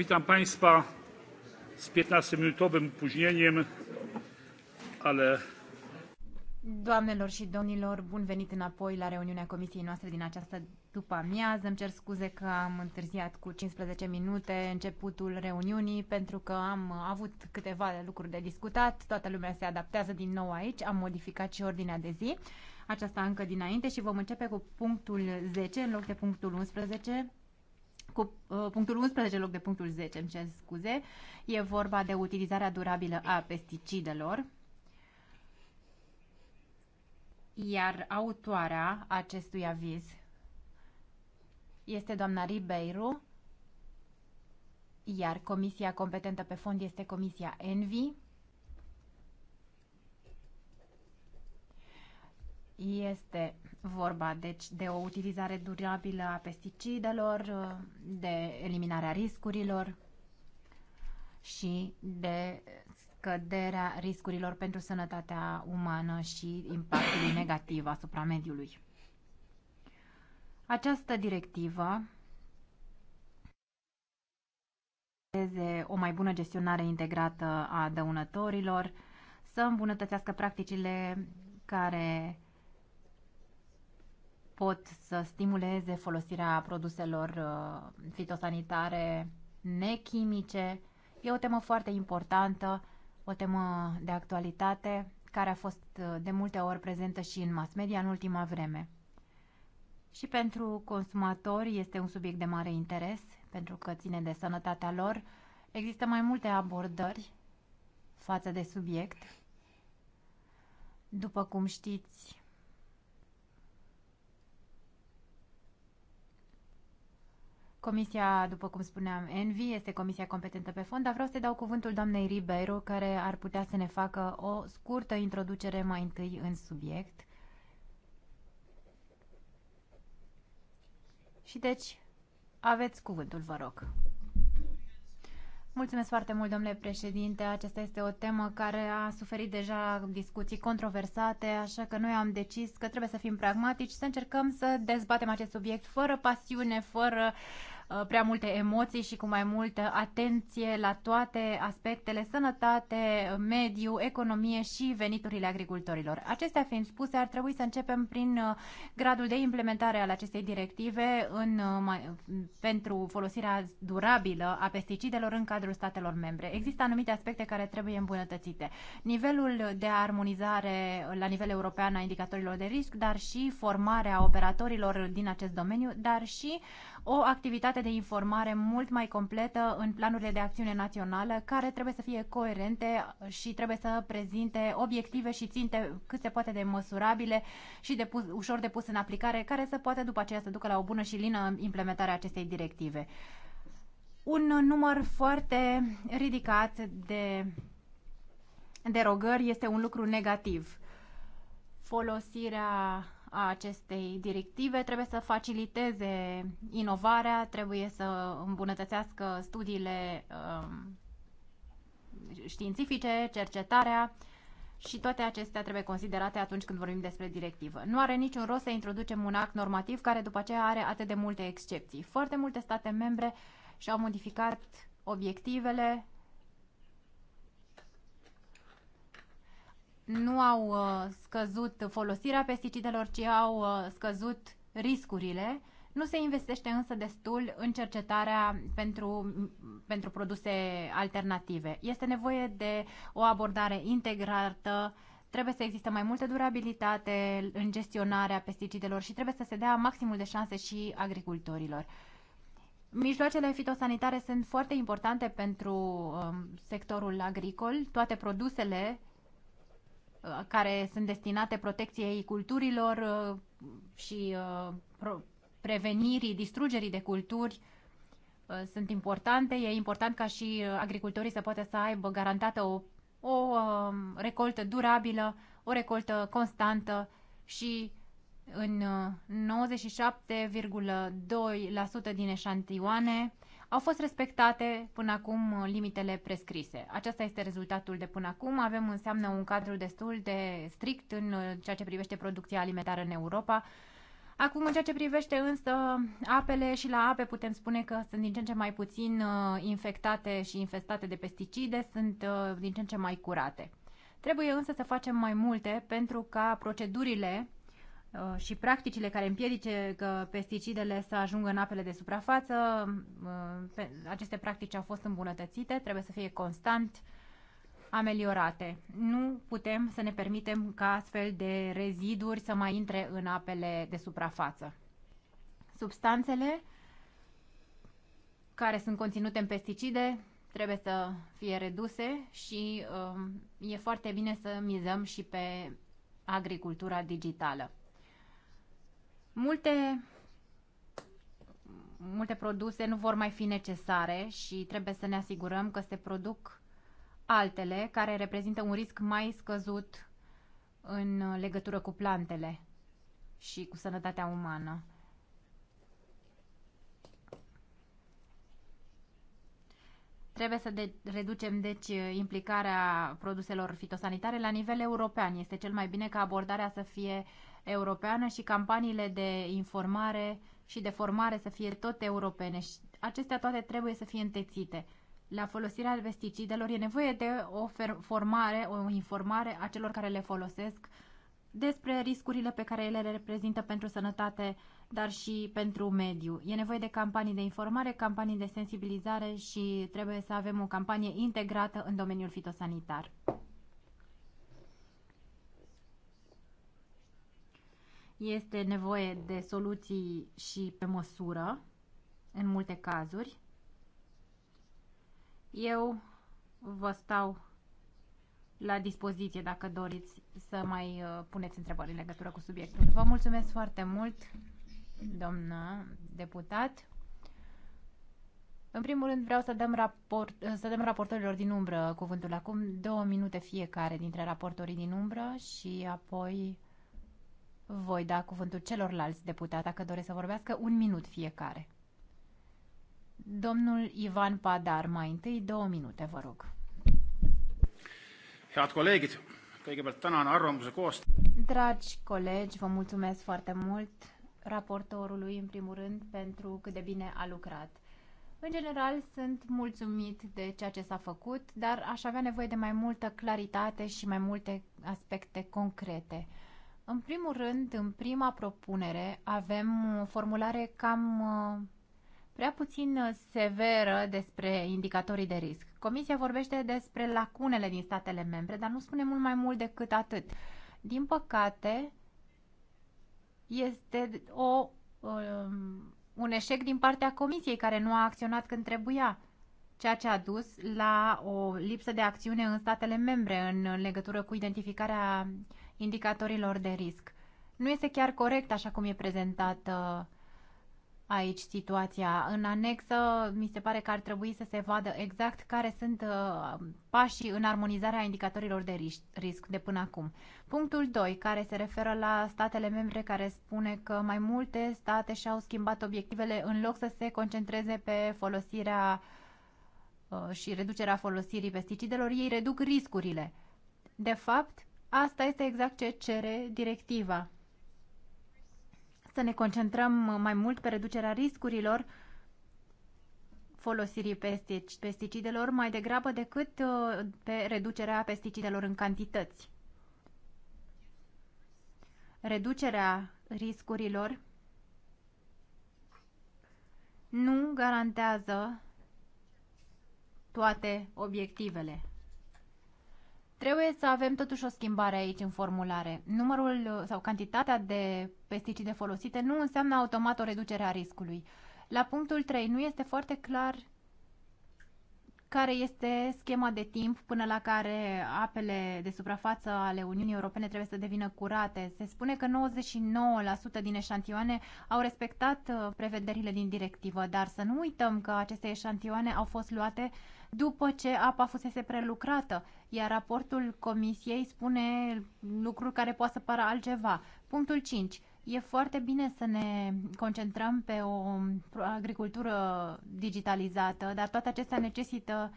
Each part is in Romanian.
Witam Państwa z 15-minutowym opóźnieniem, ale... Doamnelor și domnilor, bun venit înapoi la reuniunea comisiei noastre din această după amiază. Îmi cer scuze că am întârziat cu 15 minute începutul reuniunii pentru că am avut câteva lucruri de discutat. Toată lumea se adaptează din nou aici. Am modificat și ordinea de zi. Aceasta încă dinainte și vom începe cu punctul 10 în loc de punctul 11 cu uh, punctul 11 loc de punctul 10, îmi cer scuze. E vorba de utilizarea durabilă a pesticidelor. Iar autoarea acestui aviz este doamna Ribeiro, iar comisia competentă pe fond este comisia ENVI. Este vorba deci de o utilizare durabilă a pesticidelor, de eliminarea riscurilor și de scăderea riscurilor pentru sănătatea umană și impactului negativ asupra mediului. Această directivă o mai bună gestionare integrată a dăunătorilor, să îmbunătățească practicile care pot să stimuleze folosirea produselor uh, fitosanitare nechimice. E o temă foarte importantă, o temă de actualitate care a fost uh, de multe ori prezentă și în mass media în ultima vreme. Și pentru consumatori este un subiect de mare interes, pentru că ține de sănătatea lor. Există mai multe abordări față de subiect. După cum știți, Comisia, după cum spuneam, ENVI este comisia competentă pe fond, dar vreau să dau cuvântul doamnei Ribeiro, care ar putea să ne facă o scurtă introducere mai întâi în subiect. Și deci, aveți cuvântul, vă rog. Mulțumesc foarte mult, domnule președinte. Aceasta este o temă care a suferit deja discuții controversate, așa că noi am decis că trebuie să fim pragmatici, să încercăm să dezbatem acest subiect fără pasiune, fără Uh, prea multe emoții și cu mai multă atenție la toate aspectele, sănătate, mediu, economie și veniturile agricultorilor. Acestea fiind spuse, ar trebui să începem prin uh, gradul de implementare al acestei directive în, uh, pentru folosirea durabilă a pesticidelor în cadrul statelor membre. Există anumite aspecte care trebuie îmbunătățite. Nivelul de armonizare la nivel european a indicatorilor de risc, dar și formarea operatorilor din acest domeniu, dar și o activitate de informare mult mai completă în planurile de acțiune națională, care trebuie să fie coerente și trebuie să prezinte obiective și ținte cât se poate de măsurabile și de pus, ușor de pus în aplicare, care să poate după aceea să ducă la o bună și lină implementare a acestei directive. Un număr foarte ridicat de derogări este un lucru negativ. Folosirea a acestei directive trebuie să faciliteze inovarea, trebuie să îmbunătățească studiile um, științifice, cercetarea și toate acestea trebuie considerate atunci când vorbim despre directivă. Nu are niciun rost să introducem un act normativ care după aceea are atât de multe excepții. Foarte multe state membre și-au modificat obiectivele nu au uh, scăzut folosirea pesticidelor, ci au uh, scăzut riscurile. Nu se investește însă destul în cercetarea pentru, pentru produse alternative. Este nevoie de o abordare integrată, trebuie să existe mai multă durabilitate în gestionarea pesticidelor și trebuie să se dea maximul de șanse și agricultorilor. Mijloacele fitosanitare sunt foarte importante pentru um, sectorul agricol. Toate produsele Uh, care sunt destinate protecției culturilor uh, și uh, prevenirii distrugerii de culturi sunt importante. E important ca și agricultorii să poată să aibă garantată o, o um, recoltă durabilă, o recoltă constantă și în 97,2% din eșantioane au fost respectate până acum uh, limitele prescrise. Aceasta este rezultatul de până acum. Avem înseamnă un cadru destul de strict în uh, ceea ce privește producția alimentară în Europa. Acum, în ceea ce privește însă apele și la ape, putem spune că sunt din ce în ce mai puțin uh, infectate și infestate de pesticide, sunt din ce în ce mai curate. Trebuie însă să facem mai multe pentru ca procedurile Uh, și practicile care împiedice că pesticidele să ajungă în apele de suprafață, uh, aceste practici au fost îmbunătățite, trebuie să fie constant ameliorate. Nu putem să ne permitem ca astfel de reziduri să mai intre în apele de suprafață. Substanțele care sunt conținute în pesticide trebuie să fie reduse și um, e foarte bine să mizăm și pe agricultura digitală. Multe multe produse nu vor mai fi necesare și trebuie să ne asigurăm că se produc altele care reprezintă un risc mai scăzut în legătură cu plantele și cu sănătatea umană. Trebuie să de reducem, deci, implicarea produselor fitosanitare la nivel european. Este cel mai bine ca abordarea să fie uh, europeană și campaniile de informare și de formare să fie tot europene și acestea toate trebuie să fie întețite. La folosirea pesticidelor e nevoie de o formare, o informare a celor care le folosesc despre riscurile pe care ele le reprezintă pentru sănătate, dar și pentru mediu. E nevoie de campanii de informare, campanii de sensibilizare și trebuie să avem o campanie integrată în domeniul fitosanitar. Este nevoie de soluții și pe măsură, în multe cazuri. Eu vă stau la dispoziție dacă doriți să mai uh, puneți întrebări în legătură cu subiectul. Vă mulțumesc foarte mult, doamnă deputat. În primul rând vreau să dăm, raport, uh, să dăm raportorilor din umbră cuvântul acum, două minute fiecare dintre raportorii din umbră și apoi voi da cuvântul celorlalți deputați dacă doresc să vorbească un minut fiecare. Domnul Ivan Padar, mai întâi două minute, vă rog. Head kõigepealt tänan arvamuse koost-. Dragi colegi, vă mulțumesc foarte mult raportorului, în primul rând, pentru cât de bine a lucrat. În general, sunt mulțumit de ceea ce s-a făcut, dar aș avea nevoie de mai multă claritate și mai multe aspecte concrete. În primul rând, în prima propunere avem o formulare cam uh, prea puțin uh, severă despre indicatorii de risc. Comisia vorbește despre lacunele din statele membre, dar nu spune mult mai mult decât atât. Din păcate, este o, um, un eșec din partea Comisiei care nu a acționat când trebuia, ceea ce a dus la o lipsă de acțiune în statele membre în legătură cu identificarea indicatorilor de risc. Nu este chiar corect așa cum e prezentată aici situația. În anexă, mi se pare că ar trebui să se vadă exact care sunt uh, pașii în armonizarea indicatorilor de risc, de până acum. Punctul 2, care se referă la statele membre care spune că mai multe state și-au schimbat obiectivele în loc să se concentreze pe folosirea uh, și reducerea folosirii pesticidelor, ei reduc riscurile. De fapt, Asta este exact ce cere directiva. Să ne concentrăm mai mult pe reducerea riscurilor folosirii pesticidelor mai degrabă decât uh, pe reducerea pesticidelor în cantități. Reducerea riscurilor nu garantează toate obiectivele. Trebuie să avem totuși o schimbare aici în formulare. Numărul uh, sau cantitatea de pesticide folosite nu înseamnă automat o reducere a riscului. La punctul 3 nu este foarte clar care este schema de timp până la care apele de suprafață ale Uniunii Europene trebuie să devină curate. Se spune că 99% din eșantioane au respectat uh, prevederile din directivă, dar să nu uităm că aceste eșantioane au fost luate după ce apa fusese prelucrată iar raportul comisiei spune lucruri care poate să pară altceva. Punctul 5. E foarte bine să ne concentrăm pe o agricultură digitalizată, dar toate acestea necesită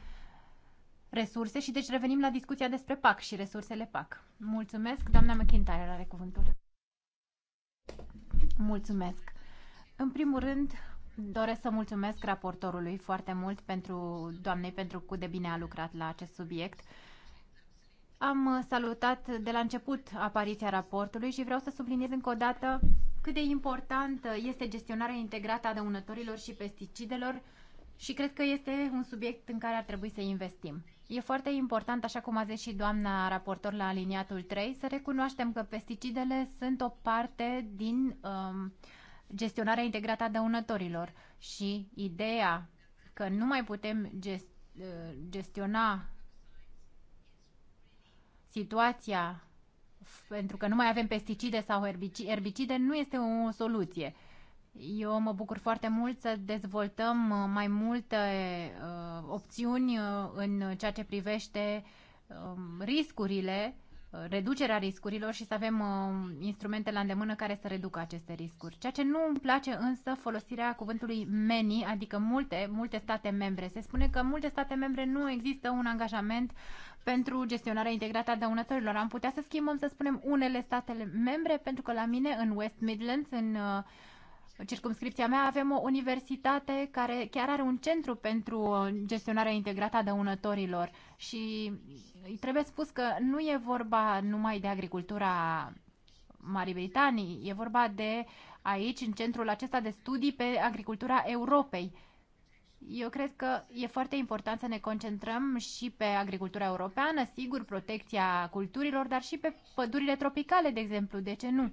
resurse și deci revenim la discuția despre PAC și resursele PAC. Mulțumesc, doamna McIntyre are cuvântul. Mulțumesc. În primul rând, doresc să mulțumesc raportorului foarte mult pentru doamnei pentru cât de bine a lucrat la acest subiect am uh, salutat de la început apariția raportului și vreau să subliniez încă o dată cât de importantă este gestionarea integrată a dăunătorilor și pesticidelor și cred că este un subiect în care ar trebui să investim. E foarte important, așa cum a zis și doamna raportor la aliniatul 3, să recunoaștem că pesticidele sunt o parte din um, gestionarea integrată a dăunătorilor și ideea că nu mai putem gest, uh, gestiona situația pentru că nu mai avem pesticide sau herbicide nu este o soluție. Eu mă bucur foarte mult să dezvoltăm uh, mai multe uh, opțiuni uh, în ceea ce privește uh, riscurile, uh, reducerea riscurilor și să avem uh, instrumente la îndemână care să reducă aceste riscuri. Ceea ce nu îmi place însă folosirea cuvântului many, adică multe, multe state membre. Se spune că multe state membre nu există un angajament pentru gestionarea integrată a dăunătorilor. Am putea să schimbăm, să spunem, unele statele membre, pentru că la mine, în West Midlands, în uh, circumscripția mea, avem o universitate care chiar are un centru pentru uh, gestionarea integrată a dăunătorilor și trebuie spus că nu e vorba numai de agricultura Marii Britanii, e vorba de aici, în centrul acesta de studii pe agricultura Europei eu cred că e foarte important să ne concentrăm și pe agricultura europeană, sigur, protecția culturilor, dar și pe pădurile tropicale, de exemplu. De ce nu?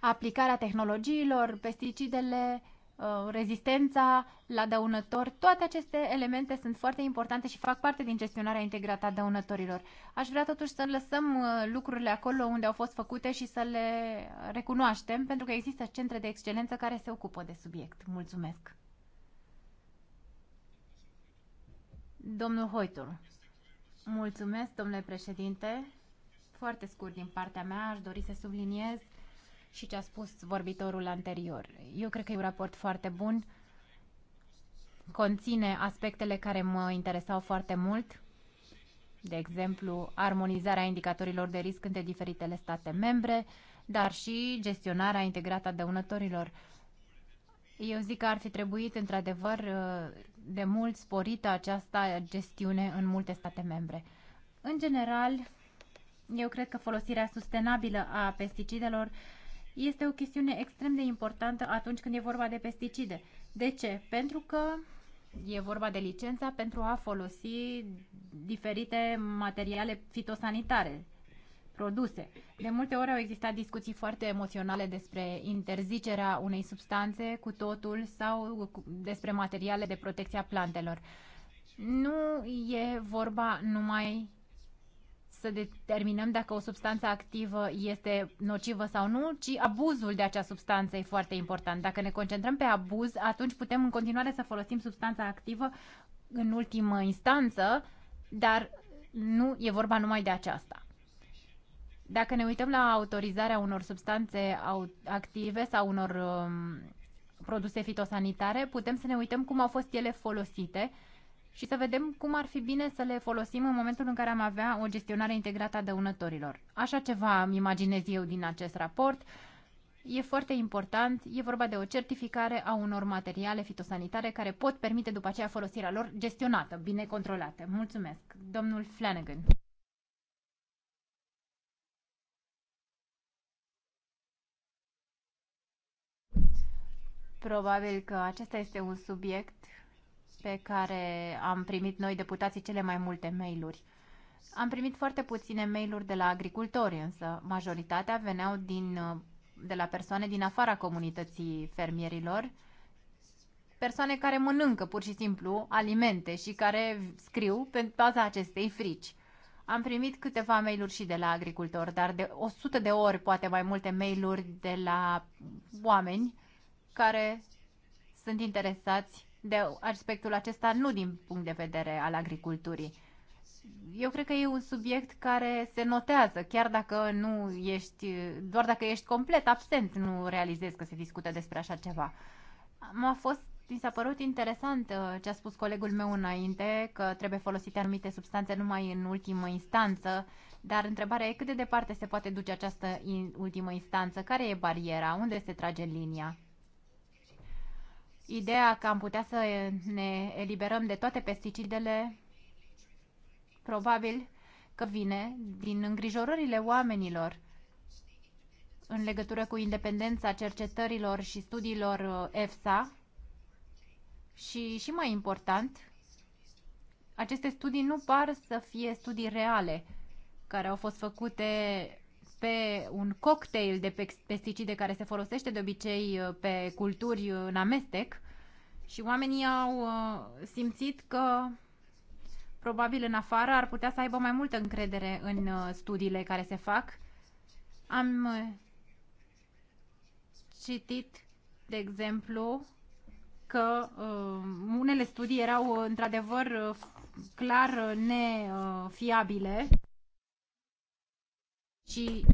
Aplicarea tehnologiilor, pesticidele, uh, rezistența la dăunători, toate aceste elemente sunt foarte importante și fac parte din gestionarea integrată a dăunătorilor. Aș vrea totuși să lăsăm uh, lucrurile acolo unde au fost făcute și să le recunoaștem, pentru că există centre de excelență care se ocupă de subiect. Mulțumesc! Domnul Hoitur. Mulțumesc, domnule președinte. Foarte scurt din partea mea, aș dori să subliniez și ce a spus vorbitorul anterior. Eu cred că e un raport foarte bun, conține aspectele care mă interesau foarte mult, de exemplu, armonizarea indicatorilor de risc între diferitele state membre, dar și gestionarea integrată a dăunătorilor. Eu zic că ar fi trebuit, într-adevăr, de mult sporită această gestiune în multe state membre. În general, eu cred că folosirea sustenabilă a pesticidelor este o chestiune extrem de importantă atunci când e vorba de pesticide. De ce? Pentru că e vorba de licența pentru a folosi diferite materiale fitosanitare produse. De multe ori au existat discuții foarte emoționale despre interzicerea unei substanțe cu totul sau despre materiale de protecție a plantelor. Nu e vorba numai să determinăm dacă o substanță activă este nocivă sau nu, ci abuzul de acea substanță e foarte important. Dacă ne concentrăm pe abuz, atunci putem în continuare să folosim substanța activă în ultimă instanță, dar nu e vorba numai de aceasta. Dacă ne uităm la autorizarea unor substanțe active sau unor um, produse fitosanitare, putem să ne uităm cum au fost ele folosite și să vedem cum ar fi bine să le folosim în momentul în care am avea o gestionare integrată a dăunătorilor. Așa ceva îmi imaginez eu din acest raport. E foarte important, e vorba de o certificare a unor materiale fitosanitare care pot permite după aceea folosirea lor gestionată, bine controlată. Mulțumesc, domnul Flanagan. Probabil că acesta este un subiect pe care am primit noi deputații cele mai multe mail-uri. Am primit foarte puține mail-uri de la agricultori, însă majoritatea veneau din, de la persoane din afara comunității fermierilor, persoane care mănâncă pur și simplu alimente și care scriu pe baza acestei frici. Am primit câteva mail-uri și de la agricultori, dar de 100 de ori, poate mai multe mail-uri de la oameni care sunt interesați de aspectul acesta, nu din punct de vedere al agriculturii. Eu cred că e un subiect care se notează, chiar dacă nu ești, doar dacă ești complet absent, nu realizezi că se discută despre așa ceva. M-a fost mi s-a părut interesant uh, ce a spus colegul meu înainte, că trebuie folosite anumite substanțe numai în ultimă instanță, dar întrebarea e cât de departe se poate duce această ultimă instanță, care e bariera, unde se trage linia? Ideea că am putea să ne eliberăm de toate pesticidele probabil că vine din îngrijorările oamenilor în legătură cu independența cercetărilor și studiilor uh, EFSA și, și mai important, aceste studii nu par să fie studii reale care au fost făcute pe un cocktail de pesticide care se folosește de obicei uh, pe culturi uh, în amestec și oamenii au uh, simțit că probabil în afară ar putea să aibă mai multă încredere în studiile care se fac. Am citit, de exemplu, că uh, unele studii erau într-adevăr clar nefiabile ci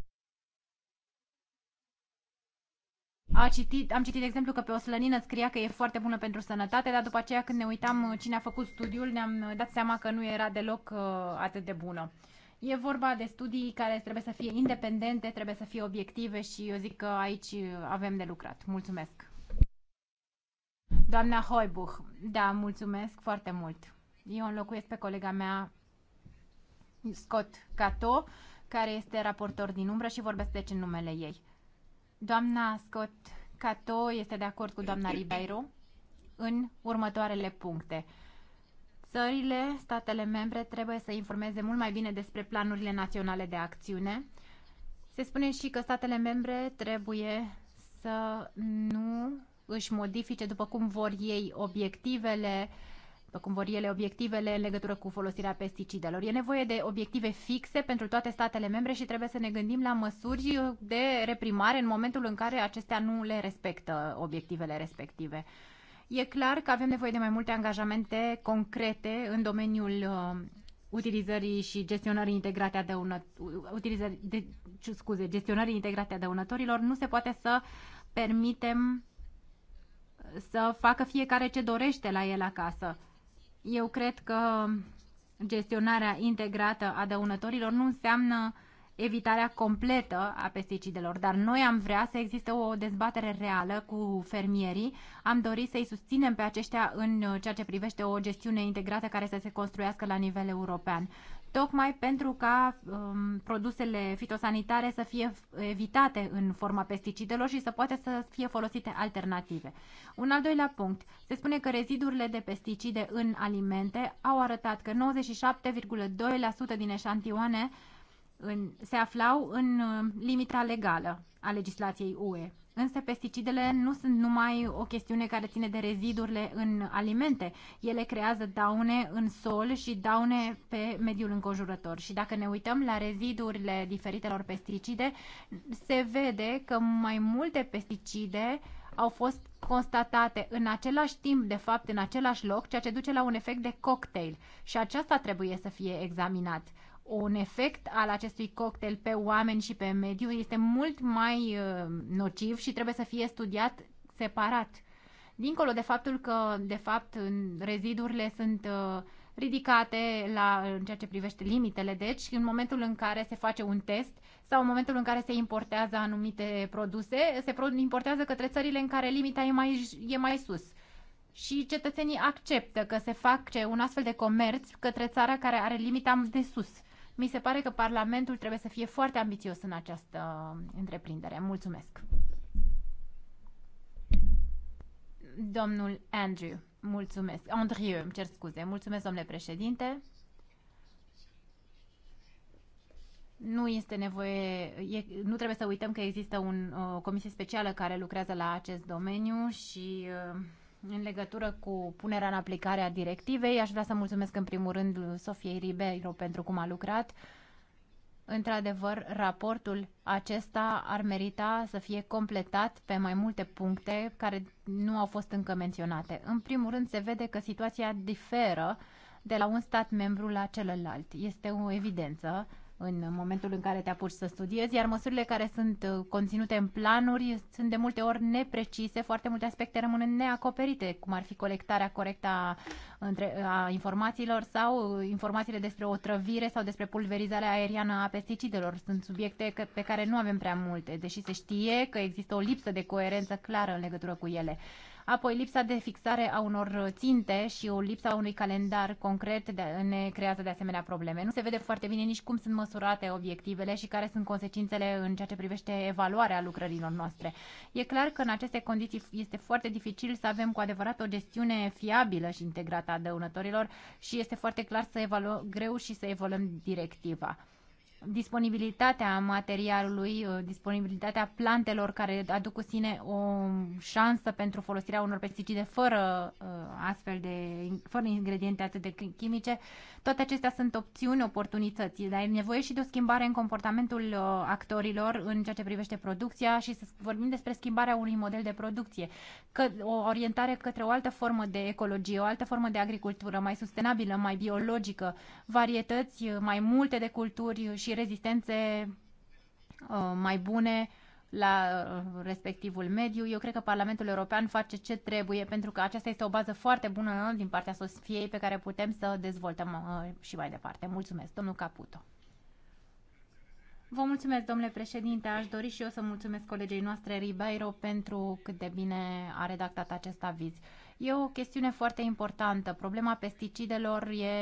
a citit, am citit, de exemplu, că pe o slănină scria că e foarte bună pentru sănătate, dar după aceea când ne uitam uh, cine a făcut studiul, ne-am uh, dat seama că nu era deloc uh, atât de bună. E vorba de studii care trebuie să fie independente, trebuie să fie obiective și eu zic că aici uh, avem de lucrat. Mulțumesc! Doamna Hoibuch, da, mulțumesc foarte mult. Eu înlocuiesc pe colega mea Scott Cato care este raportor din umbră și vorbesc deci în numele ei. Doamna Scott Cato este de acord cu doamna Ribeiro în următoarele puncte. Țările, statele membre trebuie să informeze mult mai bine despre planurile naționale de acțiune. Se spune și că statele membre trebuie să nu își modifice după cum vor ei obiectivele uh, după cum vor ele, obiectivele în legătură cu folosirea pesticidelor. E nevoie de obiective fixe pentru toate statele membre și trebuie să ne gândim la măsuri de reprimare în momentul în care acestea nu le respectă obiectivele respective. E clar că avem nevoie de mai multe angajamente concrete în domeniul uh, utilizării și gestionării integrate a dăună, de, scuze, gestionării integrate a dăunătorilor. Nu se poate să permitem să facă fiecare ce dorește la el acasă. Eu cred că gestionarea integrată a dăunătorilor nu înseamnă evitarea completă a pesticidelor, dar noi am vrea să existe o dezbatere reală cu fermierii. Am dorit să-i susținem pe aceștia în ceea ce privește o gestiune integrată care să se construiască la nivel european tocmai pentru ca um, produsele fitosanitare să fie evitate în forma pesticidelor și să poate să fie folosite alternative. Un al doilea punct. Se spune că rezidurile de pesticide în alimente au arătat că 97,2% din eșantioane în, se aflau în um, limita legală a legislației UE. Însă pesticidele nu sunt numai o chestiune care ține de rezidurile în alimente. Ele creează daune în sol și daune pe mediul înconjurător. Și dacă ne uităm la rezidurile diferitelor pesticide, se vede că mai multe pesticide au fost constatate în același timp, de fapt, în același loc, ceea ce duce la un efect de cocktail. Și aceasta trebuie să fie examinat un efect al acestui cocktail pe oameni și pe mediu este mult mai uh, nociv și trebuie să fie studiat separat. Dincolo de faptul că, de fapt, rezidurile sunt uh, ridicate la, în ceea ce privește limitele, deci în momentul în care se face un test sau în momentul în care se importează anumite produse, se importează către țările în care limita e mai, e mai sus și cetățenii acceptă că se face un astfel de comerț către țara care are limita de sus. Mi se pare că Parlamentul trebuie să fie foarte ambițios în această um, întreprindere. Mulțumesc! Domnul Andrew, mulțumesc. Andrew, îmi cer scuze. Mulțumesc, domnule președinte. Nu este nevoie, e, nu trebuie să uităm că există un, o comisie specială care lucrează la acest domeniu și uh, în legătură cu punerea în aplicare a directivei. Aș vrea să mulțumesc în primul rând Sofiei Ribeiro pentru cum a lucrat. Într-adevăr, raportul acesta ar merita să fie completat pe mai multe puncte care nu au fost încă menționate. În primul rând, se vede că situația diferă de la un stat membru la celălalt. Este o evidență în momentul în care te apuci să studiezi, iar măsurile care sunt uh, conținute în planuri sunt de multe ori neprecise, foarte multe aspecte rămân neacoperite, cum ar fi colectarea corectă a, a informațiilor sau uh, informațiile despre otrăvire sau despre pulverizarea aeriană a pesticidelor. Sunt subiecte pe care nu avem prea multe, deși se știe că există o lipsă de coerență clară în legătură cu ele apoi lipsa de fixare a unor ținte și o lipsa unui calendar concret de, ne creează de asemenea probleme. Nu se vede foarte bine nici cum sunt măsurate obiectivele și care sunt consecințele în ceea ce privește evaluarea lucrărilor noastre. E clar că în aceste condiții este foarte dificil să avem cu adevărat o gestiune fiabilă și integrată a dăunătorilor și este foarte clar să evaluăm greu și să evoluăm directiva disponibilitatea materialului, uh, disponibilitatea plantelor care aduc cu sine o șansă pentru folosirea unor pesticide fără uh, astfel de fără ingrediente atât de chimice, toate acestea sunt opțiuni, oportunități, dar e nevoie și de o schimbare în comportamentul uh, actorilor în ceea ce privește producția și să vorbim despre schimbarea unui model de producție, că o orientare către o altă formă de ecologie, o altă formă de agricultură mai sustenabilă, mai biologică, varietăți, mai multe de culturi și și rezistențe uh, mai bune la uh, respectivul mediu. Eu cred că Parlamentul European face ce trebuie, pentru că aceasta este o bază foarte bună din partea Sofiei pe care putem să dezvoltăm uh, și mai departe. Mulțumesc, domnul Caputo. Vă mulțumesc, domnule președinte. Aș dori și eu să mulțumesc colegei noastre Ribeiro pentru cât de bine a redactat acest aviz. E o chestiune foarte importantă. Problema pesticidelor e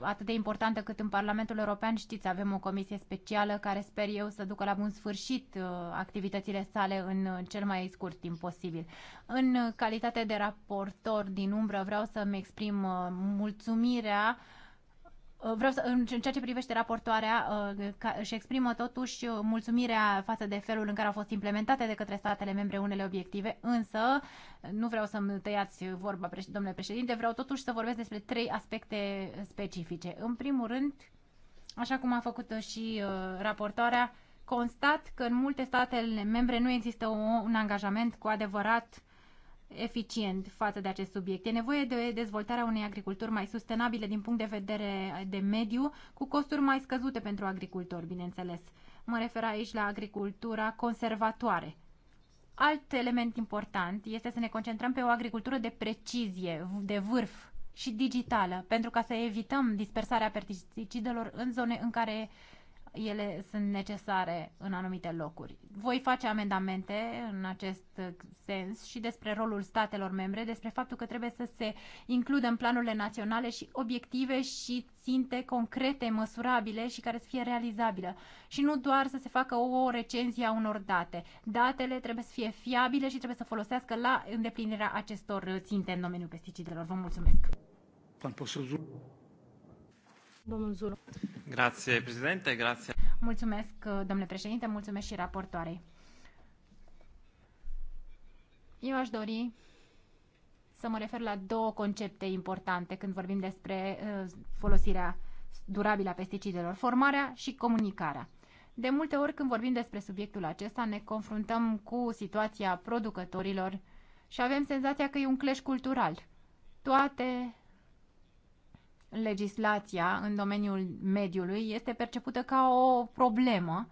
atât de importantă cât în Parlamentul European, știți, avem o comisie specială care sper eu să ducă la bun sfârșit uh, activitățile sale în cel mai scurt timp posibil. În calitate de raportor din umbră vreau să-mi exprim uh, mulțumirea uh, Uh, vreau să, în ceea ce privește raportoarea, uh, își exprimă totuși uh, mulțumirea față de felul în care au fost implementate de către statele membre unele obiective, însă nu vreau să-mi tăiați vorba, domnule președinte, vreau totuși să vorbesc despre trei aspecte specifice. În primul rând, așa cum a făcut și raportoarea, constat că în multe statele membre nu există un angajament cu adevărat eficient față de acest subiect. E nevoie de dezvoltarea unei agriculturi mai sustenabile din punct de vedere de mediu, cu costuri mai scăzute pentru agricultori, bineînțeles. Mă refer aici la agricultura conservatoare. Alt element important este să ne concentrăm pe o agricultură de precizie, de vârf și digitală, pentru ca să evităm dispersarea pesticidelor în zone în care ele sunt necesare în anumite locuri. Voi face amendamente în acest sens și despre rolul statelor membre, despre faptul că trebuie să se includă în planurile naționale și obiective și ținte concrete, măsurabile și care să fie realizabile. Și nu doar să se facă o recenzie a unor date. Datele trebuie să fie fiabile și trebuie să folosească la îndeplinirea acestor ținte în domeniul pesticidelor. Vă mulțumesc! Domnul Zulu. președinte, Mulțumesc, domnule președinte, mulțumesc și raportoarei. Eu aș dori să mă refer la două concepte importante când vorbim despre uh, folosirea durabilă a pesticidelor, formarea și comunicarea. De multe ori când vorbim despre subiectul acesta ne confruntăm cu situația producătorilor și avem senzația că e un clash cultural. Toate legislația în domeniul mediului este percepută ca o problemă,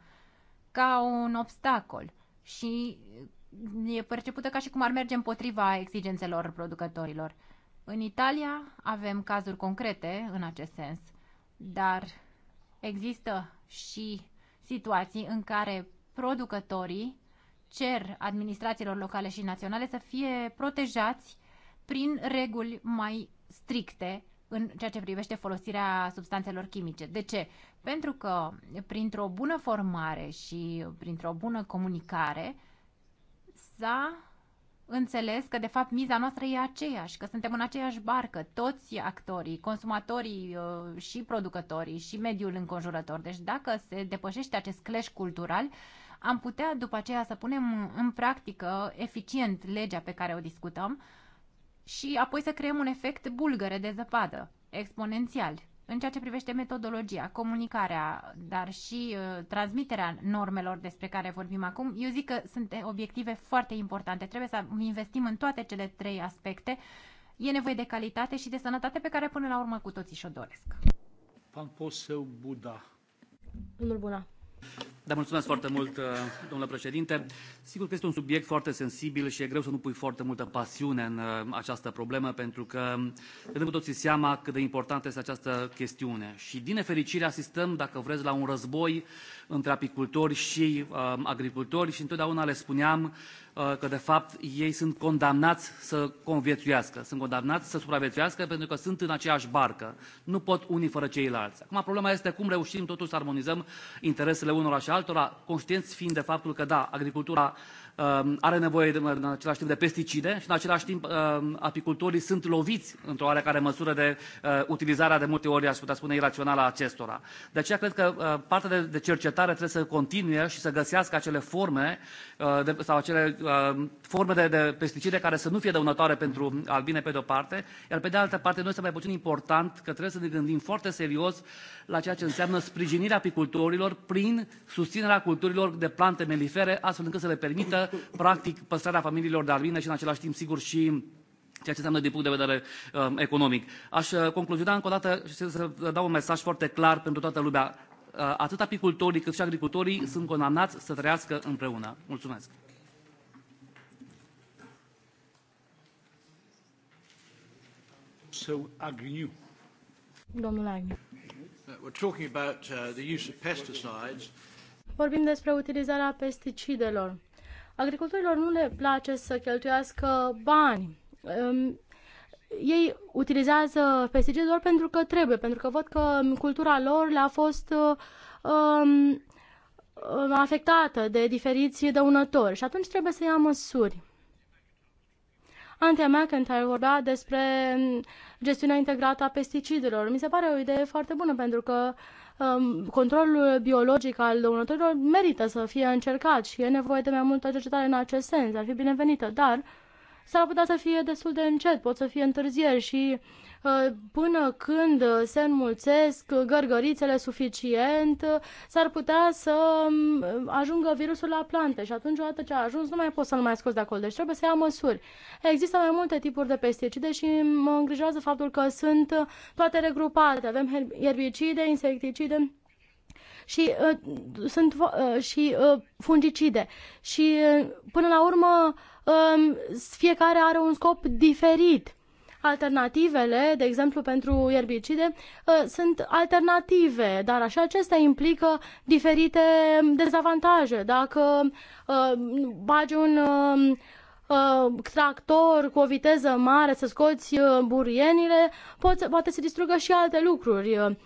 ca un obstacol și e percepută ca și cum ar merge împotriva exigențelor producătorilor. În Italia avem cazuri concrete în acest sens, dar există și situații în care producătorii cer administrațiilor locale și naționale să fie protejați prin reguli mai stricte în ceea ce privește folosirea substanțelor chimice. De ce? Pentru că printr-o bună formare și printr-o bună comunicare s-a înțeles că de fapt miza noastră e aceeași, că suntem în aceeași barcă, toți actorii, consumatorii uh, și producătorii și mediul înconjurător. Deci dacă se depășește acest clash cultural, am putea după aceea să punem în practică eficient legea pe care o discutăm și apoi să creăm un efect bulgăre de zăpadă, exponențial. În ceea ce privește metodologia, comunicarea, dar și uh, transmiterea normelor despre care vorbim acum, eu zic că sunt obiective foarte importante. Trebuie să investim în toate cele trei aspecte. E nevoie de calitate și de sănătate pe care până la urmă cu toții și-o doresc. Pan Poseu Buda. bună. bună. Da, mulțumesc foarte mult, uh, domnule președinte. Sigur că este un subiect foarte sensibil și e greu să nu pui foarte multă pasiune în uh, această problemă, pentru că um, vedem cu toții seama cât de importantă este această chestiune. Și din nefericire asistăm, dacă vreți, la un război între apicultori și uh, agricultori și întotdeauna le spuneam Uh, că de fapt ei sunt condamnați să conviețuiască, sunt condamnați să supraviețuiască pentru că sunt în aceeași barcă. Nu pot unii fără ceilalți. Acum problema este cum reușim totuși să armonizăm interesele unora și altora, conștienți fiind de faptul că da, agricultura Um, are nevoie de, în același timp de pesticide și în același timp um, apicultorii sunt loviți într-o oarecare măsură de uh, utilizarea de multe ori, aș putea spune, irațională a acestora. De aceea cred că uh, partea de, de cercetare trebuie să continue și să găsească acele forme uh, de, sau acele um, forme de, de pesticide care să nu fie dăunătoare pentru albine pe de-o parte, iar pe de altă parte, noi este mai puțin important că trebuie să ne gândim foarte serios la ceea ce înseamnă sprijinirea apicultorilor prin susținerea culturilor de plante melifere, astfel încât să le permită practic, păstrarea familiilor darwine și, în același timp, sigur, și ceea ce înseamnă din punct de vedere um, economic. Aș uh, concluziona încă o dată și să dau un mesaj foarte clar pentru toată lumea. Uh, atât apicultorii cât și agricultorii sunt condamnați să trăiască împreună. Mulțumesc! So, Agnew. Domnul Agnew. Uh, we're talking about uh, the use of pesticides. Vorbim despre utilizarea pesticidelor. Agricultorilor nu le place să cheltuiască bani. Ei utilizează pesticide doar pentru că trebuie, pentru că văd că cultura lor le-a fost um, afectată de diferiți dăunători și atunci trebuie să ia măsuri. Antea McIntyre vorbea despre gestiunea integrată a pesticidelor. Mi se pare o idee foarte bună pentru că uh, controlul biologic al donatorilor merită să fie încercat și e nevoie de mai multă cercetare în acest sens, ar fi binevenită, dar s-ar putea să fie destul de încet, pot să fie întârzieri și Ă, până când se înmulțesc gărgărițele suficient, s-ar putea să mm, ajungă virusul la plante și atunci, odată ce a ajuns, nu mai poți să-l mai scoți de acolo. Deci trebuie să ia măsuri. Există mai multe tipuri de pesticide și mă îngrijează faptul că sunt toate regrupate. Avem herbicide, insecticide, și uh, sunt uh, și uh, fungicide și uh, până la urmă uh, fiecare are un scop diferit Alternativele, de exemplu pentru ierbicide, uh, sunt alternative, dar așa acestea implică diferite dezavantaje. Dacă uh, bagi un uh, tractor cu o viteză mare să scoți burienile, poate să distrugă și alte lucruri.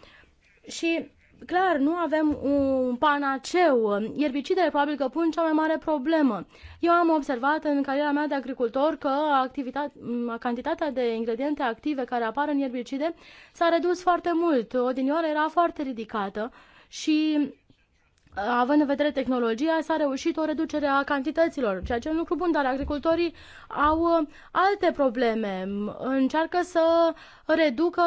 Și clar, nu avem un panaceu. Ierbicidele probabil că pun cea mai mare problemă. Eu am observat în cariera mea de agricultor că cantitatea de ingrediente active care apar în ierbicide s-a redus foarte mult. Odinioară era foarte ridicată și având în vedere tehnologia, s-a reușit o reducere a cantităților, ceea ce e un lucru bun, dar agricultorii au uh, alte probleme. Încearcă să reducă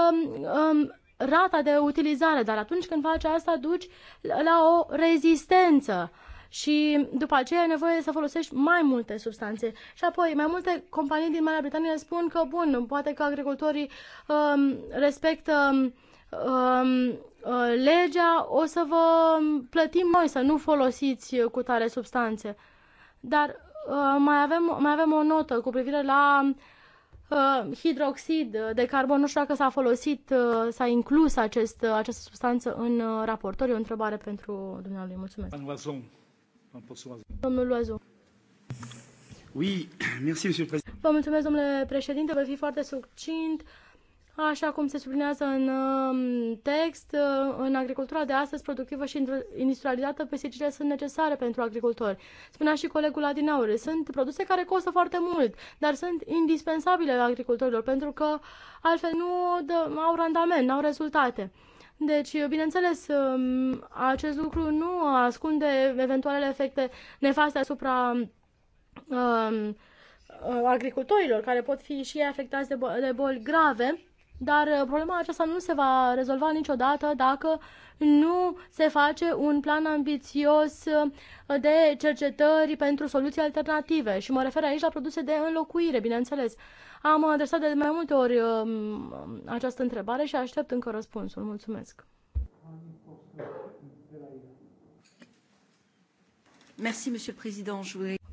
um, rata de utilizare, dar atunci când faci asta, duci la o rezistență și după aceea e nevoie să folosești mai multe substanțe. Și apoi, mai multe companii din Marea Britanie spun că, bun, poate că agricultorii um, respectă um, uh, legea, o să vă plătim noi să nu folosiți cu tare substanțe. Dar uh, mai avem, mai avem o notă cu privire la uh, hidroxid de carbon. Nu știu dacă s-a folosit, uh, s-a inclus acest, uh, această substanță în uh, raportor. E o întrebare pentru dumneavoastră. Mulțumesc. Domnul Loazu. Oui, merci, Vă mulțumesc, domnule președinte. Voi fi foarte succint. Uh, Așa cum se sublinează în um, text, uh, în agricultura de astăzi productivă și industrializată, pesticidele sunt necesare pentru agricultori. Spunea și colegul Adinauri, sunt produse care costă foarte mult, dar sunt indispensabile agricultorilor pentru că altfel nu dă, au randament, nu au rezultate. Deci, bineînțeles, um, acest lucru nu ascunde eventualele efecte nefaste asupra um, uh, agricultorilor, care pot fi și afectați de, bo- de boli grave dar uh, problema aceasta nu se va rezolva niciodată dacă nu se face un plan ambițios uh, de cercetări pentru soluții alternative. Și mă refer aici la produse de înlocuire, bineînțeles. Am adresat de mai multe ori um, această întrebare și aștept încă răspunsul. Mulțumesc!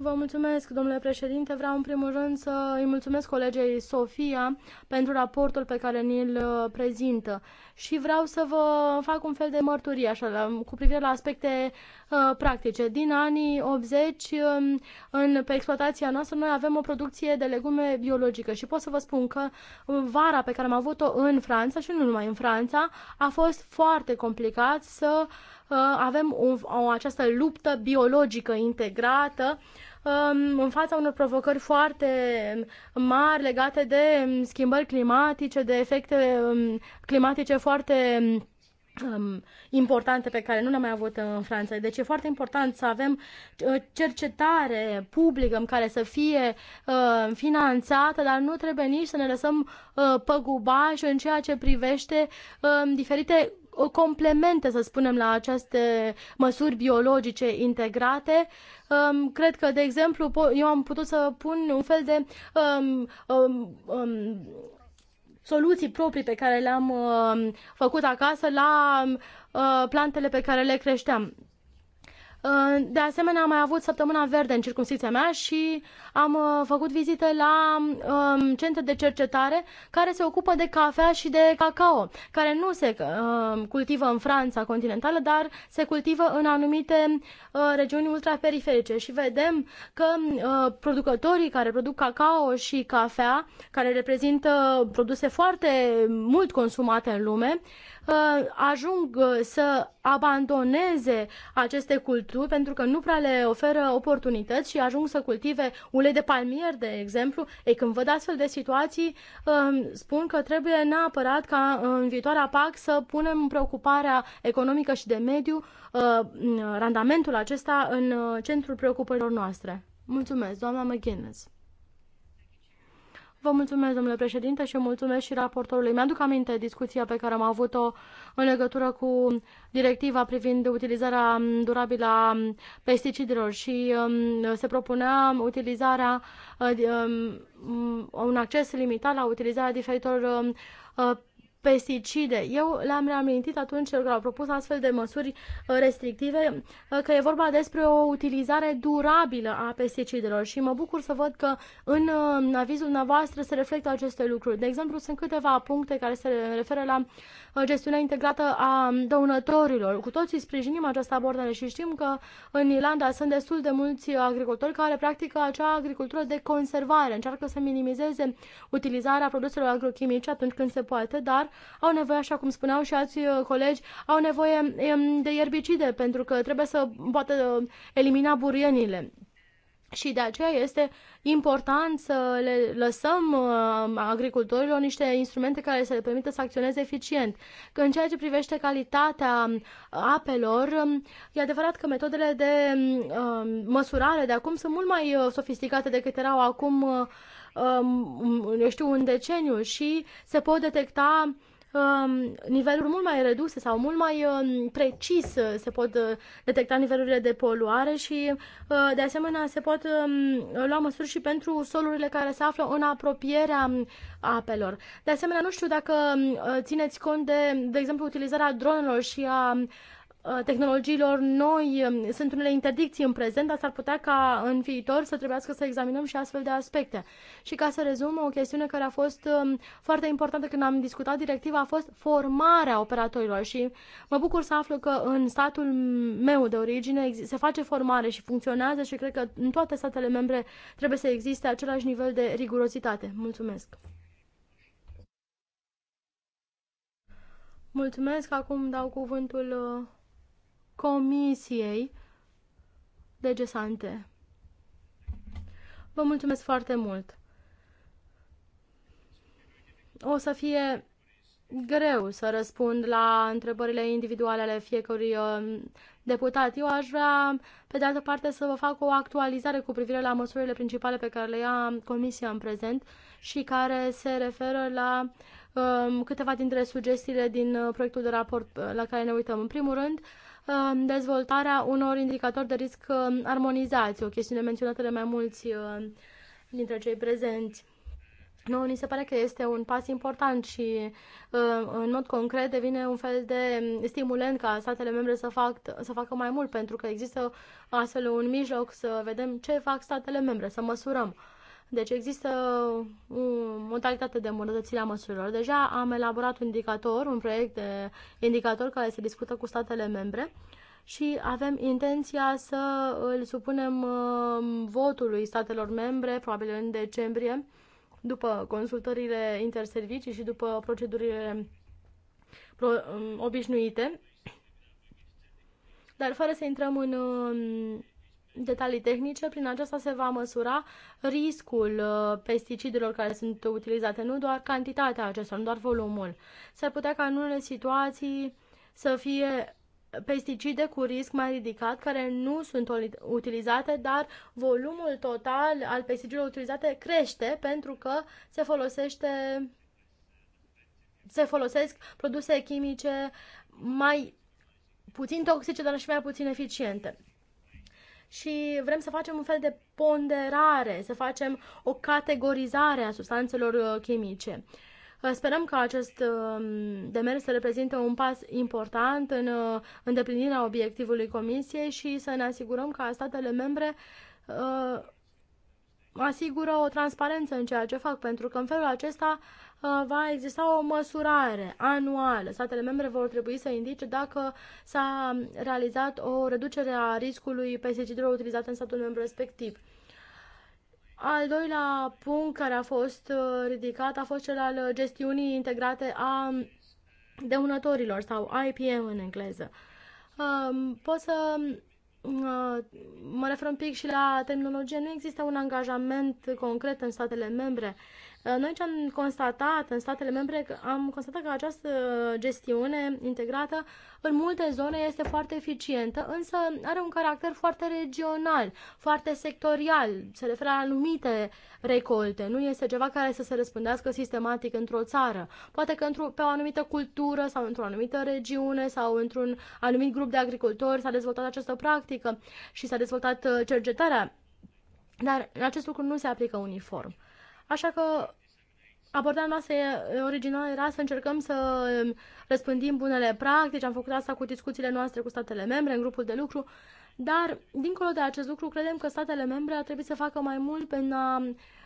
Vă mulțumesc, domnule președinte. Vreau în primul rând să îi mulțumesc colegei Sofia pentru raportul pe care ni-l uh, prezintă și vreau să vă fac un fel de mărturie așa, cu privire la aspecte uh, practice. Din anii 80, um, în, pe exploatația noastră, noi avem o producție de legume biologică și pot să vă spun că um, vara pe care am avut-o în Franța și nu numai în Franța a fost foarte complicat să uh, Uh, avem o, o, această luptă biologică integrată um, în fața unor provocări foarte mari legate de um, schimbări climatice, de efecte um, climatice foarte importante pe care nu le-am mai avut în Franța. Deci e foarte important să avem uh, cercetare publică în care să fie uh, finanțată, dar nu trebuie nici să ne lăsăm păgubași în ceea ce privește diferite o complemente, să spunem, la aceste măsuri biologice integrate. Um, cred că, de exemplu, eu am putut să pun un fel de um, um, um, soluții proprii pe care le-am uh, făcut acasă la uh, plantele pe care le creșteam. De asemenea, am mai avut săptămâna verde în circunstiția mea și am uh, făcut vizite la um, centre de cercetare care se ocupă de cafea și de cacao, care nu se um, cultivă în Franța continentală, dar se cultivă în anumite uh, regiuni ultraperiferice și vedem că uh, producătorii care produc cacao și cafea, care reprezintă produse foarte mult consumate în lume, uh, ajung uh, să abandoneze aceste culturi pentru că nu prea le oferă oportunități și ajung să cultive ulei de palmier, de exemplu. Ei, când văd astfel de situații, um, spun că trebuie neapărat ca în viitoarea PAC să punem preocuparea economică și de mediu, uh, randamentul acesta în uh, centrul preocupărilor noastre. Mulțumesc, doamna McGuinness. Vă mulțumesc, domnule președinte, și mulțumesc și raportorului. Mi-aduc aminte discuția pe care am avut-o în legătură cu directiva privind utilizarea durabilă a pesticidelor și um, se propunea utilizarea, uh, um, un acces limitat la utilizarea diferitor um, uh, pesticide. Eu le-am reamintit atunci când au propus astfel de măsuri uh, restrictive uh, că e vorba despre o utilizare durabilă a pesticidelor și mă bucur să văd că în uh, avizul dumneavoastră se reflectă aceste lucruri. De exemplu, sunt câteva puncte care se referă la gestiunea integrată a dăunătorilor. Cu toții sprijinim această abordare și știm că în Irlanda sunt destul de mulți agricultori care practică acea agricultură de conservare, încearcă să minimizeze utilizarea produselor agrochimice atunci când se poate, dar au nevoie, așa cum spuneau și alții uh, colegi, au nevoie um, de ierbicide pentru că trebuie să poată uh, elimina burienile. Și de aceea este important să le lăsăm uh, agricultorilor niște instrumente care să le permită să acționeze eficient. Că în ceea ce privește calitatea um, apelor, um, e adevărat că metodele de măsurare de acum sunt mult mai sofisticate decât erau acum, eu știu, un deceniu și se pot detecta Um, niveluri mult mai reduse sau mult mai um, precis uh, se pot uh, detecta nivelurile de poluare și uh, de asemenea se pot um, lua măsuri și pentru solurile care se află în apropierea apelor. De asemenea, nu știu dacă țineți cont de, de exemplu, utilizarea dronelor și a Uh, tehnologiilor noi um, sunt unele interdicții în prezent, dar s-ar putea ca în viitor să trebuiască să examinăm și astfel de aspecte. Și ca să rezum, o chestiune care a fost um, foarte importantă când am discutat directiva a fost formarea operatorilor și mă bucur să aflu că în statul meu de origine se face formare și funcționează și cred că în toate statele membre trebuie să existe același nivel de rigurozitate. Mulțumesc! Mulțumesc, acum dau cuvântul uh, Comisiei de Gesante. Vă mulțumesc foarte mult! O să fie greu să răspund la întrebările individuale ale fiecărui uh, deputat. Eu aș vrea, pe de altă parte, să vă fac o actualizare cu privire la măsurile principale pe care le ia Comisia în prezent și care se referă la um, câteva dintre sugestiile din uh, proiectul de raport uh, la care ne uităm. În primul rând, uh, Um, dezvoltarea unor indicatori de risc um, armonizați, o chestiune menționată de mai mulți um, dintre cei prezenți. Nu, ni se pare că este un pas important și în mod concret devine un fel de stimulent ca statele membre să, fac, să facă mai mult, pentru că există astfel un mijloc să vedem ce fac statele membre, să măsurăm. Deci există o modalitate de îmbunătățire a măsurilor. Deja am elaborat un indicator, un proiect de indicator care se discută cu statele membre și avem intenția să îl supunem uh, votului statelor membre, probabil în decembrie, după consultările interservicii și după procedurile um, obișnuite, dar fără să intrăm în um, detalii tehnice. Prin aceasta se va măsura riscul uh, pesticidelor care sunt utilizate, nu doar cantitatea acestora, nu doar volumul. S-ar putea ca în unele situații să fie pesticide cu risc mai ridicat care nu sunt utilizate, dar volumul total al pesticidelor utilizate crește pentru că se folosește se folosesc produse chimice mai puțin toxice, dar și mai puțin eficiente și vrem să facem un fel de ponderare, să facem o categorizare a substanțelor uh, chimice. Uh, sperăm că acest um, demers să reprezinte un pas important în uh, îndeplinirea obiectivului Comisiei și să ne asigurăm că statele membre asigură o transparență în ceea ce fac, pentru că în felul acesta Uh, va exista o măsurare anuală. Statele membre vor trebui să indice dacă s-a realizat o reducere a riscului pesticidelor utilizate în statul membru respectiv. Al doilea punct care a fost uh, ridicat a fost cel al gestiunii integrate a dăunătorilor sau IPM în engleză. Um, pot să uh, mă refer un pic și la terminologie. Nu există un angajament concret în statele membre Uh, noi ce am constatat în statele membre, am constatat că această gestiune integrată în multe zone este foarte eficientă, însă are un caracter foarte regional, foarte sectorial, se referă la anumite recolte, nu este ceva care să se răspândească sistematic într-o țară. Poate că într-o, pe o anumită cultură sau într-o anumită regiune sau într-un anumit grup de agricultori s-a dezvoltat această practică și s-a dezvoltat uh, cercetarea dar acest lucru nu se aplică uniform. Așa că abordarea noastră originală era să încercăm să um, răspândim bunele practici, am făcut asta cu discuțiile noastre cu statele membre în grupul de lucru, dar, dincolo de acest lucru, credem că statele membre ar trebui să facă mai mult în a,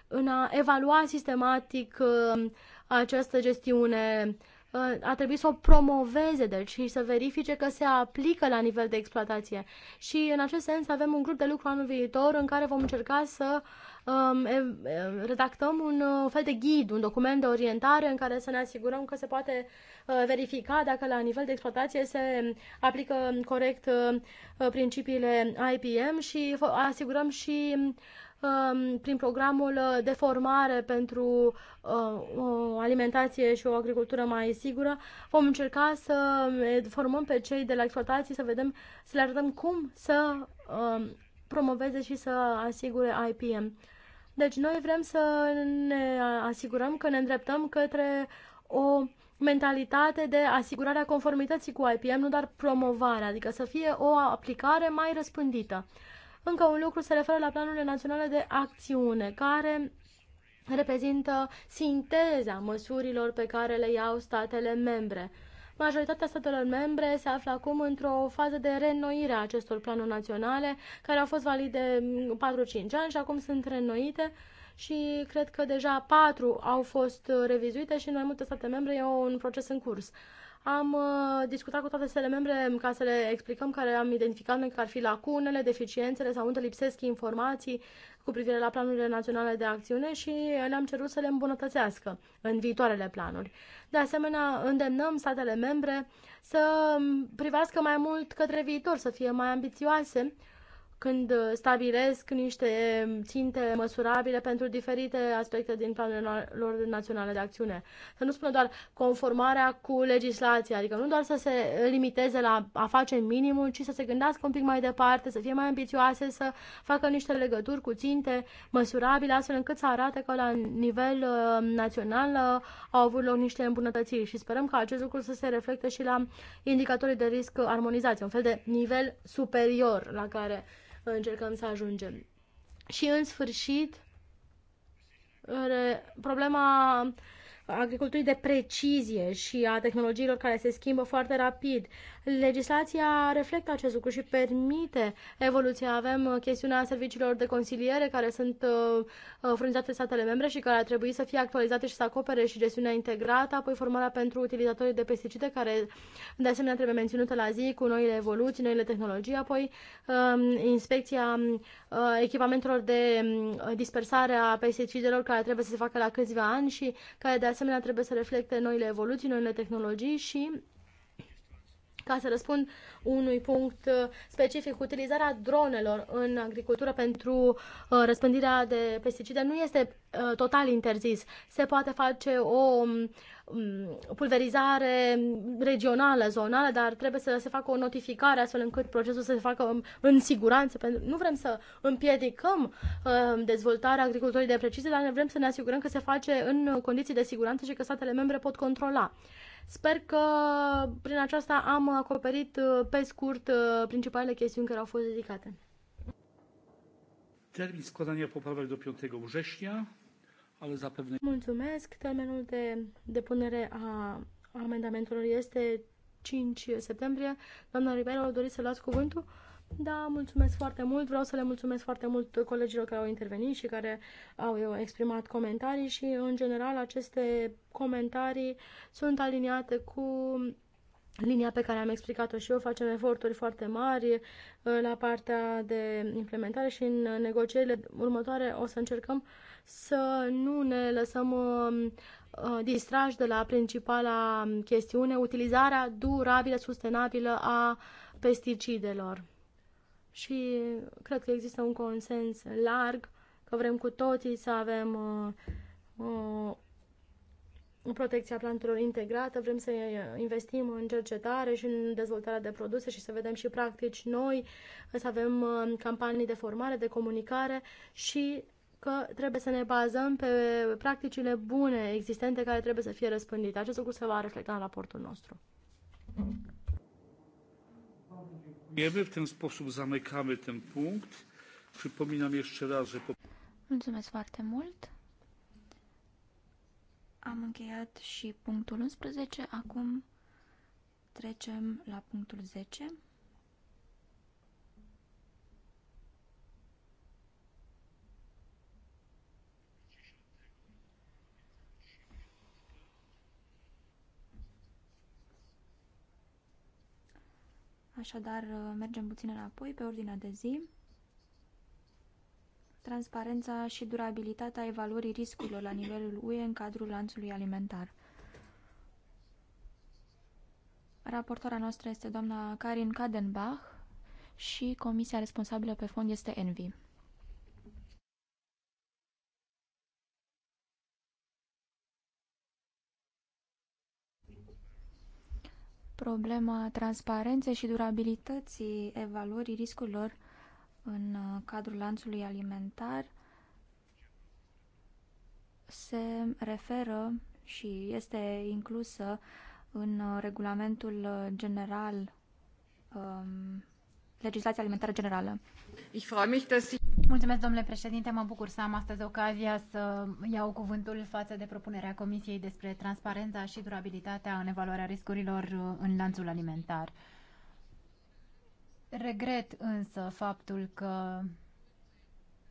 în a evalua sistematic um, această gestiune uh, a trebuit să o promoveze, deci, și să verifice că se aplică la nivel de exploatație. Și, în acest sens, avem un grup de lucru anul viitor în care vom încerca să uh, Um, redactăm uh, un fel de ghid, un document de orientare în care să ne asigurăm că se poate uh, verifica dacă la nivel de exploatație se aplică corect uh, principiile IPM și asigurăm și um, prin programul de formare pentru o alimentație și o agricultură mai sigură, vom încerca să um, formăm pe cei de la exploatații, să vedem, să le arătăm cum să promoveze și să asigure IPM. Deci noi vrem să ne asigurăm că ne îndreptăm către o mentalitate de asigurarea conformității cu IPM, nu doar promovarea, adică să fie o aplicare mai răspândită. Încă un lucru se referă la planurile naționale de acțiune, care reprezintă sinteza măsurilor pe care le iau statele membre. Majoritatea statelor membre se află acum într-o fază de reînnoire a acestor planuri naționale, care au fost valide 4-5 ani și acum sunt reînnoite și cred că deja patru au fost revizuite și în mai multe state membre e un proces în curs. Am uh, discutat cu toate statele membre ca să le explicăm care am identificat noi că ar fi lacunele, deficiențele sau unde lipsesc informații cu privire la planurile naționale de acțiune și le-am cerut să le îmbunătățească în viitoarele planuri. De asemenea, îndemnăm statele membre să privească mai mult către viitor, să fie mai ambițioase când stabilesc niște ținte măsurabile pentru diferite aspecte din planul lor naționale de acțiune. Să nu spună doar conformarea cu legislația, adică nu doar să se limiteze la a face minimul, ci să se gândească un pic mai departe, să fie mai ambițioase, să facă niște legături cu ținte măsurabile, astfel încât să arate că la nivel uh, național uh, au avut loc niște îmbunătățiri și sperăm că acest lucru să se reflecte și la indicatorii de risc armonizați, un fel de nivel superior la care încercăm să ajungem. Și în sfârșit, problema agriculturii de precizie și a tehnologiilor care se schimbă foarte rapid. Legislația reflectă acest lucru și permite evoluția. Avem uh, chestiunea serviciilor de consiliere care sunt uh, uh, furnizate statele membre și care ar trebui să fie actualizate și să acopere și gestiunea integrată, apoi formarea pentru utilizatorii de pesticide care de asemenea trebuie menținută la zi cu noile evoluții, noile tehnologii, apoi um, inspecția echipamentelor de mm, dispersare a pesticidelor care trebuie să se facă la câțiva ani și care de asemenea, trebuie să reflecte noile evoluții, noile tehnologii și ca să răspund unui punct uh, specific, utilizarea dronelor în agricultură pentru uh, răspândirea de pesticide nu este uh, total interzis. Se poate face o um, Mm, pulverizare regională, zonală, dar trebuie să se facă o notificare astfel încât procesul să se facă în siguranță. Pentru nu vrem să împiedicăm uh, dezvoltarea agricultorii de precizie, dar vrem să ne asigurăm că se face în condiții de siguranță și că statele membre pot controla. Sper că prin aceasta am acoperit uh, pe scurt uh, principalele chestiuni care au fost dedicate. Termin składania poprawek do 5 września ale Mulțumesc. Termenul de depunere a amendamentelor este 5 septembrie. Doamna Ribeiro, doriți să luați cuvântul? Da, mulțumesc foarte mult. Vreau să le mulțumesc foarte mult colegilor care au intervenit și care au exprimat comentarii și, în general, aceste comentarii sunt aliniate cu linia pe care am explicat-o și eu. Facem eforturi foarte mari uh, la partea de implementare și în negocierile următoare o să încercăm uh, să nu ne lăsăm uh, uh, distrași de la principala chestiune, utilizarea durabilă, sustenabilă a pesticidelor. Și cred că există un consens larg că vrem cu toții să avem uh, uh, protecția plantelor integrată, vrem să investim în cercetare și în dezvoltarea de produse și să vedem și practici noi, să avem uh, campanii de formare, de comunicare și că trebuie să ne bazăm pe practicile bune existente care trebuie să fie răspândite. Acest lucru se va reflecta în raportul nostru. Dziękujemy. W sposób zamykamy ten punkt. Przypominam jeszcze raz, że... Mulțumesc foarte mult. Am încheiat și punctul 11. Acum trecem la punctul 10. Așadar, uh, mergem puțin înapoi pe ordinea de zi. Transparența și durabilitatea evaluării riscurilor la nivelul UE în cadrul lanțului alimentar. Raportoarea noastră este doamna Karin Kadenbach și comisia responsabilă pe fond este ENVI. problema transparenței și durabilității evaluării riscurilor în uh, cadrul lanțului alimentar se referă și este inclusă în uh, regulamentul general, um, legislația alimentară generală. Ich freue mich, dass Mulțumesc, domnule președinte. Mă bucur să am astăzi ocazia să iau cuvântul față de propunerea Comisiei despre transparența și durabilitatea în evaluarea riscurilor uh, în lanțul alimentar. Regret însă faptul că,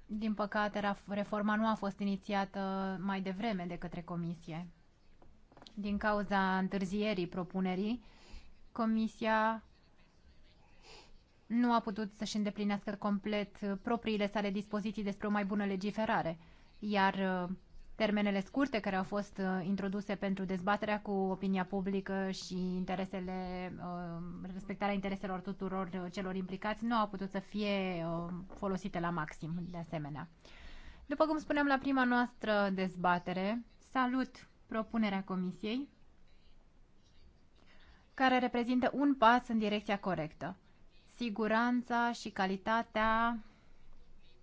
din păcate, reforma nu a fost inițiată mai devreme de către Comisie. Din cauza întârzierii propunerii, Comisia nu a putut să-și îndeplinească complet uh, propriile sale dispoziții despre o mai bună legiferare, iar uh, termenele scurte care au fost uh, introduse pentru dezbaterea cu opinia publică și interesele, respectarea intereselor tuturor celor implicați nu au putut să fie folosite la maxim, de asemenea. După cum spuneam la prima noastră dezbatere, salut propunerea Comisiei, care reprezintă un pas în direcția corectă siguranța și calitatea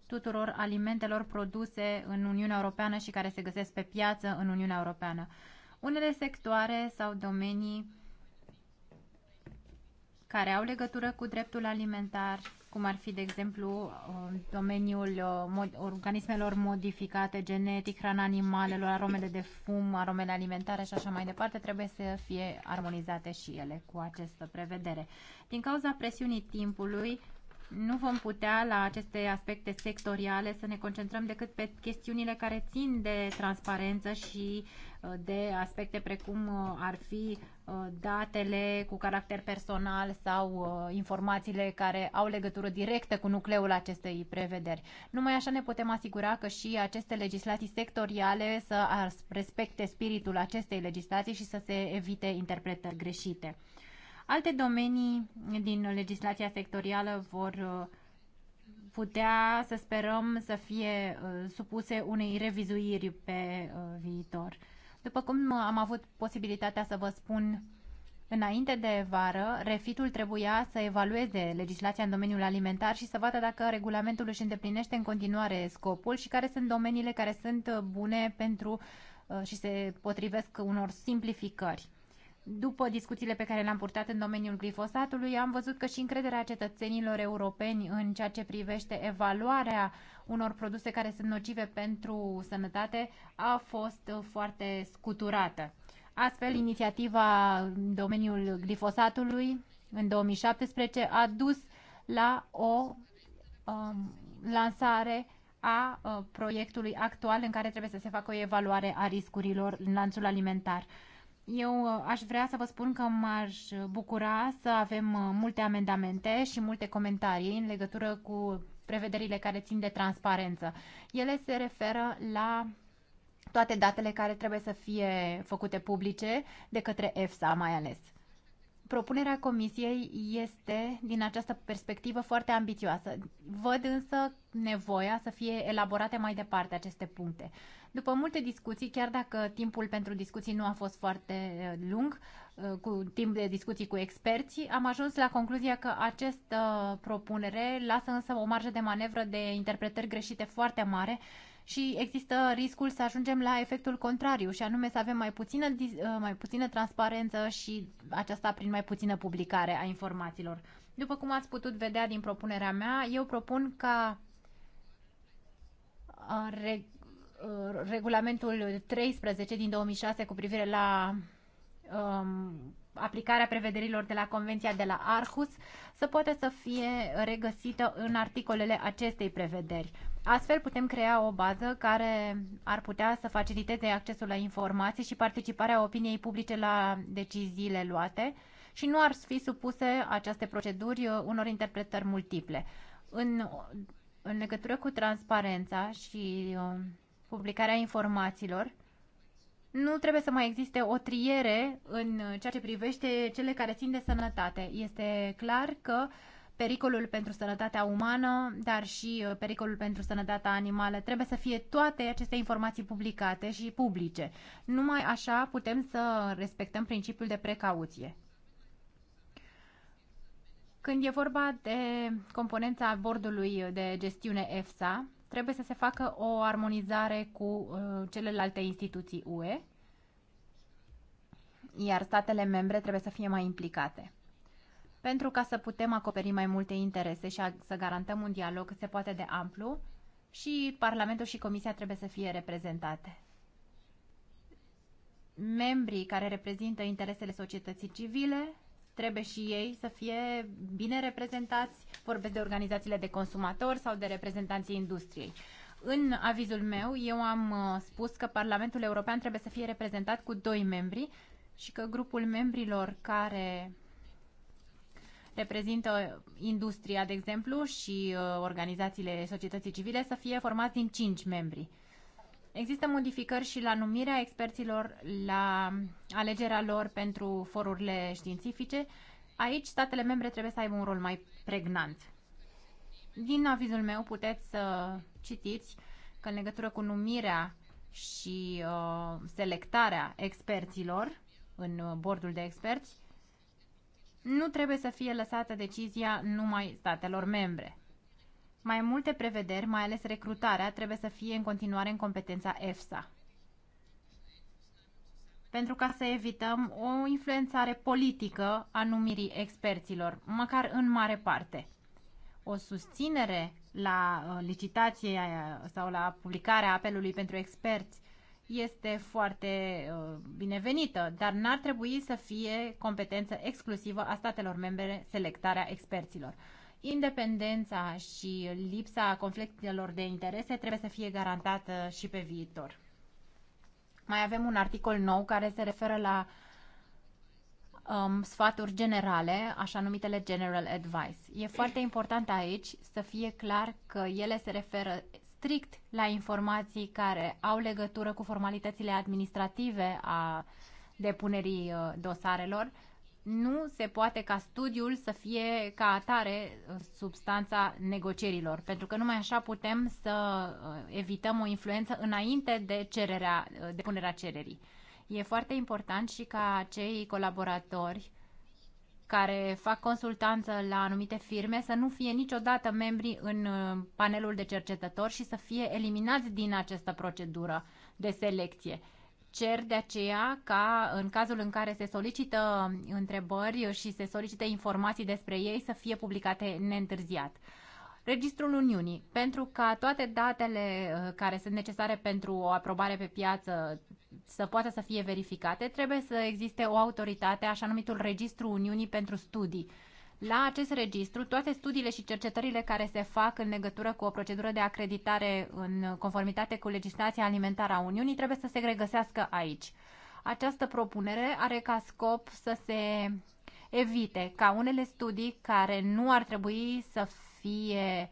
tuturor alimentelor produse în Uniunea Europeană și care se găsesc pe piață în Uniunea Europeană. Unele sectoare sau domenii care au legătură cu dreptul alimentar cum ar fi, de exemplu, uh, domeniul uh, organismelor modificate genetic, hrana animalelor, aromele de fum, aromele alimentare și așa mai departe, trebuie să fie armonizate și ele cu această prevedere. Din cauza presiunii timpului, nu vom putea la aceste aspecte sectoriale să ne concentrăm decât pe chestiunile care țin de transparență și uh, de aspecte precum ar fi Uh, datele cu caracter personal sau uh, informațiile care au legătură directă cu nucleul acestei prevederi. Numai așa ne putem asigura că și aceste legislații sectoriale să respecte spiritul acestei legislații și să se evite interpretări greșite. Alte domenii din legislația sectorială vor uh, putea, să sperăm, să fie supuse unei revizuiri pe viitor. După cum uh, am avut posibilitatea să vă spun înainte de vară, refitul trebuia să evalueze legislația în domeniul alimentar și să vadă dacă regulamentul își îndeplinește în continuare scopul și care sunt domeniile care sunt uh, bune pentru uh, și se potrivesc unor simplificări. După discuțiile pe care le-am purtat în domeniul glifosatului, am văzut că și încrederea cetățenilor europeni în ceea ce privește evaluarea unor produse care sunt nocive pentru sănătate a fost foarte scuturată. Astfel, inițiativa în domeniul glifosatului în 2017 a dus la o um, lansare a uh, proiectului actual în care trebuie să se facă o evaluare a riscurilor în lanțul alimentar. Eu uh, aș vrea să vă spun că m-aș bucura să avem uh, multe amendamente și multe comentarii în legătură cu prevederile care țin de transparență. Ele se referă la toate datele care trebuie să fie făcute publice de către EFSA mai ales propunerea Comisiei este, din această perspectivă, foarte ambițioasă. Văd însă nevoia să fie elaborate mai departe aceste puncte. După multe discuții, chiar dacă timpul pentru discuții nu a fost foarte eh, lung, eh, cu timp de discuții cu experții, am ajuns la concluzia că această propunere lasă însă o marjă de manevră de interpretări greșite foarte mare și există riscul să ajungem la efectul contrariu și anume să avem mai puțină, uh, mai puțină transparență și aceasta prin mai puțină publicare a informațiilor. După cum ați putut vedea din propunerea mea, eu propun ca uh, uh, regulamentul 13 din 2006 cu privire la um, aplicarea prevederilor de la Convenția de la Arhus să poată să fie regăsită în articolele acestei prevederi. Astfel putem crea o bază care ar putea să faciliteze accesul la informații și participarea opiniei publice la deciziile luate și nu ar fi supuse aceste proceduri uh, unor interpretări multiple. În, în legătură cu transparența și uh, publicarea informațiilor, nu trebuie să mai existe o triere în ceea ce privește cele care țin de sănătate. Este clar că uh, pericolul pentru sănătatea umană, dar și uh, pericolul pentru sănătatea animală. Trebuie să fie toate aceste informații publicate și publice. Numai așa putem să respectăm principiul de precauție. Când e vorba de componența bordului de gestiune EFSA, trebuie să se facă o armonizare cu uh, celelalte instituții UE, iar statele membre trebuie să fie mai implicate pentru ca să putem acoperi mai multe interese și a, să garantăm un dialog cât se poate de amplu și Parlamentul și Comisia trebuie să fie reprezentate. Membrii care reprezintă interesele societății civile trebuie și ei să fie bine reprezentați, vorbesc de organizațiile de consumatori sau de reprezentanții industriei. În avizul meu, eu am uh, spus că Parlamentul European trebuie să fie reprezentat cu doi membri și că grupul membrilor care reprezintă industria, de exemplu, și uh, organizațiile societății civile să fie formați din 5 membri. Există modificări și la numirea experților, la alegerea lor pentru forurile științifice. Aici statele membre trebuie să aibă un rol mai pregnant. Din avizul meu puteți să citiți că în legătură cu numirea și uh, selectarea experților în uh, bordul de experți, nu trebuie să fie lăsată decizia numai statelor membre. Mai multe prevederi, mai ales recrutarea, trebuie să fie în continuare în competența EFSA. Pentru ca să evităm o influențare politică a numirii experților, măcar în mare parte. O susținere la uh, licitație sau la publicarea apelului pentru experți este foarte uh, binevenită, dar n-ar trebui să fie competență exclusivă a statelor membre selectarea experților. Independența și lipsa conflictelor de interese trebuie să fie garantată și pe viitor. Mai avem un articol nou care se referă la um, sfaturi generale, așa numitele general advice. E foarte important aici să fie clar că ele se referă strict la informații care au legătură cu formalitățile administrative a depunerii uh, dosarelor, nu se poate ca studiul să fie ca atare uh, substanța negocierilor, pentru că numai așa putem să uh, evităm o influență înainte de cererea, depunerea cererii. E foarte important și ca cei colaboratori care fac consultanță la anumite firme să nu fie niciodată membri în uh, panelul de cercetători și să fie eliminați din această procedură de selecție. Cer de aceea ca în cazul în care se solicită întrebări și se solicită informații despre ei să fie publicate neîntârziat. Registrul Uniunii, pentru ca toate datele uh, care sunt necesare pentru o aprobare pe piață să poată să fie verificate, trebuie să existe o autoritate, așa numitul Registru Uniunii pentru Studii. La acest registru, toate studiile și cercetările care se fac în legătură cu o procedură de acreditare în conformitate cu legislația alimentară a Uniunii trebuie să se regăsească aici. Această propunere are ca scop să se evite ca unele studii care nu ar trebui să fie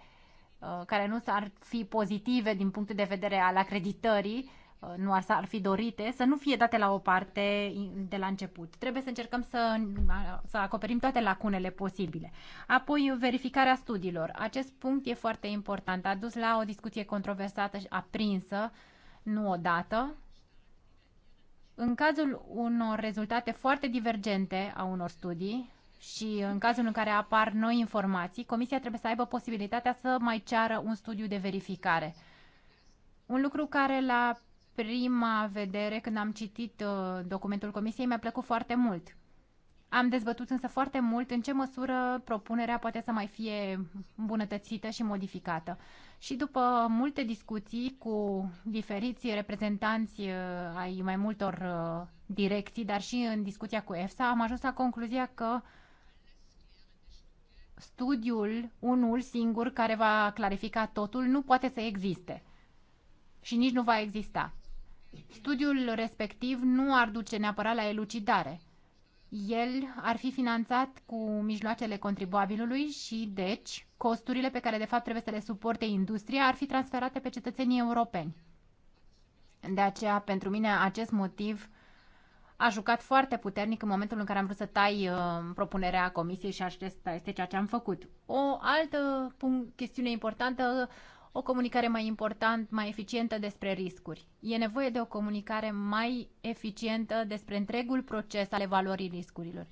uh, care nu s-ar fi pozitive din punctul de vedere al acreditării, uh, nu ar, ar fi dorite, să nu fie date la o parte de la început. Trebuie să încercăm să, uh, să acoperim toate lacunele posibile. Apoi, verificarea studiilor. Acest punct e foarte important. A dus la o discuție controversată și aprinsă, nu odată. În cazul unor rezultate foarte divergente a unor studii, și în cazul în care apar noi informații, comisia trebuie să aibă posibilitatea să mai ceară un studiu de verificare. Un lucru care la prima vedere, când am citit uh, documentul comisiei, mi-a plăcut foarte mult. Am dezbătut însă foarte mult în ce măsură propunerea poate să mai fie îmbunătățită și modificată. Și după multe discuții cu diferiți reprezentanți uh, ai mai multor uh, direcții, dar și în discuția cu EFSA, am ajuns la concluzia că uh, studiul, unul singur, care va clarifica totul, nu poate să existe și nici nu va exista. Studiul respectiv nu ar duce neapărat la elucidare. El ar fi finanțat cu mijloacele contribuabilului și, deci, costurile pe care de fapt trebuie să le suporte industria ar fi transferate pe cetățenii europeni. De aceea, pentru mine, acest motiv a jucat foarte puternic în momentul în care am vrut să tai uh, propunerea comisiei și acesta este ceea ce am făcut. O altă punct, chestiune importantă, o comunicare mai importantă, mai eficientă despre riscuri. E nevoie de o comunicare mai eficientă despre întregul proces al evaluării riscurilor.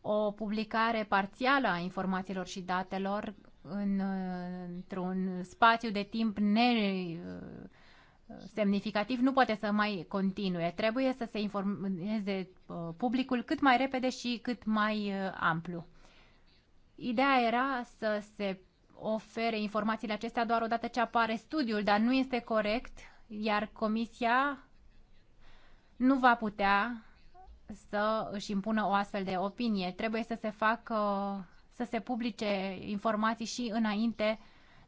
O publicare parțială a informațiilor și datelor în, uh, într-un spațiu de timp ne uh, semnificativ nu poate să mai continue. Trebuie să se informeze uh, publicul cât mai repede și cât mai uh, amplu. Ideea era să se ofere informațiile acestea doar odată ce apare studiul, dar nu este corect, iar comisia nu va putea să își impună o astfel de opinie. Trebuie să se facă, să se publice informații și înainte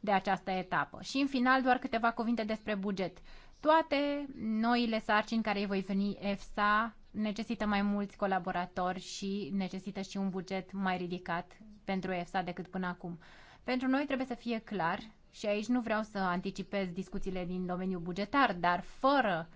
de această etapă. Și în final doar câteva cuvinte despre buget. Toate noile sarcini care îi voi veni EFSA necesită mai mulți colaboratori și necesită și un buget mai ridicat pentru EFSA decât până acum. Pentru noi trebuie să fie clar, și aici nu vreau să anticipez discuțiile din domeniul bugetar, dar fără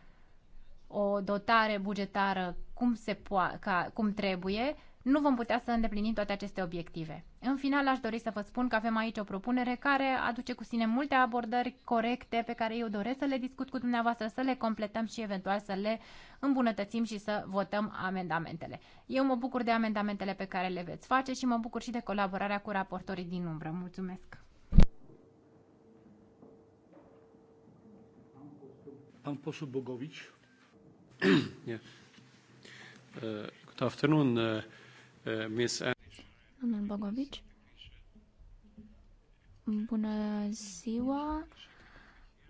o dotare bugetară cum, se poa- ca, cum trebuie, nu vom putea să îndeplinim toate aceste obiective. În final, aș dori să vă spun că avem aici o propunere care aduce cu sine multe abordări corecte pe care eu doresc să le discut cu dumneavoastră, să le completăm și eventual să le îmbunătățim și să votăm amendamentele. Eu mă bucur de amendamentele pe care le veți face și mă bucur și de colaborarea cu raportorii din umbră. Mulțumesc! Pan poseł Bogowicz. Nie. Good afternoon. Domnul Bogovici. Bună ziua!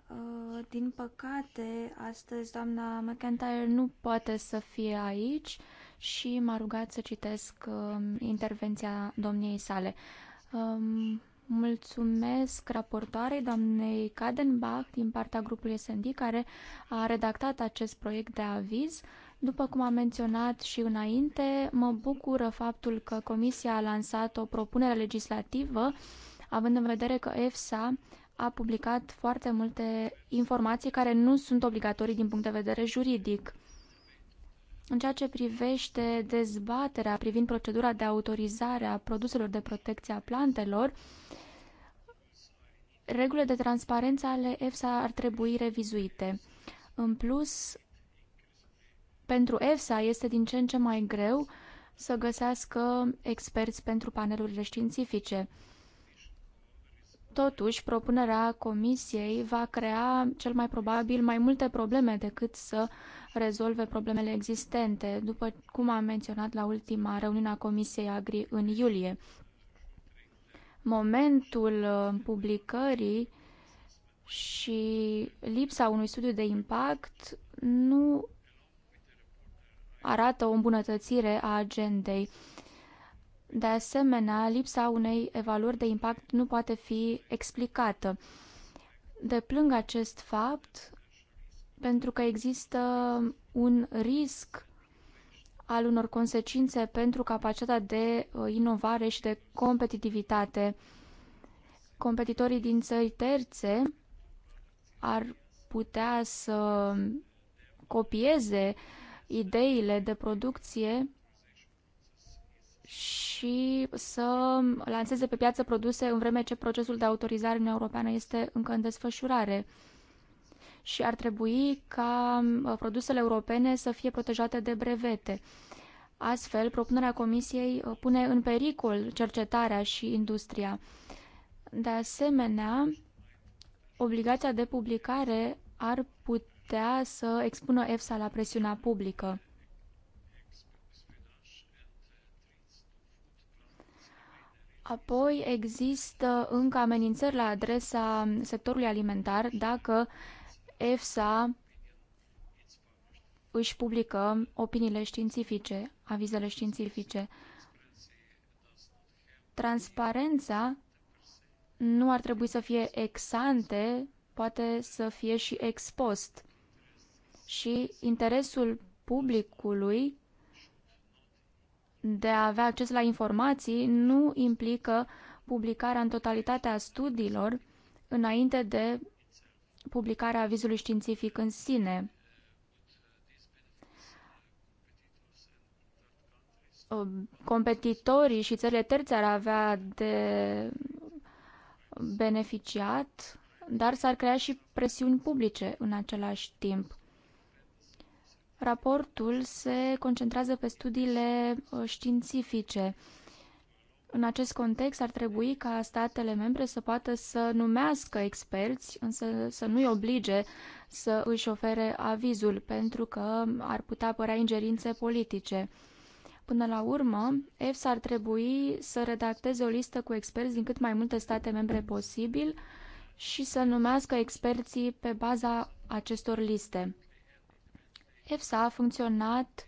Uh, din păcate, astăzi doamna McIntyre nu poate să fie aici și m-a rugat să citesc um, intervenția domniei sale. Um, mulțumesc raportoarei doamnei Kadenbach din partea grupului SND care a redactat acest proiect de aviz. După cum am menționat și înainte, mă bucură faptul că Comisia a lansat o propunere legislativă, având în vedere că EFSA a publicat foarte multe informații care nu sunt obligatorii din punct de vedere juridic. În ceea ce privește dezbaterea privind procedura de autorizare a produselor de protecție a plantelor, regulile de transparență ale EFSA ar trebui revizuite. În plus, pentru EFSA este din ce în ce mai greu să găsească experți pentru panelurile științifice. Totuși, propunerea Comisiei va crea cel mai probabil mai multe probleme decât să rezolve problemele existente, după cum am menționat la ultima reuniune a Comisiei Agri în iulie. Momentul uh, publicării și lipsa unui studiu de impact nu arată o îmbunătățire a agendei. De asemenea, lipsa unei evaluări de impact nu poate fi explicată. Deplâng acest fapt pentru că există un risc al unor consecințe pentru capacitatea de uh, inovare și de competitivitate. Competitorii din țări terțe ar putea să copieze ideile de producție și să lanseze pe piață produse în vreme ce procesul de autorizare în europeană este încă în desfășurare. Și ar trebui ca uh, produsele europene să fie protejate de brevete. Astfel, propunerea Comisiei uh, pune în pericol cercetarea și industria. De asemenea, obligația de publicare ar putea putea să expună EFSA la presiunea publică. Apoi există încă amenințări la adresa sectorului alimentar dacă EFSA își publică opiniile științifice, avizele științifice. Transparența nu ar trebui să fie ex ante, poate să fie și ex post și interesul publicului de a avea acces la informații nu implică publicarea în totalitate a studiilor înainte de publicarea avizului științific în sine. Competitorii și țările terțe ar avea de beneficiat, dar s-ar crea și presiuni publice în același timp. Raportul se concentrează pe studiile uh, științifice. În acest context ar trebui ca statele membre să poată să numească experți, însă să nu-i oblige să își ofere avizul, pentru că ar putea apărea ingerințe politice. Până la urmă, EFSA ar trebui să redacteze o listă cu experți din cât mai multe state membre posibil și să numească experții pe baza acestor liste. EFSA a funcționat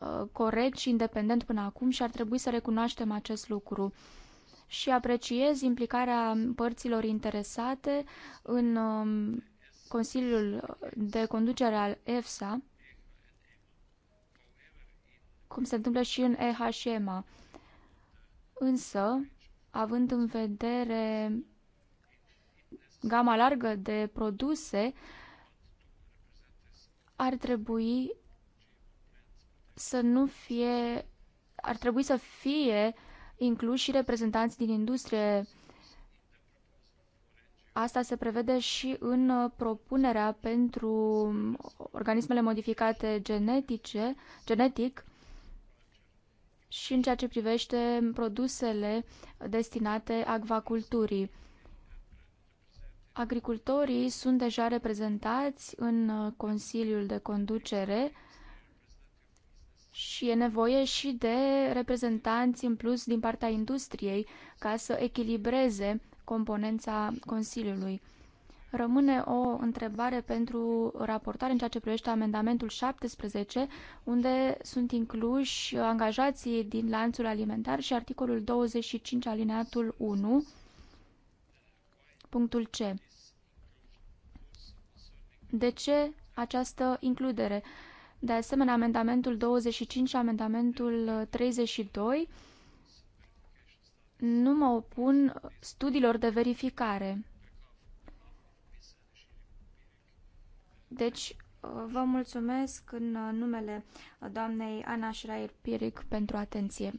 uh, corect și independent până acum și ar trebui să recunoaștem acest lucru. Și apreciez implicarea părților interesate în um, Consiliul de Conducere al EFSA, cum se întâmplă și în EHMA. Însă, având în vedere gama largă de produse, uh, ar trebui să nu fie, ar trebui să fie incluși și reprezentanți din industrie. Asta se prevede și în uh, propunerea pentru um, organismele modificate genetice, genetic și în ceea ce privește produsele destinate acvaculturii. Agricultorii sunt deja reprezentați în uh, Consiliul de Conducere și e nevoie și de reprezentanți în plus din partea industriei ca să echilibreze componența Consiliului. Rămâne o întrebare pentru raportare în ceea ce privește amendamentul 17, unde sunt incluși angajații din lanțul alimentar și articolul 25 alineatul 1, Punctul C. De ce această includere? De asemenea, amendamentul 25 și amendamentul 32 nu mă opun studiilor de verificare. Deci, vă mulțumesc în numele doamnei Ana Schreier-Piric pentru atenție.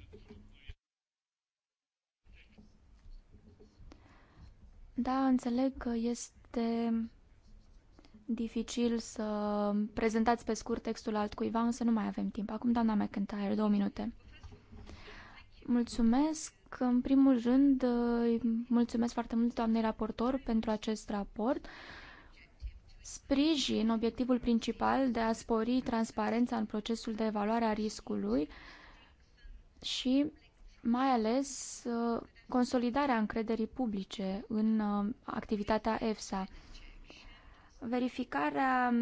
Da, înțeleg că este dificil să prezentați pe scurt textul altcuiva, însă nu mai avem timp. Acum, doamna McIntyre, două minute. Mulțumesc. În primul rând, mulțumesc foarte mult doamnei raportor pentru acest raport. Sprijin obiectivul principal de a spori transparența în procesul de evaluare a riscului și mai ales consolidarea încrederii publice în uh, activitatea EFSA. Verificarea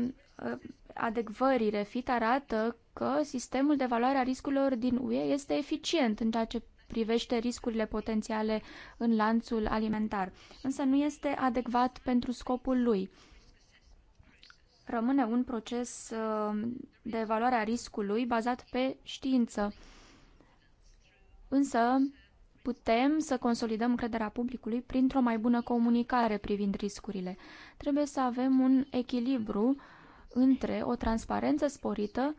uh, adecvării REFIT arată că sistemul de valoare a riscurilor din UE este eficient în ceea ce privește riscurile potențiale în lanțul alimentar, însă nu este adecvat pentru scopul lui. Rămâne un proces uh, de evaluare a riscului bazat pe știință. Însă, Putem să consolidăm crederea publicului printr-o mai bună comunicare privind riscurile. Trebuie să avem un echilibru între o transparență sporită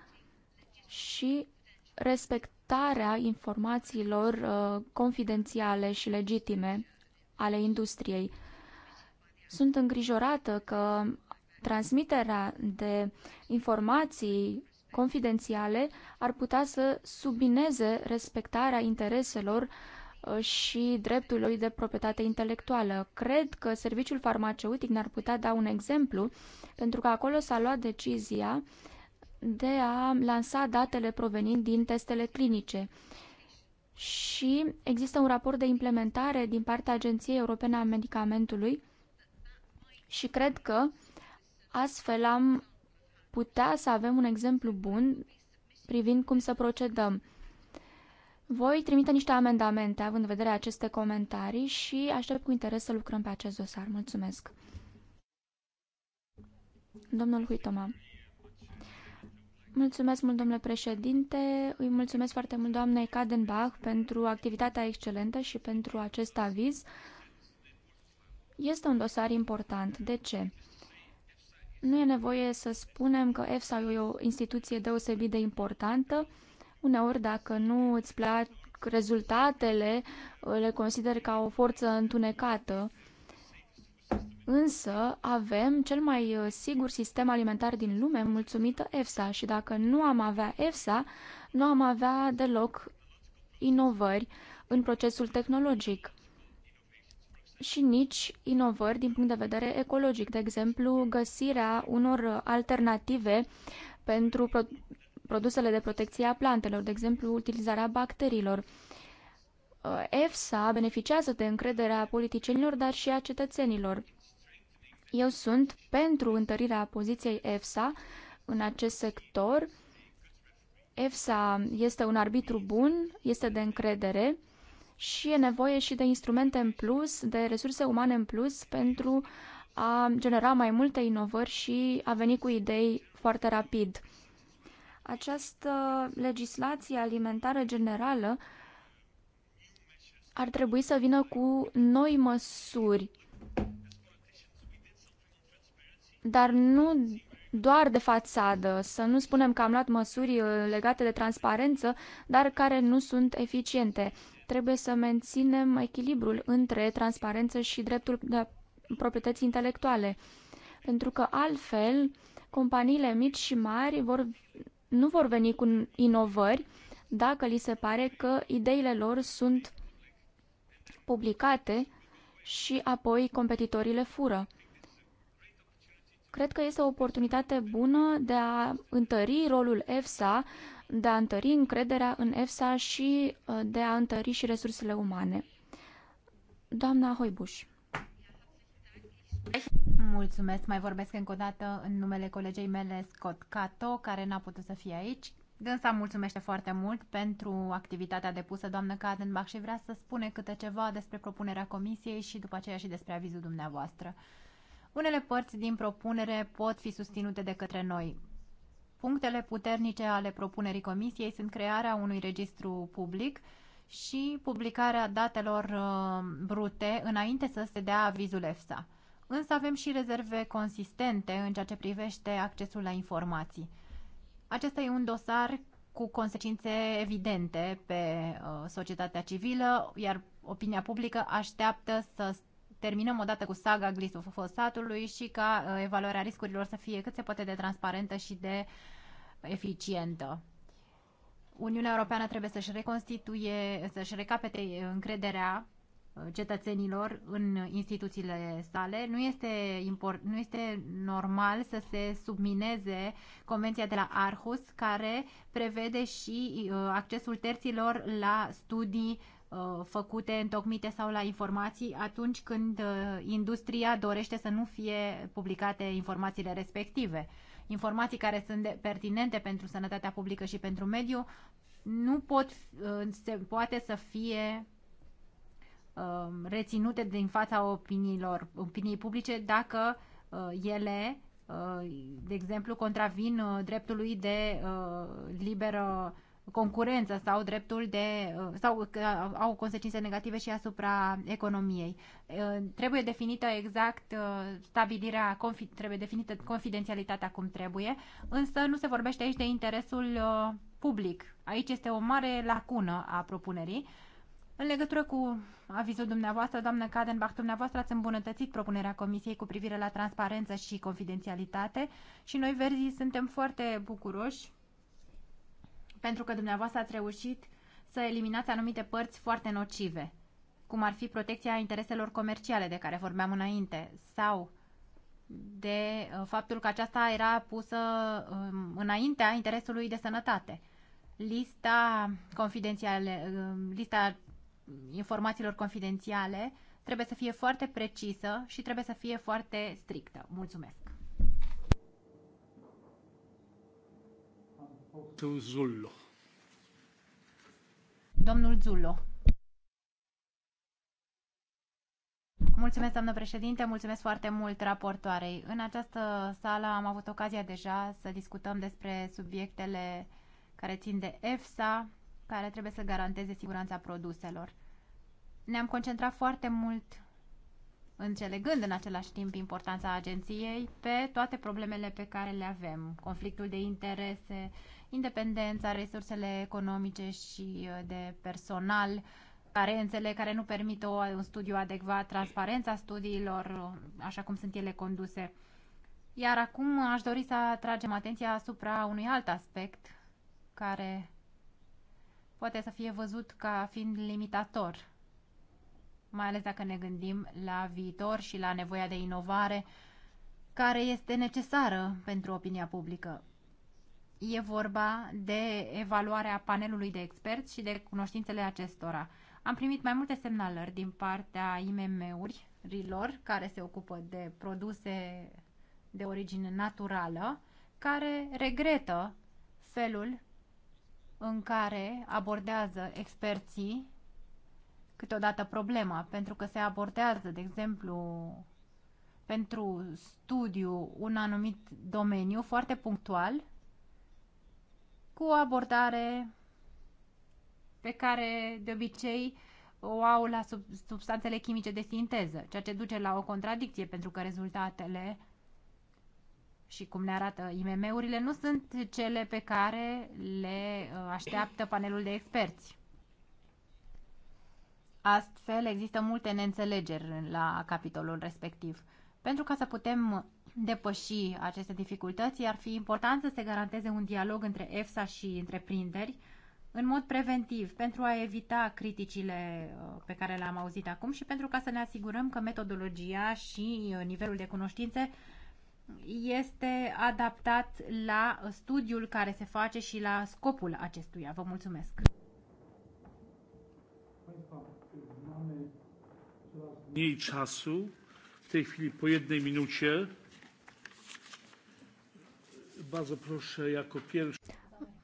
și respectarea informațiilor uh, confidențiale și legitime ale industriei. Sunt îngrijorată că transmiterea de informații confidențiale ar putea să submineze respectarea intereselor Uh, și dreptul lui de proprietate intelectuală. Cred că serviciul farmaceutic ne-ar putea da un exemplu, pentru că acolo s-a luat decizia de a lansa datele provenind din testele clinice. Și există un raport de implementare din partea Agenției Europene a Medicamentului și cred că astfel am putea să avem un exemplu bun privind cum să procedăm. Voi trimite niște amendamente având în vedere aceste comentarii și aștept cu interes să lucrăm pe acest dosar. Mulțumesc. Domnul Huitoma. Mulțumesc mult, domnule președinte. Îi mulțumesc foarte mult doamnei Kadenbach pentru activitatea excelentă și pentru acest aviz. Este un dosar important. De ce? Nu e nevoie să spunem că EFSA e o instituție deosebit de importantă Uneori, dacă nu îți plac rezultatele, le consideri ca o forță întunecată. Însă avem cel mai uh, sigur sistem alimentar din lume, mulțumită EFSA, și dacă nu am avea EFSA, nu am avea deloc inovări în procesul tehnologic și nici inovări din punct de vedere ecologic, de exemplu, găsirea unor alternative pentru produsele de protecție a plantelor, de exemplu utilizarea bacteriilor. Uh, EFSA beneficiază de încrederea politicienilor, dar și a cetățenilor. Eu sunt pentru întărirea poziției EFSA în acest sector. EFSA este un arbitru bun, este de încredere și e nevoie și de instrumente în plus, de resurse umane în plus pentru a genera mai multe inovări și a veni cu idei foarte rapid. Această legislație alimentară generală ar trebui să vină cu noi măsuri, dar nu doar de fațadă, să nu spunem că am luat măsuri uh, legate de transparență, dar care nu sunt eficiente. Trebuie să menținem echilibrul între transparență și dreptul de proprietăți intelectuale, pentru că altfel companiile mici și mari vor nu vor veni cu inovări dacă li se pare că ideile lor sunt publicate și apoi competitorii le fură. Cred că este o oportunitate bună de a întări rolul EFSA, de a întări încrederea în EFSA și uh, de a întări și resursele umane. Doamna Hoibuș. Mulțumesc, mai vorbesc încă o dată în numele colegei mele Scott Cato, care n-a putut să fie aici. Dânsa mulțumește foarte mult pentru activitatea depusă, doamnă Cadenbach, și vrea să spune câte ceva despre propunerea comisiei și după aceea și despre avizul dumneavoastră. Unele părți din propunere pot fi susținute de către noi. Punctele puternice ale propunerii comisiei sunt crearea unui registru public și publicarea datelor uh, brute înainte să se dea avizul EFSA însă avem și rezerve consistente în ceea ce privește accesul la informații. Acesta e un dosar cu consecințe evidente pe uh, societatea civilă, iar opinia publică așteaptă să terminăm odată cu saga glisofosatului și ca uh, evaluarea riscurilor să fie cât se poate de transparentă și de eficientă. Uniunea Europeană trebuie să-și reconstituie, să-și recapete uh, încrederea Uh, cetățenilor în instituțiile sale. Nu este, import, nu este normal să se submineze Convenția de la Arhus, care prevede și uh, accesul terților la studii uh, făcute, întocmite sau la informații atunci când industria dorește să nu fie publicate informațiile respective. Informații care sunt pertinente pentru sănătatea publică și pentru mediu nu pot, se poate să fie Um, reținute din fața opiniilor, opiniei publice dacă uh, ele, uh, de exemplu, contravin uh, dreptului de liberă concurență sau dreptul de sau au consecințe negative și asupra economiei. Trebuie definită exact stabilirea trebuie definită confidențialitatea cum trebuie, însă nu se vorbește aici de interesul public. Aici este o mare lacună a propunerii în legătură cu avizul dumneavoastră, doamnă Cadenbach, dumneavoastră ați îmbunătățit propunerea Comisiei cu privire la transparență și confidențialitate și noi, verzii, suntem foarte bucuroși pentru că dumneavoastră ați reușit să eliminați anumite părți foarte nocive, cum ar fi protecția intereselor comerciale de care vorbeam înainte sau de uh, faptul că aceasta era pusă um, înaintea interesului de sănătate lista confidențială, uh, lista informațiilor confidențiale trebuie să fie foarte precisă și trebuie să fie foarte strictă. Mulțumesc! Zullo. Domnul Zullo. Mulțumesc, doamnă președinte, mulțumesc foarte mult raportoarei. În această sală am avut ocazia deja să discutăm despre subiectele care țin de EFSA, care trebuie să garanteze siguranța produselor. Ne-am concentrat foarte mult, înțelegând în același timp importanța agenției, pe toate problemele pe care le avem. Conflictul de interese, independența, resursele economice și uh, de personal, carențele care nu permit o, un studiu adecvat, transparența studiilor, uh, așa cum sunt ele conduse. Iar acum aș dori să atragem atenția asupra unui alt aspect care poate să fie văzut ca fiind limitator, mai ales dacă ne gândim la viitor și la nevoia de inovare care este necesară pentru opinia publică. E vorba de evaluarea panelului de experți și de cunoștințele acestora. Am primit mai multe semnalări din partea IMM-urilor care se ocupă de produse de origine naturală, care regretă felul în care abordează experții câteodată problema, pentru că se abordează, de exemplu, pentru studiu un anumit domeniu foarte punctual cu o abordare pe care de obicei o au la sub, substanțele chimice de sinteză, ceea ce duce la o contradicție pentru că rezultatele și cum ne arată IMM-urile, nu sunt cele pe care le uh, așteaptă panelul de experți. Astfel, există multe neînțelegeri la capitolul respectiv. Pentru ca să putem depăși aceste dificultăți, ar fi important să se garanteze un dialog între EFSA și întreprinderi în mod preventiv, pentru a evita criticile uh, pe care le-am auzit acum și pentru ca să ne asigurăm că metodologia și uh, nivelul de cunoștințe este adaptat la studiul care se face și la scopul acestuia. Vă mulțumesc! Mniej czasu, w tej chwili po jednej minucie. Bardzo proszę, jako pierwszy.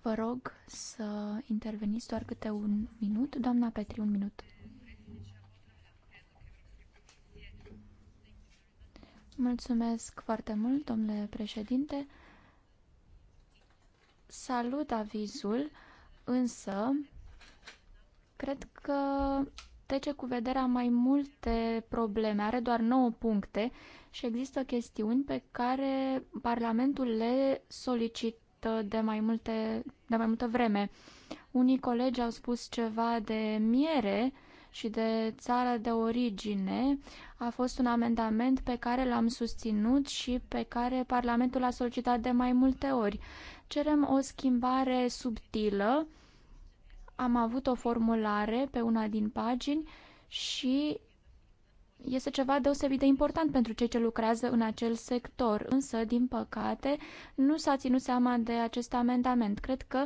Vă rog să interveniți doar câte un minut. Doamna Petri, un minut. Mulțumesc foarte mult, domnule președinte. Salut avizul, însă cred că trece cu vederea mai multe probleme. Are doar 9 puncte și există chestiuni pe care Parlamentul le solicită de mai, multe, de mai multă vreme. Unii colegi au spus ceva de miere, și de țara de origine a fost un amendament pe care l-am susținut și pe care Parlamentul a solicitat de mai multe ori. Cerem o schimbare subtilă. Am avut o formulare pe una din pagini și este ceva deosebit de important pentru cei ce lucrează în acel sector, însă, din păcate, nu s-a ținut seama de acest amendament. Cred că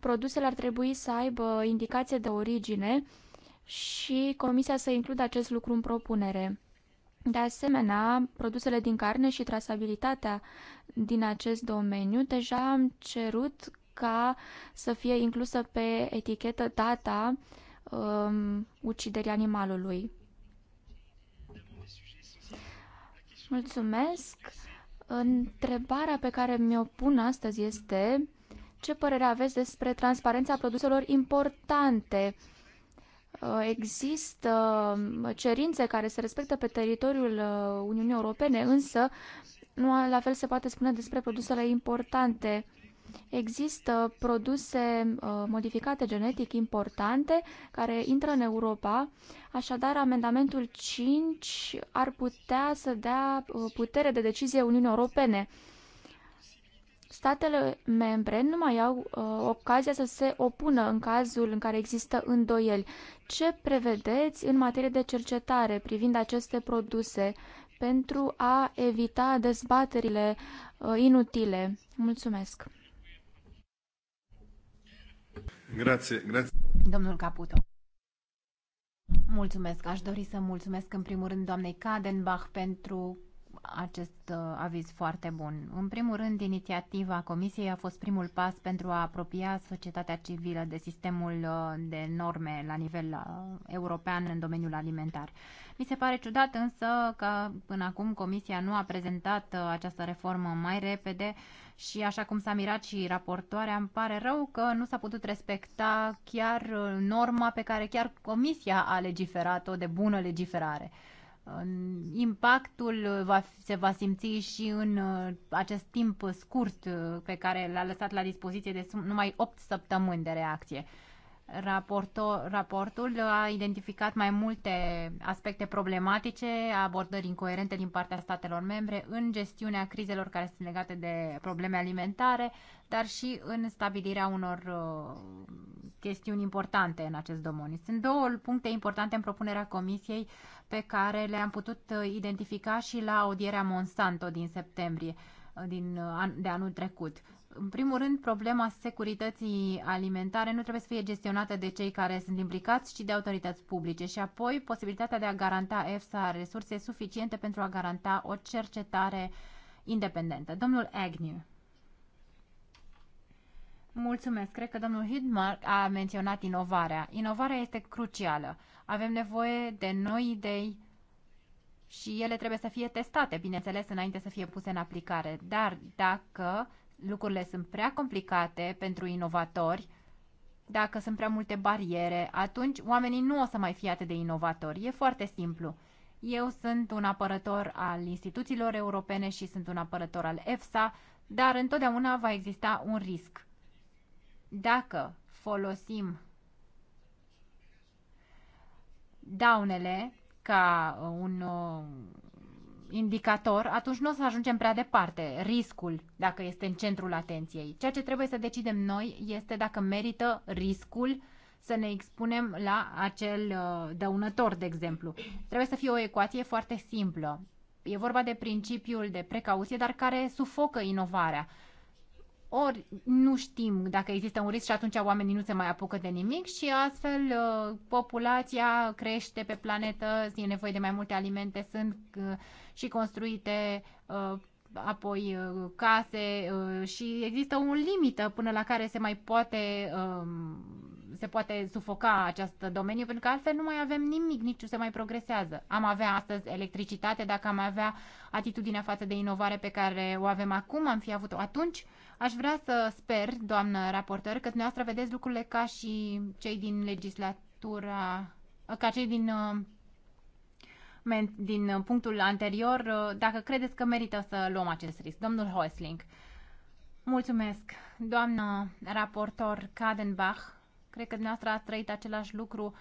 produsele ar trebui să aibă indicație de origine și Comisia să includă acest lucru în propunere. De asemenea, produsele din carne și trasabilitatea din acest domeniu deja am cerut ca să fie inclusă pe etichetă data um, uciderii animalului. Mulțumesc! Întrebarea pe care mi-o pun astăzi este ce părere aveți despre transparența produselor importante? Uh, există uh, cerințe care se respectă pe teritoriul uh, Uniunii Europene, însă nu la fel se poate spune despre produsele importante. Există produse modificate genetic importante care intră în Europa, așadar amendamentul 5 ar putea să dea putere de decizie Uniunii Europene statele membre nu mai au uh, ocazia să se opună în cazul în care există îndoieli. Ce prevedeți în materie de cercetare privind aceste produse pentru a evita dezbaterile uh, inutile? Mulțumesc! Grazie, grazie. Domnul Caputo. Mulțumesc. Aș dori să mulțumesc în primul rând doamnei Kadenbach pentru acest uh, aviz foarte bun. În primul rând, inițiativa Comisiei a fost primul pas pentru a apropia societatea civilă de sistemul uh, de norme la nivel uh, european în domeniul alimentar. Mi se pare ciudat însă că până acum Comisia nu a prezentat această reformă mai repede și așa cum s-a mirat și raportoarea, îmi pare rău că nu s-a putut respecta chiar norma pe care chiar Comisia a legiferat-o de bună legiferare impactul va, se va simți și în uh, acest timp scurt uh, pe care l-a lăsat la dispoziție de numai 8 săptămâni de reacție raportul raportul a identificat mai multe aspecte problematice, abordări incoerente din partea statelor membre în gestiunea crizelor care sunt legate de probleme alimentare, dar și în stabilirea unor uh, chestiuni importante în acest domeniu. Sunt două puncte importante în propunerea Comisiei pe care le-am putut uh, identifica și la audierea Monsanto din septembrie uh, din, de anul trecut. În primul rând, problema securității alimentare nu trebuie să fie gestionată de cei care sunt implicați, ci de autorități publice și apoi posibilitatea de a garanta EFSA resurse suficiente pentru a garanta o cercetare independentă. Domnul Agnew. Mulțumesc. Cred că domnul Hidmark a menționat inovarea. Inovarea este crucială. Avem nevoie de noi idei și ele trebuie să fie testate, bineînțeles, înainte să fie puse în aplicare. Dar dacă lucrurile sunt prea complicate pentru inovatori, dacă sunt prea multe bariere, atunci oamenii nu o să mai fie atât de inovatori. E foarte simplu. Eu sunt un apărător al instituțiilor europene și sunt un apărător al EFSA, dar întotdeauna va exista un risc. Dacă folosim daunele ca un uh, indicator, atunci nu o să ajungem prea departe. Riscul, dacă este în centrul atenției. Ceea ce trebuie să decidem noi este dacă merită riscul să ne expunem la acel uh, dăunător, de exemplu. Trebuie să fie o ecuație foarte simplă. E vorba de principiul de precauție, dar care sufocă inovarea ori nu știm dacă există un risc și atunci oamenii nu se mai apucă de nimic și astfel uh, populația crește pe planetă, e nevoie de mai multe alimente, sunt uh, și construite uh, apoi case și există un limită până la care se mai poate um, se poate sufoca acest domeniu pentru că altfel nu mai avem nimic, nici nu se mai progresează. Am avea astăzi electricitate, dacă am avea atitudinea față de inovare pe care o avem acum, am fi avut-o atunci Aș vrea să sper, doamnă raportor, că dumneavoastră vedeți lucrurile ca și cei din legislatura, ca cei din uh, din punctul anterior, uh, dacă credeți că merită să luăm acest risc. Domnul Hoisling. Mulțumesc. Doamnă raportor Kadenbach, cred că dumneavoastră ați trăit același lucru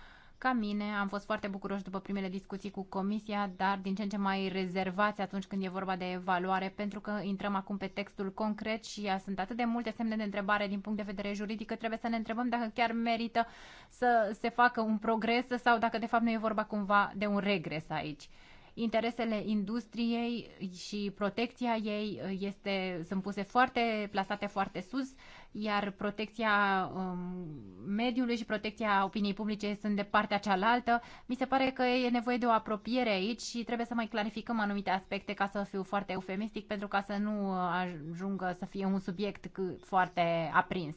ca mine, am fost foarte bucuroși după primele discuții cu comisia, dar din ce în ce mai rezervați atunci când e vorba de evaluare, pentru că intrăm acum pe textul concret și sunt atât de multe semne de întrebare din punct de vedere juridic, că trebuie să ne întrebăm dacă chiar merită să se facă un progres sau dacă de fapt nu e vorba cumva de un regres aici interesele industriei și protecția ei este, sunt puse foarte, plasate foarte sus iar protecția um, mediului și protecția opiniei publice sunt de partea cealaltă. Mi se pare că e nevoie de o apropiere aici și trebuie să mai clarificăm anumite aspecte ca să fiu foarte eufemistic pentru ca să nu uh, ajungă să fie un subiect foarte aprins.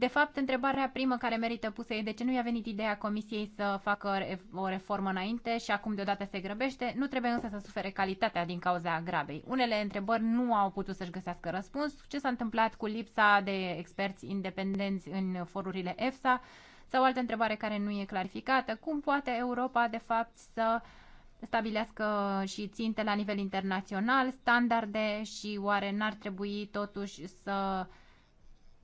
De fapt, întrebarea primă care merită pusă e de ce nu i-a venit ideea Comisiei să facă o reformă înainte și acum deodată se grăbește, nu trebuie însă să sufere calitatea din cauza grabei. Unele întrebări nu au putut să-și găsească răspuns. Ce s-a întâmplat cu lipsa de experți independenți în forurile EFSA? Sau altă întrebare care nu e clarificată, cum poate Europa, de fapt, să stabilească și ținte la nivel internațional standarde și oare n-ar trebui totuși să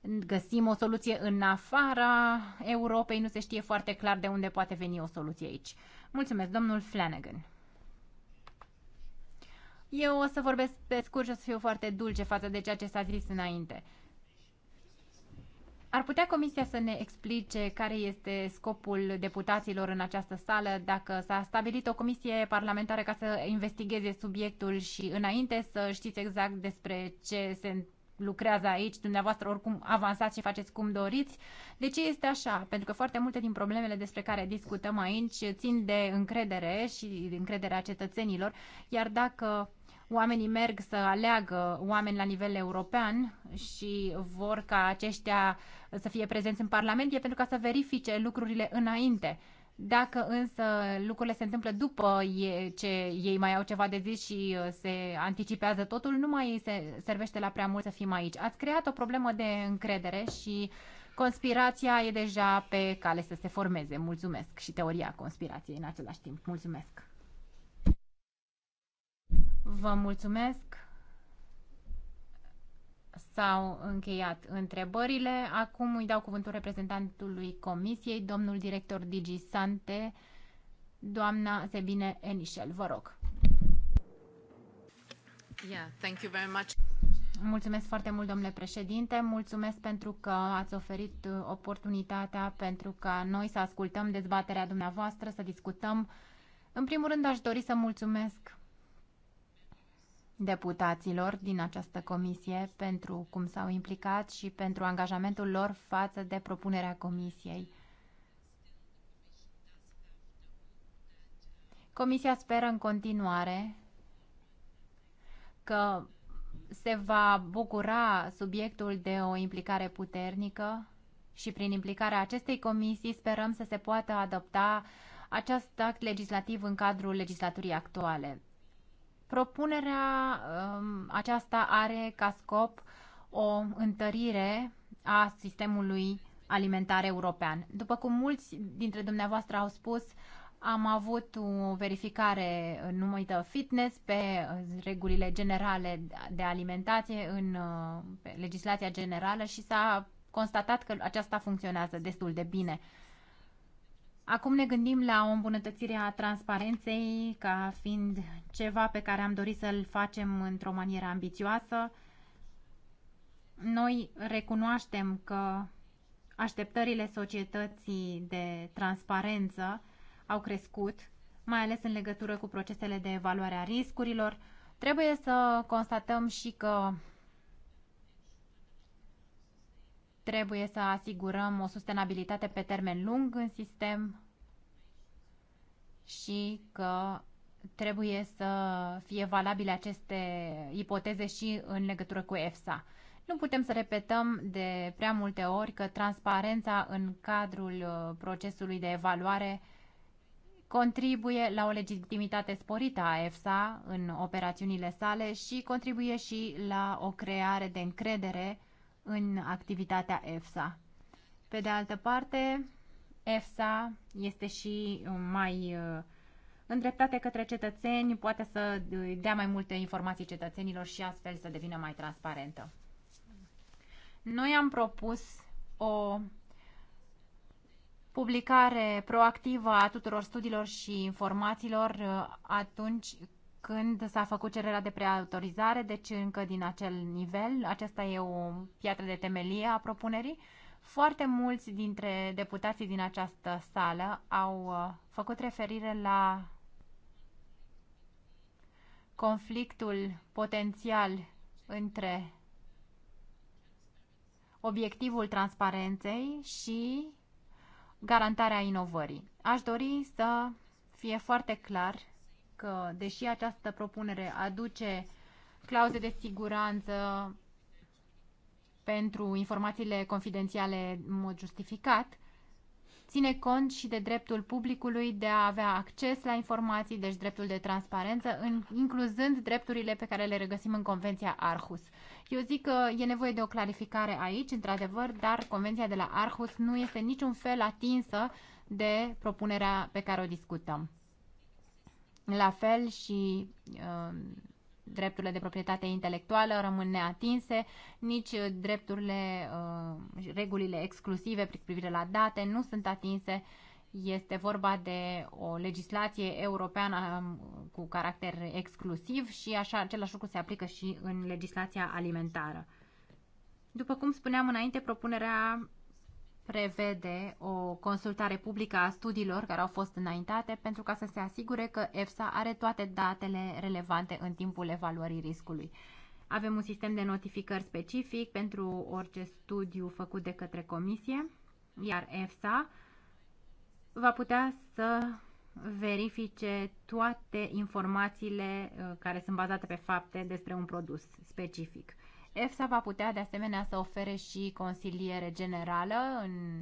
găsim o soluție în afara Europei, nu se știe foarte clar de unde poate veni o soluție aici. Mulțumesc, domnul Flanagan. Eu o să vorbesc pe scurt și o să fiu foarte dulce față de ceea ce s-a zis înainte. Ar putea Comisia să ne explice care este scopul deputaților în această sală, dacă s-a stabilit o comisie parlamentară ca să investigheze subiectul și înainte să știți exact despre ce se lucrează aici, dumneavoastră oricum avansați și faceți cum doriți. De ce este așa? Pentru că foarte multe din problemele despre care discutăm aici țin de încredere și de încrederea cetățenilor, iar dacă oamenii merg să aleagă oameni la nivel european și vor ca aceștia să fie prezenți în Parlament, e pentru ca să verifice lucrurile înainte. Dacă însă lucrurile se întâmplă după ce ei mai au ceva de zis și uh, se anticipează totul, nu mai se servește la prea mult să fim aici. Ați creat o problemă de încredere și conspirația e deja pe cale să se formeze. Mulțumesc. Și teoria conspirației în același timp. Mulțumesc. Vă mulțumesc s-au încheiat întrebările. Acum îi dau cuvântul reprezentantului Comisiei, domnul director Digi Sante, doamna Sebine Enișel. Vă rog. Yeah, thank you very much. Mulțumesc foarte mult, domnule președinte. Mulțumesc pentru că ați oferit oportunitatea pentru ca noi să ascultăm dezbaterea dumneavoastră, să discutăm. În primul rând, aș dori să mulțumesc deputaților din această comisie pentru cum s-au implicat și pentru angajamentul lor față de propunerea comisiei. Comisia speră în continuare că se va bucura subiectul de o implicare puternică și prin implicarea acestei comisii sperăm să se poată adopta acest act legislativ în cadrul legislaturii actuale. Propunerea um, aceasta are ca scop o întărire a sistemului alimentar european. După cum mulți dintre dumneavoastră au spus, am avut o verificare numită fitness pe regulile generale de alimentație în uh, legislația generală și s-a constatat că aceasta funcționează destul de bine. Acum ne gândim la o îmbunătățire a transparenței ca fiind ceva pe care am dorit să-l facem într-o manieră ambițioasă. Noi recunoaștem că așteptările societății de transparență au crescut, mai ales în legătură cu procesele de evaluare a riscurilor. Trebuie să constatăm și că Trebuie să asigurăm o sustenabilitate pe termen lung în sistem și că trebuie să fie valabile aceste ipoteze și în legătură cu EFSA. Nu putem să repetăm de prea multe ori că transparența în cadrul uh, procesului de evaluare contribuie la o legitimitate sporită a EFSA în operațiunile sale și contribuie și la o creare de încredere în activitatea EFSA. Pe de altă parte, EFSA este și uh, mai uh, îndreptate către cetățeni, poate să uh, dea mai multe informații cetățenilor și astfel să devină mai transparentă. Noi am propus o publicare proactivă a tuturor studiilor și informațiilor atunci când s-a făcut cererea de preautorizare, deci încă din acel nivel, aceasta e o piatră de temelie a propunerii. Foarte mulți dintre deputații din această sală au uh, făcut referire la conflictul potențial între obiectivul transparenței și garantarea inovării. Aș dori să fie foarte clar că, deși această propunere aduce clauze de siguranță pentru informațiile confidențiale în mod justificat, ține cont și de dreptul publicului de a avea acces la informații, deci dreptul de transparență, în, incluzând drepturile pe care le regăsim în Convenția Arhus. Eu zic că e nevoie de o clarificare aici, într-adevăr, dar Convenția de la Arhus nu este niciun fel atinsă de propunerea pe care o discutăm. La fel și uh, drepturile de proprietate intelectuală rămân neatinse, nici uh, drepturile, uh, regulile exclusive cu privire la date nu sunt atinse. Este vorba de o legislație europeană um, cu caracter exclusiv și așa același lucru se aplică și în legislația alimentară. După cum spuneam înainte, propunerea prevede o consultare publică a studiilor care au fost înaintate pentru ca să se asigure că EFSA are toate datele relevante în timpul evaluării riscului. Avem un sistem de notificări specific pentru orice studiu făcut de către comisie, iar EFSA va putea să verifice toate informațiile uh, care sunt bazate pe fapte despre un produs specific. EFSA va putea de asemenea să ofere și consiliere generală în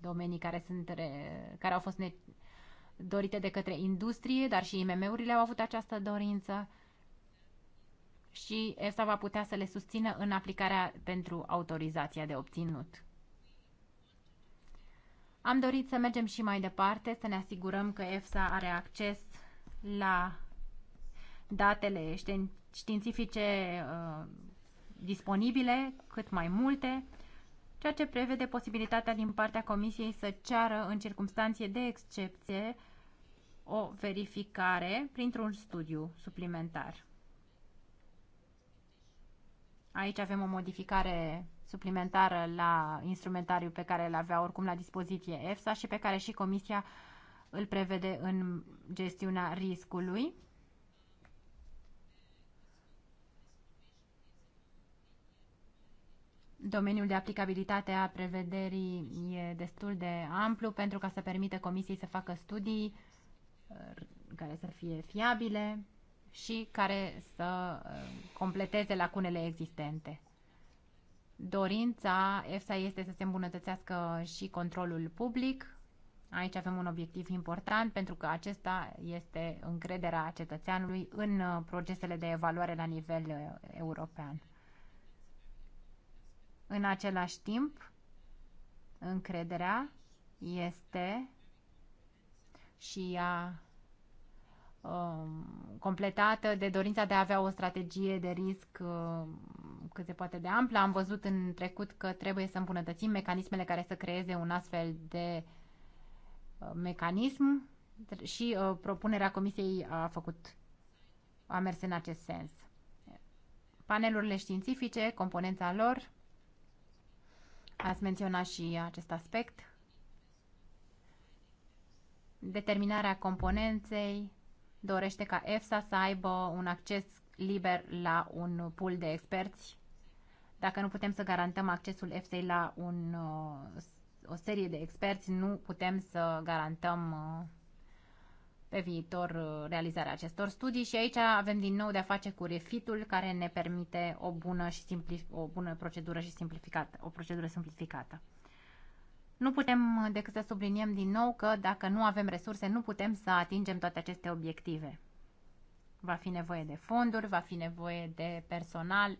domenii care, sunt re, care au fost ne, dorite de către industrie, dar și IMM-urile au avut această dorință și EFSA va putea să le susțină în aplicarea pentru autorizația de obținut. Am dorit să mergem și mai departe, să ne asigurăm că EFSA are acces la datele științifice uh, disponibile, cât mai multe, ceea ce prevede posibilitatea din partea Comisiei să ceară în circunstanțe de excepție o verificare printr-un studiu suplimentar. Aici avem o modificare suplimentară la instrumentariul pe care îl avea oricum la dispoziție EFSA și pe care și Comisia îl prevede în gestiunea riscului. Domeniul de aplicabilitate a prevederii e destul de amplu pentru ca să permite comisiei să facă studii uh, care să fie fiabile și care să uh, completeze lacunele existente. Dorința EFSA este să se îmbunătățească și controlul public. Aici avem un obiectiv important pentru că acesta este încrederea cetățeanului în uh, procesele de evaluare la nivel european. În același timp, încrederea este și ea um, completată de dorința de a avea o strategie de risc um, cât se poate de amplă. Am văzut în trecut că trebuie să îmbunătățim mecanismele care să creeze un astfel de uh, mecanism și uh, propunerea comisiei a făcut a mers în acest sens. Panelurile științifice, componența lor Ați menționat și acest aspect. Determinarea componenței dorește ca EFSA să aibă un acces liber la un pool de experți. Dacă nu putem să garantăm accesul EFSA la un, o serie de experți, nu putem să garantăm uh, pe viitor uh, realizarea acestor studii și aici avem din nou de-a face cu refitul care ne permite o bună, și simpli, o bună procedură și simplificată, o procedură simplificată. Nu putem decât să subliniem din nou că dacă nu avem resurse, nu putem să atingem toate aceste obiective. Va fi nevoie de fonduri, va fi nevoie de personal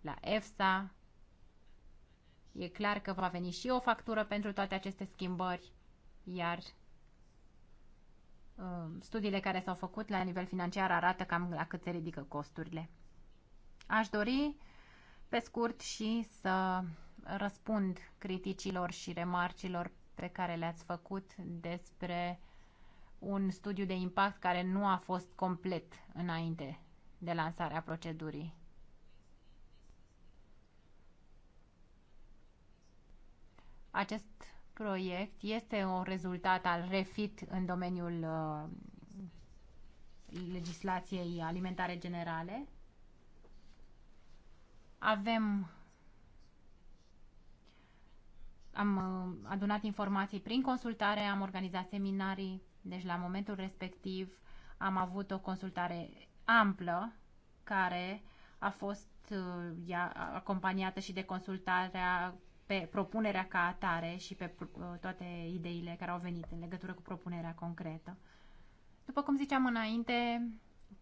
la EFSA. E clar că va veni și o factură pentru toate aceste schimbări, iar Um, studiile care s-au făcut la nivel financiar arată cam la cât se ridică costurile. Aș dori pe scurt și să răspund criticilor și remarcilor pe care le-ați făcut despre un studiu de impact care nu a fost complet înainte de lansarea procedurii. Acest proiect este un rezultat al refit în domeniul uh, legislației alimentare generale. Avem am uh, adunat informații prin consultare, am organizat seminarii, deci la momentul respectiv am avut o consultare amplă care a fost uh, ea, acompaniată și de consultarea pe propunerea ca atare și pe uh, toate ideile care au venit în legătură cu propunerea concretă. După cum ziceam înainte,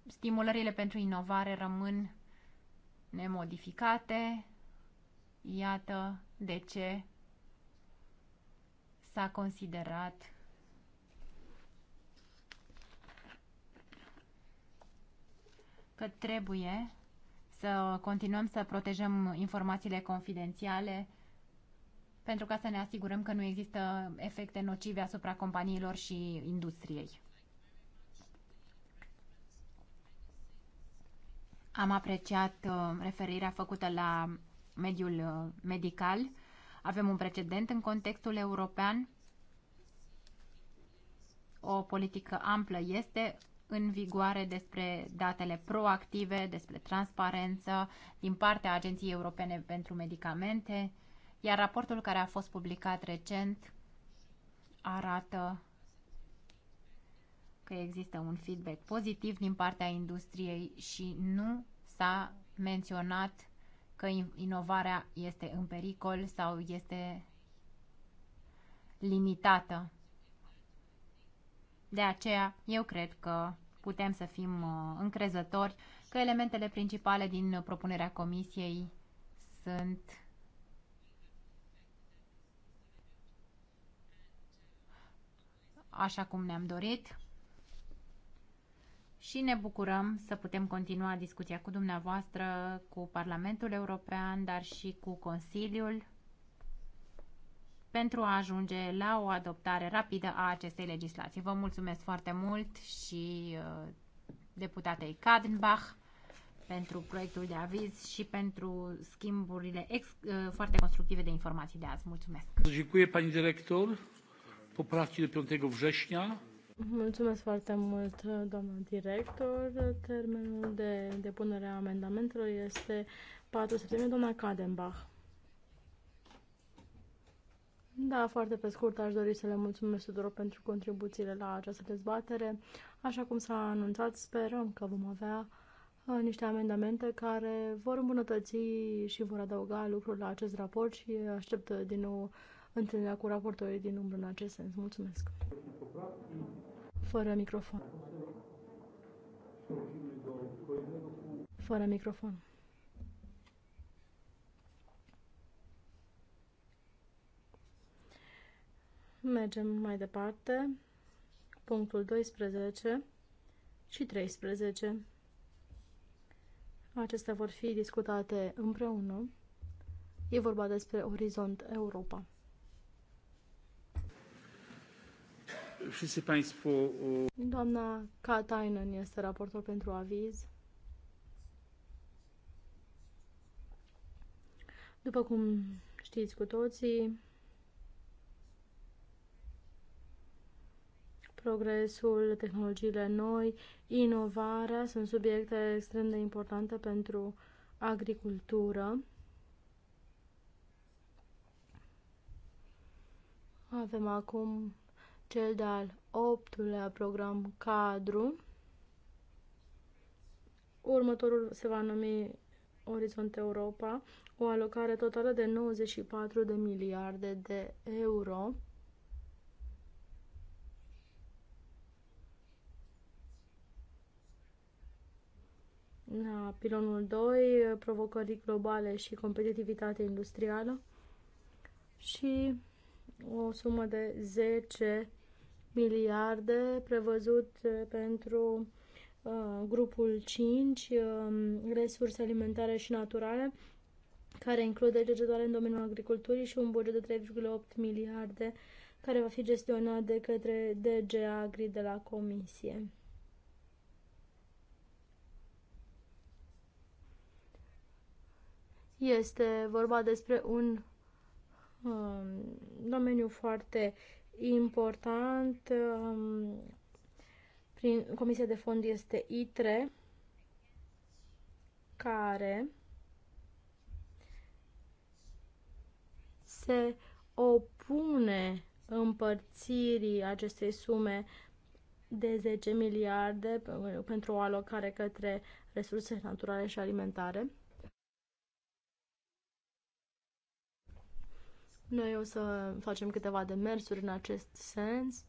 stimulările pentru inovare rămân nemodificate. Iată de ce s-a considerat că trebuie să continuăm să protejăm informațiile confidențiale pentru ca să ne asigurăm că nu există efecte nocive asupra companiilor și industriei. Am apreciat uh, referirea făcută la mediul uh, medical. Avem un precedent în contextul european. O politică amplă este în vigoare despre datele proactive, despre transparență din partea Agenției Europene pentru Medicamente, iar raportul care a fost publicat recent arată că există un feedback pozitiv din partea industriei și nu s-a menționat că inovarea este în pericol sau este limitată. De aceea, eu cred că putem să fim uh, încrezători că elementele principale din propunerea comisiei sunt așa cum ne-am dorit și ne bucurăm să putem continua discuția cu dumneavoastră, cu Parlamentul European, dar și cu Consiliul pentru a ajunge la o adoptare rapidă a acestei legislații. Vă mulțumesc foarte mult și uh, deputatei Kadenbach pentru proiectul de aviz și pentru schimburile ex, uh, foarte constructive de informații de azi. Mulțumesc! Dziękuję, pani director poprawki do 5 września. Mulțumesc foarte mult, doamna director. Termenul de depunere a amendamentelor este 4 septembrie, doamna Kadenbach. Da, foarte pe scurt, aș dori să le mulțumesc tuturor pentru contribuțiile la această dezbatere. Așa cum s-a anunțat, sperăm că vom avea uh, niște amendamente care vor îmbunătăți și vor adăuga lucruri la acest raport și aștept uh, din nou întâlnirea cu raportorii din umbră în acest sens. Mulțumesc! Fără microfon. Fără microfon. Mergem mai departe. Punctul 12 și 13. Acestea vor fi discutate împreună. E vorba despre Orizont Europa. Doamna Katainen este raportor pentru aviz. După cum știți cu toții, progresul, tehnologiile noi, inovarea sunt subiecte extrem de importante pentru agricultură. Avem acum cel de-al optulea program cadru. Următorul se va numi Orizont Europa, o alocare totală de 94 de miliarde de euro. na pilonul 2, provocări globale și competitivitate industrială și o sumă de 10 miliarde prevăzut uh, pentru uh, grupul 5, uh, resurse alimentare și naturale, care include cercetare în domeniul agriculturii și un buget de 3,8 miliarde care va fi gestionat de către DG Agri de la Comisie. Este vorba despre un um, domeniu foarte important um, prin Comisia de Fond este ITRE, care se opune împărțirii acestei sume de 10 miliarde pentru o alocare către resurse naturale și alimentare. Noi o să facem câteva demersuri în acest sens.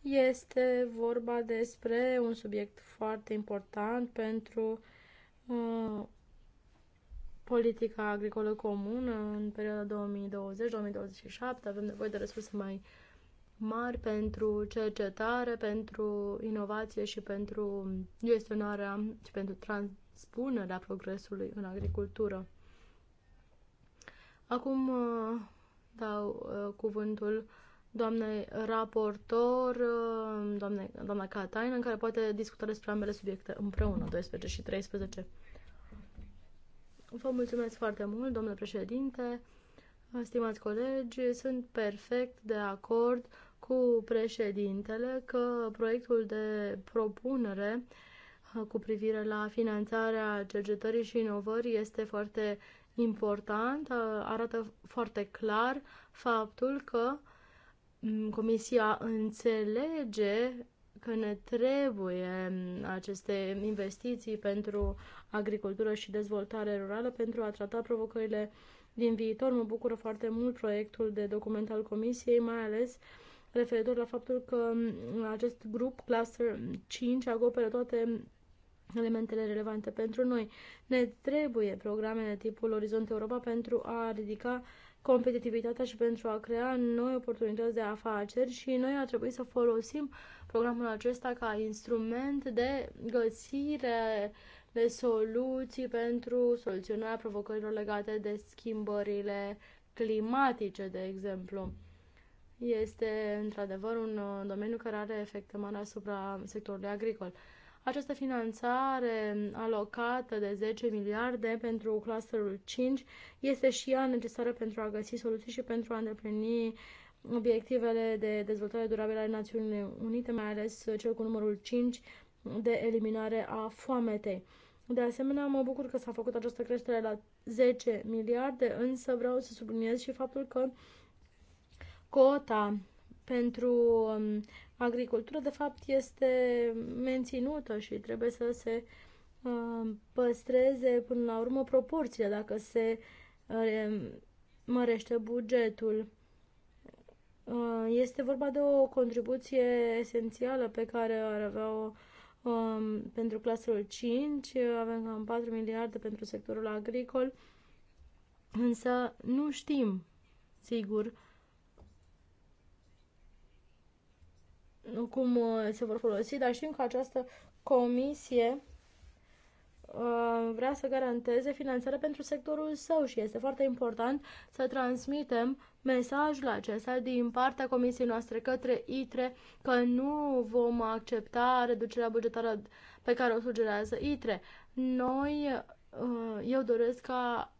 Este vorba despre un subiect foarte important pentru uh, politica agricolă comună în perioada 2020-2027. Avem nevoie de resurse mai uh, mari pentru cercetare, pentru inovație și pentru gestionarea și pentru transpunerea progresului în agricultură. Acum uh, dau uh, cuvântul doamnei raportor, uh, doamne, doamna Cataină, în care poate discuta despre ambele subiecte împreună, 12 și 13. Vă mulțumesc foarte mult, domnule președinte, stimați colegi, sunt perfect de acord cu președintele că proiectul de propunere uh, cu privire la finanțarea cercetării și inovării este foarte important. Uh, arată foarte clar faptul că mm, Comisia înțelege că ne trebuie mm, aceste investiții pentru agricultură și dezvoltare rurală pentru a trata provocările din viitor. Mă bucură foarte mult proiectul de document al Comisiei, mai ales uh, referitor la faptul că acest grup, Cluster 5, acoperă toate elementele relevante pentru noi. Ne trebuie programe de tipul Orizont Europa pentru a ridica competitivitatea și pentru a crea noi oportunități de afaceri și noi ar trebui să folosim programul acesta ca instrument de găsire de soluții pentru soluționarea provocărilor legate de schimbările climatice, de exemplu este într-adevăr un uh, domeniu care are efecte mari asupra sectorului agricol. Această finanțare alocată de 10 miliarde pentru clusterul 5 este și ea necesară pentru a găsi soluții și pentru a îndeplini obiectivele de dezvoltare durabilă ale Națiunilor Unite, mai ales cel cu numărul 5 de eliminare a foametei. De asemenea, mă bucur că s-a făcut această creștere la 10 miliarde, însă vreau să subliniez și faptul că cota pentru um, agricultură, de fapt, este menținută și trebuie să se um, păstreze până la urmă proporțiile dacă se um, mărește bugetul. Uh, este vorba de o contribuție esențială pe care ar avea-o pentru clasele 5, avem cam 4 miliarde pentru sectorul agricol, însă nu știm sigur cum uh, se vor folosi, dar știm că această comisie uh, vrea să garanteze finanțarea pentru sectorul său și este foarte important să transmitem mesajul acesta din partea comisiei noastre către ITRE că nu vom accepta reducerea bugetară pe care o sugerează ITRE. Noi, uh, eu doresc ca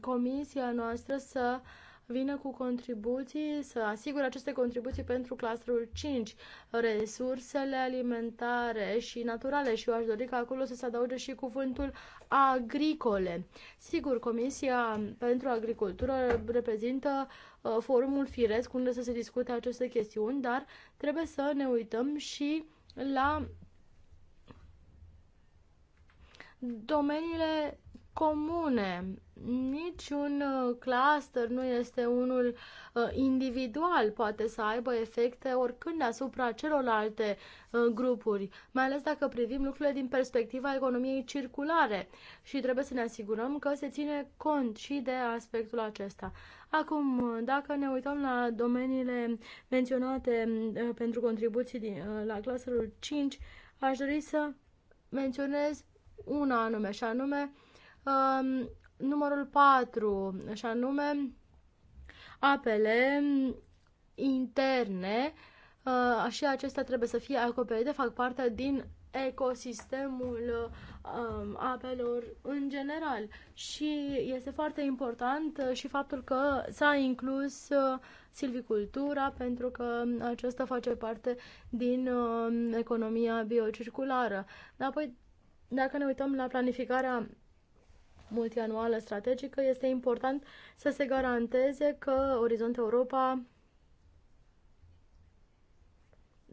comisia noastră să uh, vină cu contribuții, să asigure aceste contribuții pentru clusterul 5, resursele alimentare și naturale și eu aș dori ca acolo să se adauge și cuvântul agricole. Sigur, Comisia pentru Agricultură reprezintă uh, forumul firesc unde să se discute aceste chestiuni, dar trebuie să ne uităm și la domeniile comune. Niciun uh, cluster nu este unul uh, individual, poate să aibă efecte oricând asupra celorlalte uh, grupuri, mai ales dacă privim lucrurile din perspectiva economiei circulare și trebuie să ne asigurăm că se ține cont și de aspectul acesta. Acum, dacă ne uităm la domeniile menționate pentru contribuții din, la clasărul 5, aș dori să menționez una anume, și anume Um, numărul 4, și anume apele interne uh, și acestea trebuie să fie acoperite, fac parte din ecosistemul um, apelor în general. Și este foarte important uh, și faptul că s-a inclus uh, silvicultura, pentru că aceasta face parte din uh, economia biocirculară. Dar apoi, dacă ne uităm la planificarea multianuală strategică, este important să se garanteze că Orizont Europa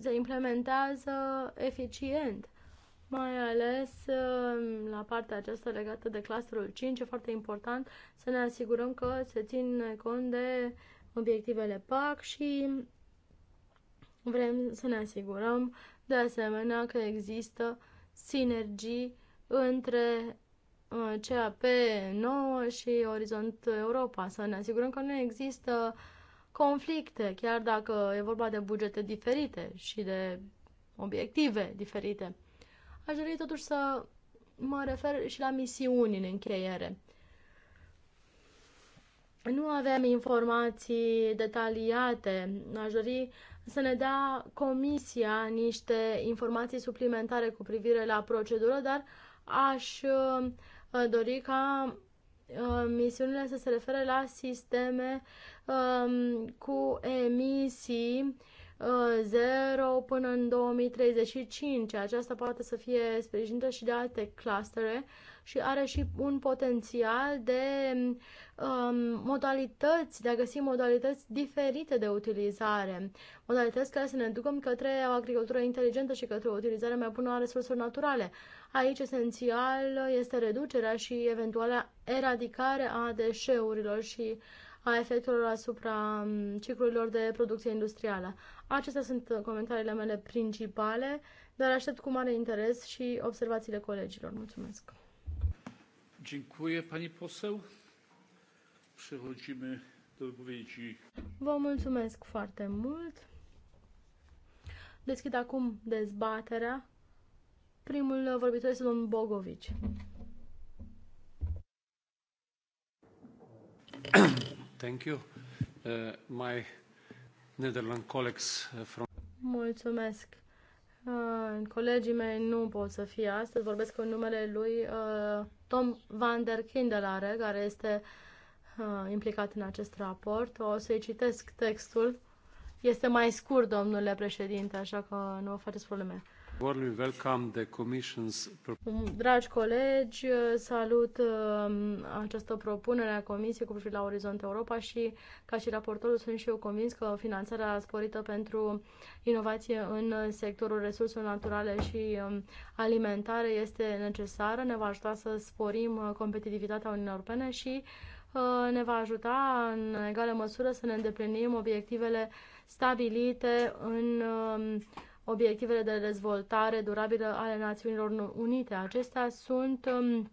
se implementează eficient, mai ales uh, la partea aceasta legată de clusterul 5. E foarte important să ne asigurăm că se țin cont de obiectivele PAC și vrem să ne asigurăm de asemenea că există sinergii între Uh, CAP 9 și Orizont Europa, să ne asigurăm că nu există conflicte, chiar dacă e vorba de bugete diferite și de obiective diferite. Aș dori totuși să mă refer și la misiuni în încheiere. Nu avem informații detaliate. Aș dori să ne dea comisia niște informații suplimentare cu privire la procedură, dar aș uh, dori ca uh, misiunile să se refere la sisteme um, cu emisii uh, zero până în 2035. Aceasta poate să fie sprijinită și de alte clustere și are și un potențial de um, modalități, de a găsi modalități diferite de utilizare. Modalități care să ne ducă către o agricultură inteligentă și către o utilizare mai bună a resurselor naturale. Aici esențial este reducerea și eventuala eradicare a deșeurilor și a efectelor asupra ciclurilor de producție industrială. Acestea sunt comentariile mele principale, dar aștept cu mare interes și observațiile colegilor. Mulțumesc! Dziękuję pani poseł. Przechodzimy do wypowiedzi. Vă mulțumesc foarte mult. Deschid acum dezbaterea. Primul vorbitor este domnul Bogovici. Thank you. Uh, my Netherlands colleagues uh, from... Mulțumesc. Uh, colegii mei nu pot să fie astăzi, vorbesc în numele lui uh, Tom van der Kindelare, care este uh, implicat în acest raport. O să-i citesc textul. Este mai scurt, domnule președinte, așa că nu vă faceți probleme. Um, dragi colegi, uh, salut um, această propunere a Comisiei cu privire la Orizont Europa și, ca și raportorul, sunt și eu convins că finanțarea sporită pentru inovație în sectorul resurselor naturale și um, alimentare este necesară, ne va ajuta să sporim uh, competitivitatea Uniunii Europene și uh, ne va ajuta în egală măsură să ne îndeplinim obiectivele stabilite în obiectivele de dezvoltare durabilă ale Națiunilor Unite. Acestea sunt um,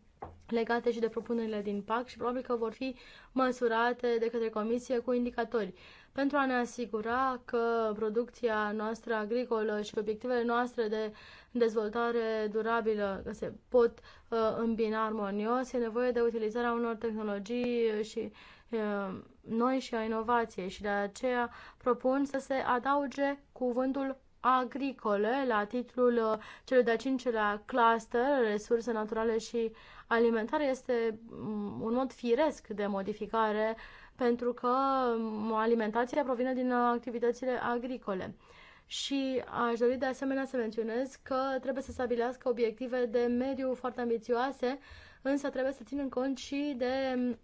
legate și de propunerile din PAC și probabil că vor fi măsurate de către Comisie cu indicatori. Pentru a ne asigura că producția noastră agricolă și obiectivele noastre de dezvoltare durabilă se pot uh, îmbina armonios, e nevoie de utilizarea unor tehnologii și uh, noi și a inovației și de aceea propun să se adauge cuvântul agricole la titlul uh, cel de-a cincelea cluster, resurse naturale și alimentare, este mm, un mod firesc de modificare pentru că mm, alimentația provine din uh, activitățile agricole. Și aș dori de asemenea să menționez că trebuie să stabilească obiective de mediu foarte ambițioase, însă trebuie să ținem cont și de mm,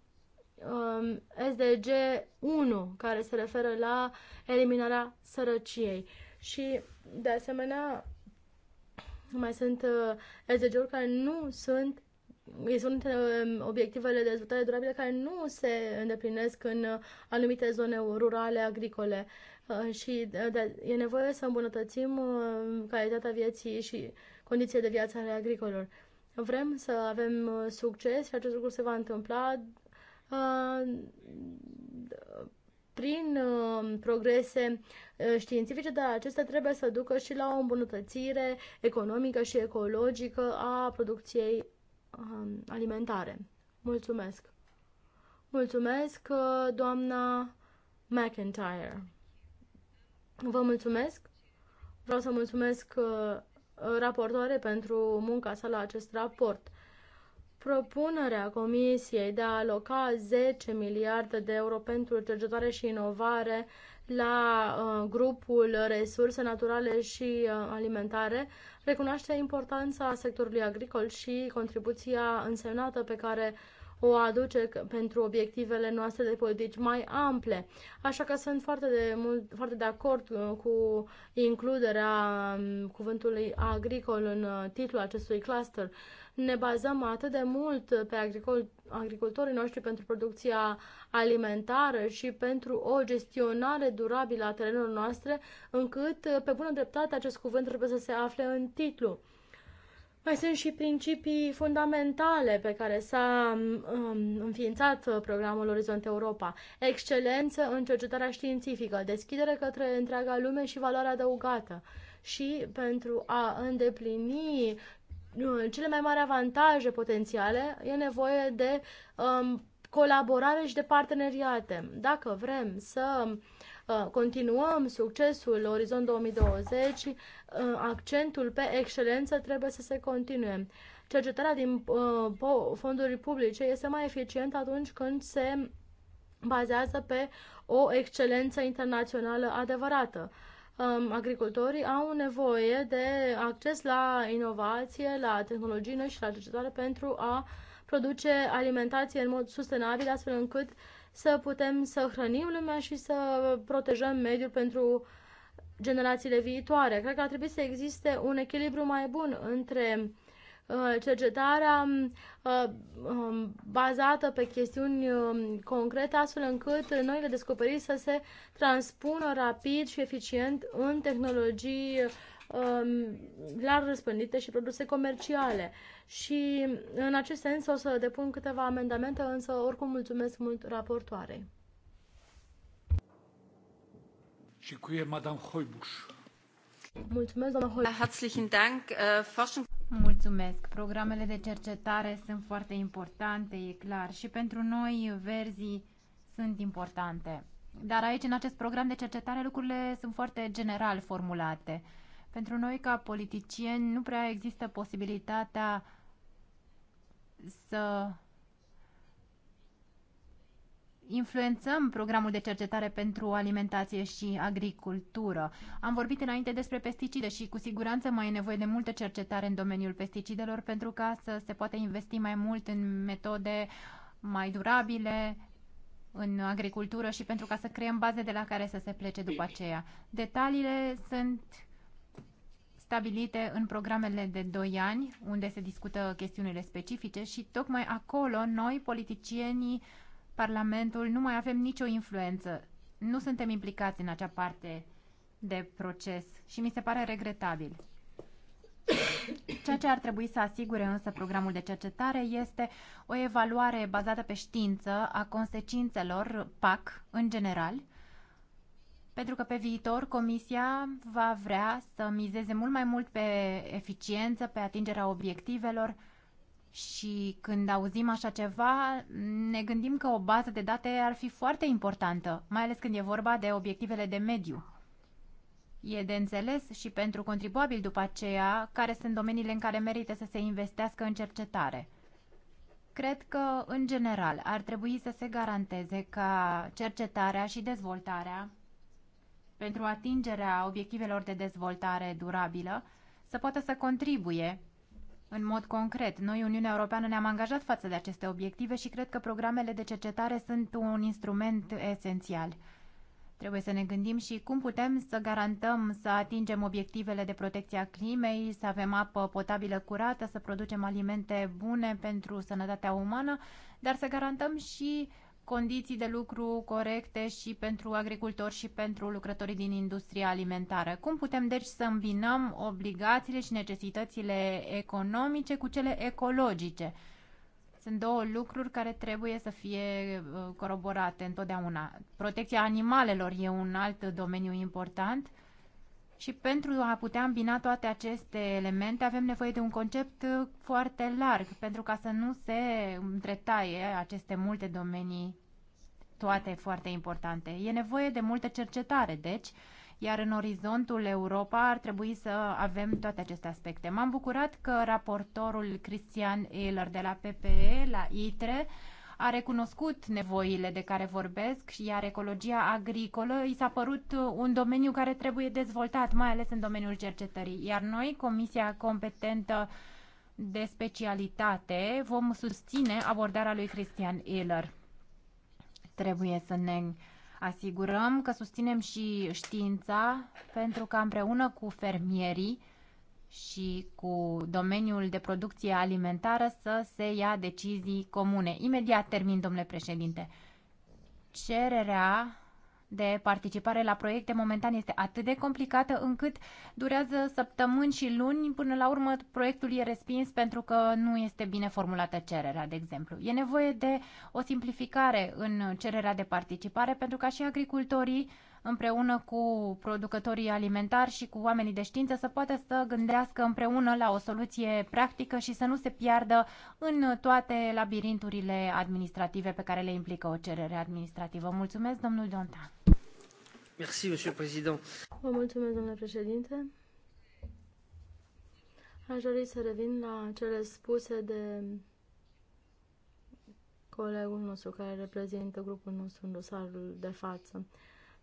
um, SDG 1, care se referă la eliminarea sărăciei și, de asemenea, mai sunt sdg uh, care nu sunt sunt uh, obiectivele de dezvoltare durabilă care nu se îndeplinesc în uh, anumite zone rurale, agricole și e nevoie să îmbunătățim calitatea vieții și condițiile de viață ale agricolor. Vrem să avem succes și acest lucru se va întâmpla prin uh, progrese uh, științifice, dar acestea trebuie să ducă și la o îmbunătățire economică și ecologică a producției um, alimentare. Mulțumesc! Mulțumesc, uh, doamna McIntyre! Vă mulțumesc! Vreau să mulțumesc raportoare pentru munca sa la acest raport. Propunerea Comisiei de a aloca 10 miliarde de euro pentru cercetare și inovare la uh, grupul resurse naturale și uh, alimentare recunoaște importanța sectorului agricol și contribuția însemnată pe care o aduce pentru obiectivele noastre de politici mai ample. Așa că sunt foarte de, mult, foarte de acord uh, cu includerea um, cuvântului agricol în titlul acestui cluster ne bazăm atât de mult pe agricol, agricultorii noștri pentru producția alimentară și pentru o gestionare durabilă a terenurilor noastre, încât, pe bună dreptate, acest cuvânt trebuie să se afle în titlu. Mai sunt și principii fundamentale pe care s-a um, înființat programul Orizont Europa. Excelență în cercetarea științifică, deschidere către întreaga lume și valoarea adăugată. Și pentru a îndeplini Uh, cele mai mari avantaje potențiale, e nevoie de um, colaborare și de parteneriate. Dacă vrem să uh, continuăm succesul Orizont 2020, uh, accentul pe excelență trebuie să se continue. Cercetarea din uh, fonduri publice este mai eficientă atunci când se bazează pe o excelență internațională adevărată. Um, agricultorii au nevoie de acces la inovație, la tehnologii noi și la cercetare pentru a produce alimentație în mod sustenabil, astfel încât să putem să hrănim lumea și să protejăm mediul pentru generațiile viitoare. Cred că ar trebui să existe un echilibru mai bun între Uh, cercetarea um, uh, um, bazată pe chestiuni um, concrete, astfel încât noile descoperiri să se transpună rapid și eficient în tehnologii larg răspândite și produse comerciale. Și în acest sens o să depun câteva amendamente, însă oricum mulțumesc mult raportoarei. Madame Mulțumesc, doamna Hoibuș. Herzlichen Dank. Äh, Mulțumesc. Programele de cercetare sunt foarte importante, e clar, și pentru noi verzii sunt importante. Dar aici, în acest program de cercetare, lucrurile sunt foarte general formulate. Pentru noi, ca politicieni, nu prea există posibilitatea să influențăm programul de cercetare pentru alimentație și agricultură. Am vorbit înainte despre pesticide și cu siguranță mai e nevoie de multă cercetare în domeniul pesticidelor pentru ca să se poată investi mai mult în metode mai durabile, în agricultură și pentru ca să creăm baze de la care să se plece după aceea. Detaliile sunt stabilite în programele de 2 ani, unde se discută chestiunile specifice și tocmai acolo noi, politicienii, Parlamentul nu mai avem nicio influență. Nu suntem implicați în acea parte de proces și mi se pare regretabil. Ceea ce ar trebui să asigure însă programul de cercetare este o evaluare bazată pe știință a consecințelor PAC în general, pentru că pe viitor Comisia va vrea să mizeze mult mai mult pe eficiență, pe atingerea obiectivelor, și când auzim așa ceva, ne gândim că o bază de date ar fi foarte importantă, mai ales când e vorba de obiectivele de mediu. E de înțeles și pentru contribuabil după aceea care sunt domeniile în care merită să se investească în cercetare. Cred că, în general, ar trebui să se garanteze ca cercetarea și dezvoltarea pentru atingerea obiectivelor de dezvoltare durabilă să poată să contribuie în mod concret. Noi, Uniunea Europeană, ne-am angajat față de aceste obiective și cred că programele de cercetare sunt un instrument esențial. Trebuie să ne gândim și cum putem să garantăm să atingem obiectivele de protecție a climei, să avem apă potabilă curată, să producem alimente bune pentru sănătatea umană, dar să garantăm și condiții de lucru corecte și pentru agricultori și pentru lucrătorii din industria alimentară. Cum putem deci să îmbinăm obligațiile și necesitățile economice cu cele ecologice? Sunt două lucruri care trebuie să fie uh, coroborate întotdeauna. Protecția animalelor e un alt domeniu important și pentru a putea îmbina toate aceste elemente avem nevoie de un concept foarte larg pentru ca să nu se întretaie aceste multe domenii, toate foarte importante. E nevoie de multă cercetare, deci, iar în orizontul Europa ar trebui să avem toate aceste aspecte. M-am bucurat că raportorul Cristian Ehler de la PPE, la ITRE, a recunoscut nevoile de care vorbesc, iar ecologia agricolă i s-a părut un domeniu care trebuie dezvoltat, mai ales în domeniul cercetării. Iar noi, Comisia Competentă de Specialitate, vom susține abordarea lui Cristian Eller. Trebuie să ne asigurăm că susținem și știința pentru că împreună cu fermierii și cu domeniul de producție alimentară să se ia decizii comune. Imediat termin, domnule președinte. Cererea de participare la proiecte momentan este atât de complicată încât durează săptămâni și luni, până la urmă proiectul e respins pentru că nu este bine formulată cererea, de exemplu. E nevoie de o simplificare în cererea de participare pentru ca și agricultorii împreună cu producătorii alimentari și cu oamenii de știință să poată să gândească împreună la o soluție practică și să nu se piardă în toate labirinturile administrative pe care le implică o cerere administrativă. Mulțumesc, domnul Donta. Merci, monsieur président. Vă mulțumesc, domnule președinte. Aș dori să revin la cele spuse de colegul nostru care reprezintă grupul nostru în dosarul de față.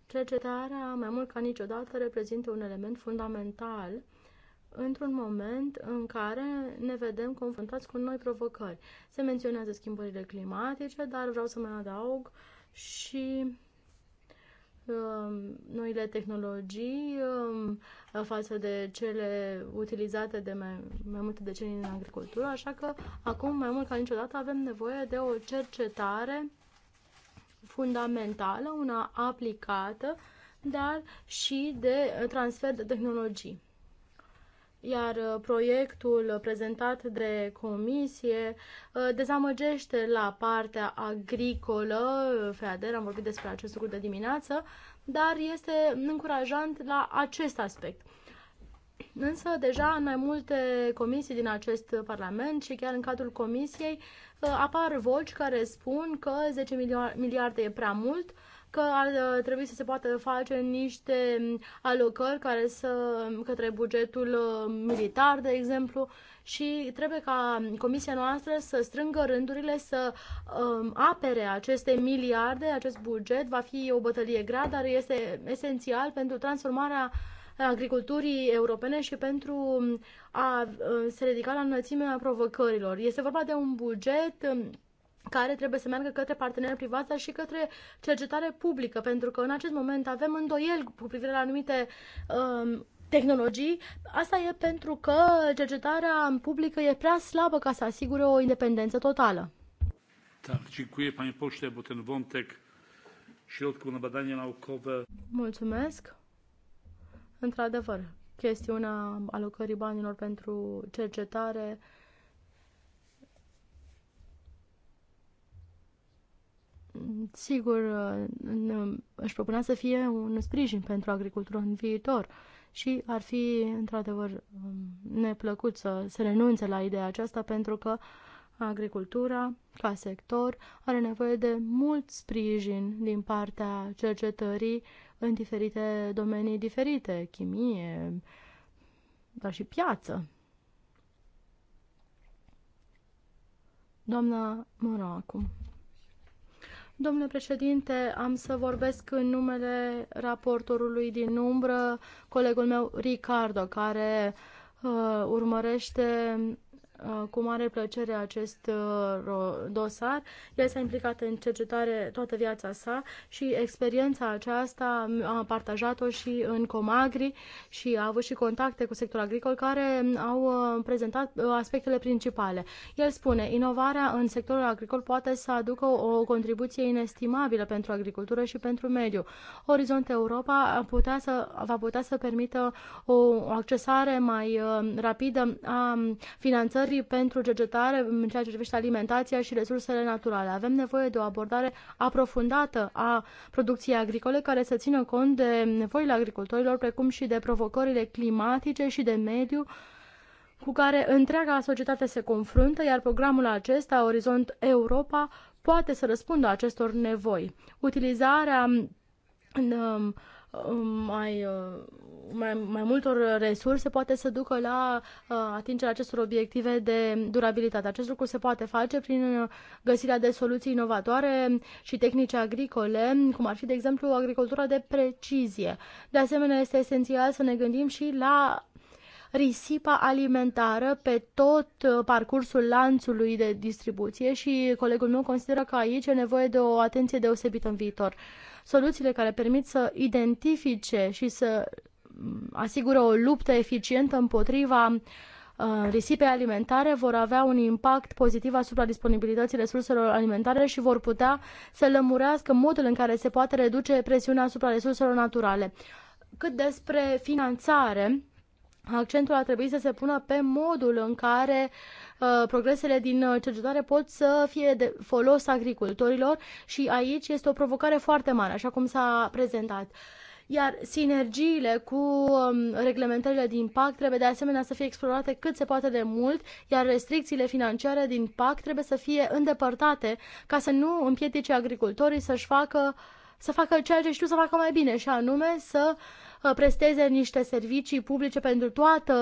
Cercetarea, mai mult ca niciodată, reprezintă un element fundamental într-un moment în care ne vedem confruntați cu noi provocări. Se menționează schimbările climatice, dar vreau să mai adaug și um, noile tehnologii um, față de cele utilizate de mai, mai multe decenii în agricultură, așa că acum mai mult ca niciodată avem nevoie de o cercetare fundamentală, una aplicată, dar și de transfer de tehnologii. Iar uh, proiectul prezentat de comisie uh, dezamăgește la partea agricolă, uh, FEADER, am vorbit despre acest lucru de dimineață, dar este încurajant la acest aspect. Însă, deja în mai multe comisii din acest Parlament și chiar în cadrul comisiei apar voci care spun că 10 miliarde e prea mult, că ar uh, trebui să se poată face niște um, alocări care să, um, către bugetul uh, militar, de exemplu, și trebuie ca um, comisia noastră să strângă rândurile, să um, apere aceste miliarde, acest buget. Va fi o bătălie grea, dar este esențial pentru transformarea uh, agriculturii europene și pentru um, a uh, se ridica la înălțimea provocărilor. Este vorba de un buget um, care trebuie să meargă către parteneri privați, dar și către cercetare publică, pentru că în acest moment avem îndoieli cu privire la anumite um, tehnologii. Asta e pentru că cercetarea publică e prea slabă ca să asigure o independență totală. Tak, dziękuję panie pośle, bo ten wątek środków na badania naukowe. Mulțumesc. Într-adevăr, chestiunea alocării banilor pentru cercetare sigur își propunea să fie un sprijin pentru agricultură în viitor și ar fi într-adevăr neplăcut să se renunțe la ideea aceasta pentru că agricultura, ca sector, are nevoie de mult sprijin din partea cercetării în diferite domenii diferite, chimie, dar și piață. Doamna Mora Domnule președinte, am să vorbesc în numele raportorului din umbră, colegul meu Ricardo, care uh, urmărește Uh, cu mare plăcere acest uh, dosar. El s-a implicat în cercetare toată viața sa și experiența aceasta a partajat-o și în Comagri și a avut și contacte cu sectorul agricol care au uh, prezentat aspectele principale. El spune, inovarea în sectorul agricol poate să aducă o contribuție inestimabilă pentru agricultură și pentru mediu. Orizont Europa putea să, va putea să permită o accesare mai rapidă a finanțării măsuri pentru cercetare în ceea ce privește alimentația și resursele naturale. Avem nevoie de o abordare aprofundată a producției agricole care să țină cont de nevoile agricultorilor, precum și de provocările climatice și de mediu cu care întreaga societate se confruntă, iar programul acesta, Orizont Europa, poate să răspundă acestor nevoi. Utilizarea în, um, mai, uh, mai, mai multor resurse poate să ducă la uh, atingerea acestor obiective de durabilitate. Acest lucru se poate face prin uh, găsirea de soluții inovatoare și tehnice agricole, cum ar fi, de exemplu, agricultura de precizie. De asemenea, este esențial să ne gândim și la risipa alimentară pe tot uh, parcursul lanțului de distribuție și colegul meu consideră că aici e nevoie de o atenție deosebită în viitor. Soluțiile care permit să identifice și să mm, asigură o luptă eficientă împotriva uh, risipei alimentare vor avea un impact pozitiv asupra disponibilității resurselor alimentare și vor putea să lămurească modul în care se poate reduce presiunea asupra resurselor naturale. Cât despre finanțare, Accentul ar trebui să se pună pe modul în care uh, progresele din uh, cercetare pot să fie de folos agricultorilor și aici este o provocare foarte mare, așa cum s-a prezentat. Iar sinergiile cu um, reglementările din PAC trebuie de asemenea să fie explorate cât se poate de mult, iar restricțiile financiare din PAC trebuie să fie îndepărtate ca să nu împiedice agricultorii să-și facă să facă ceea ce știu să facă mai bine și anume să uh, Uh, presteze niște servicii publice pentru toată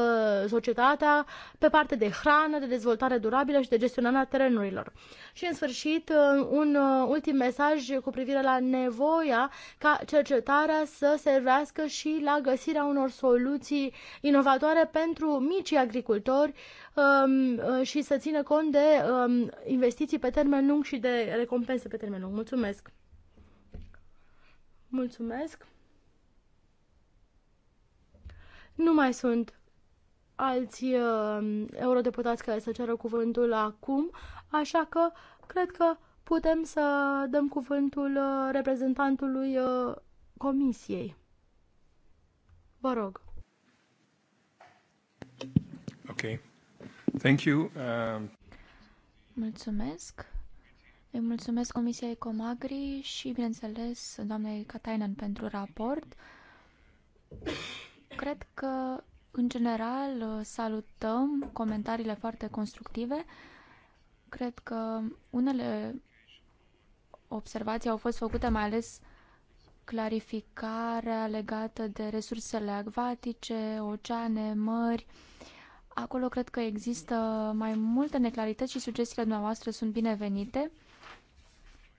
societatea pe parte de hrană, de dezvoltare durabilă și de gestionarea terenurilor. Și în sfârșit, uh, un uh, ultim mesaj cu privire la nevoia ca cercetarea să servească și la găsirea unor soluții inovatoare pentru micii agricultori um, și să țină cont de um, investiții pe termen lung și de recompense pe termen lung. Mulțumesc! Mulțumesc! Nu mai sunt alți uh, eurodeputați care să ceară cuvântul acum, așa că cred că putem să dăm cuvântul uh, reprezentantului uh, comisiei. Vă rog. Ok. Thank you. Uh... Mulțumesc. Îi mulțumesc Comisiei Comagri și, bineînțeles, doamnei Katainen pentru raport. Cred că, în general, salutăm comentariile foarte constructive. Cred că unele observații au fost făcute, mai ales clarificarea legată de resursele acvatice, oceane, mări. Acolo cred că există mai multe neclarități și sugestiile dumneavoastră sunt binevenite.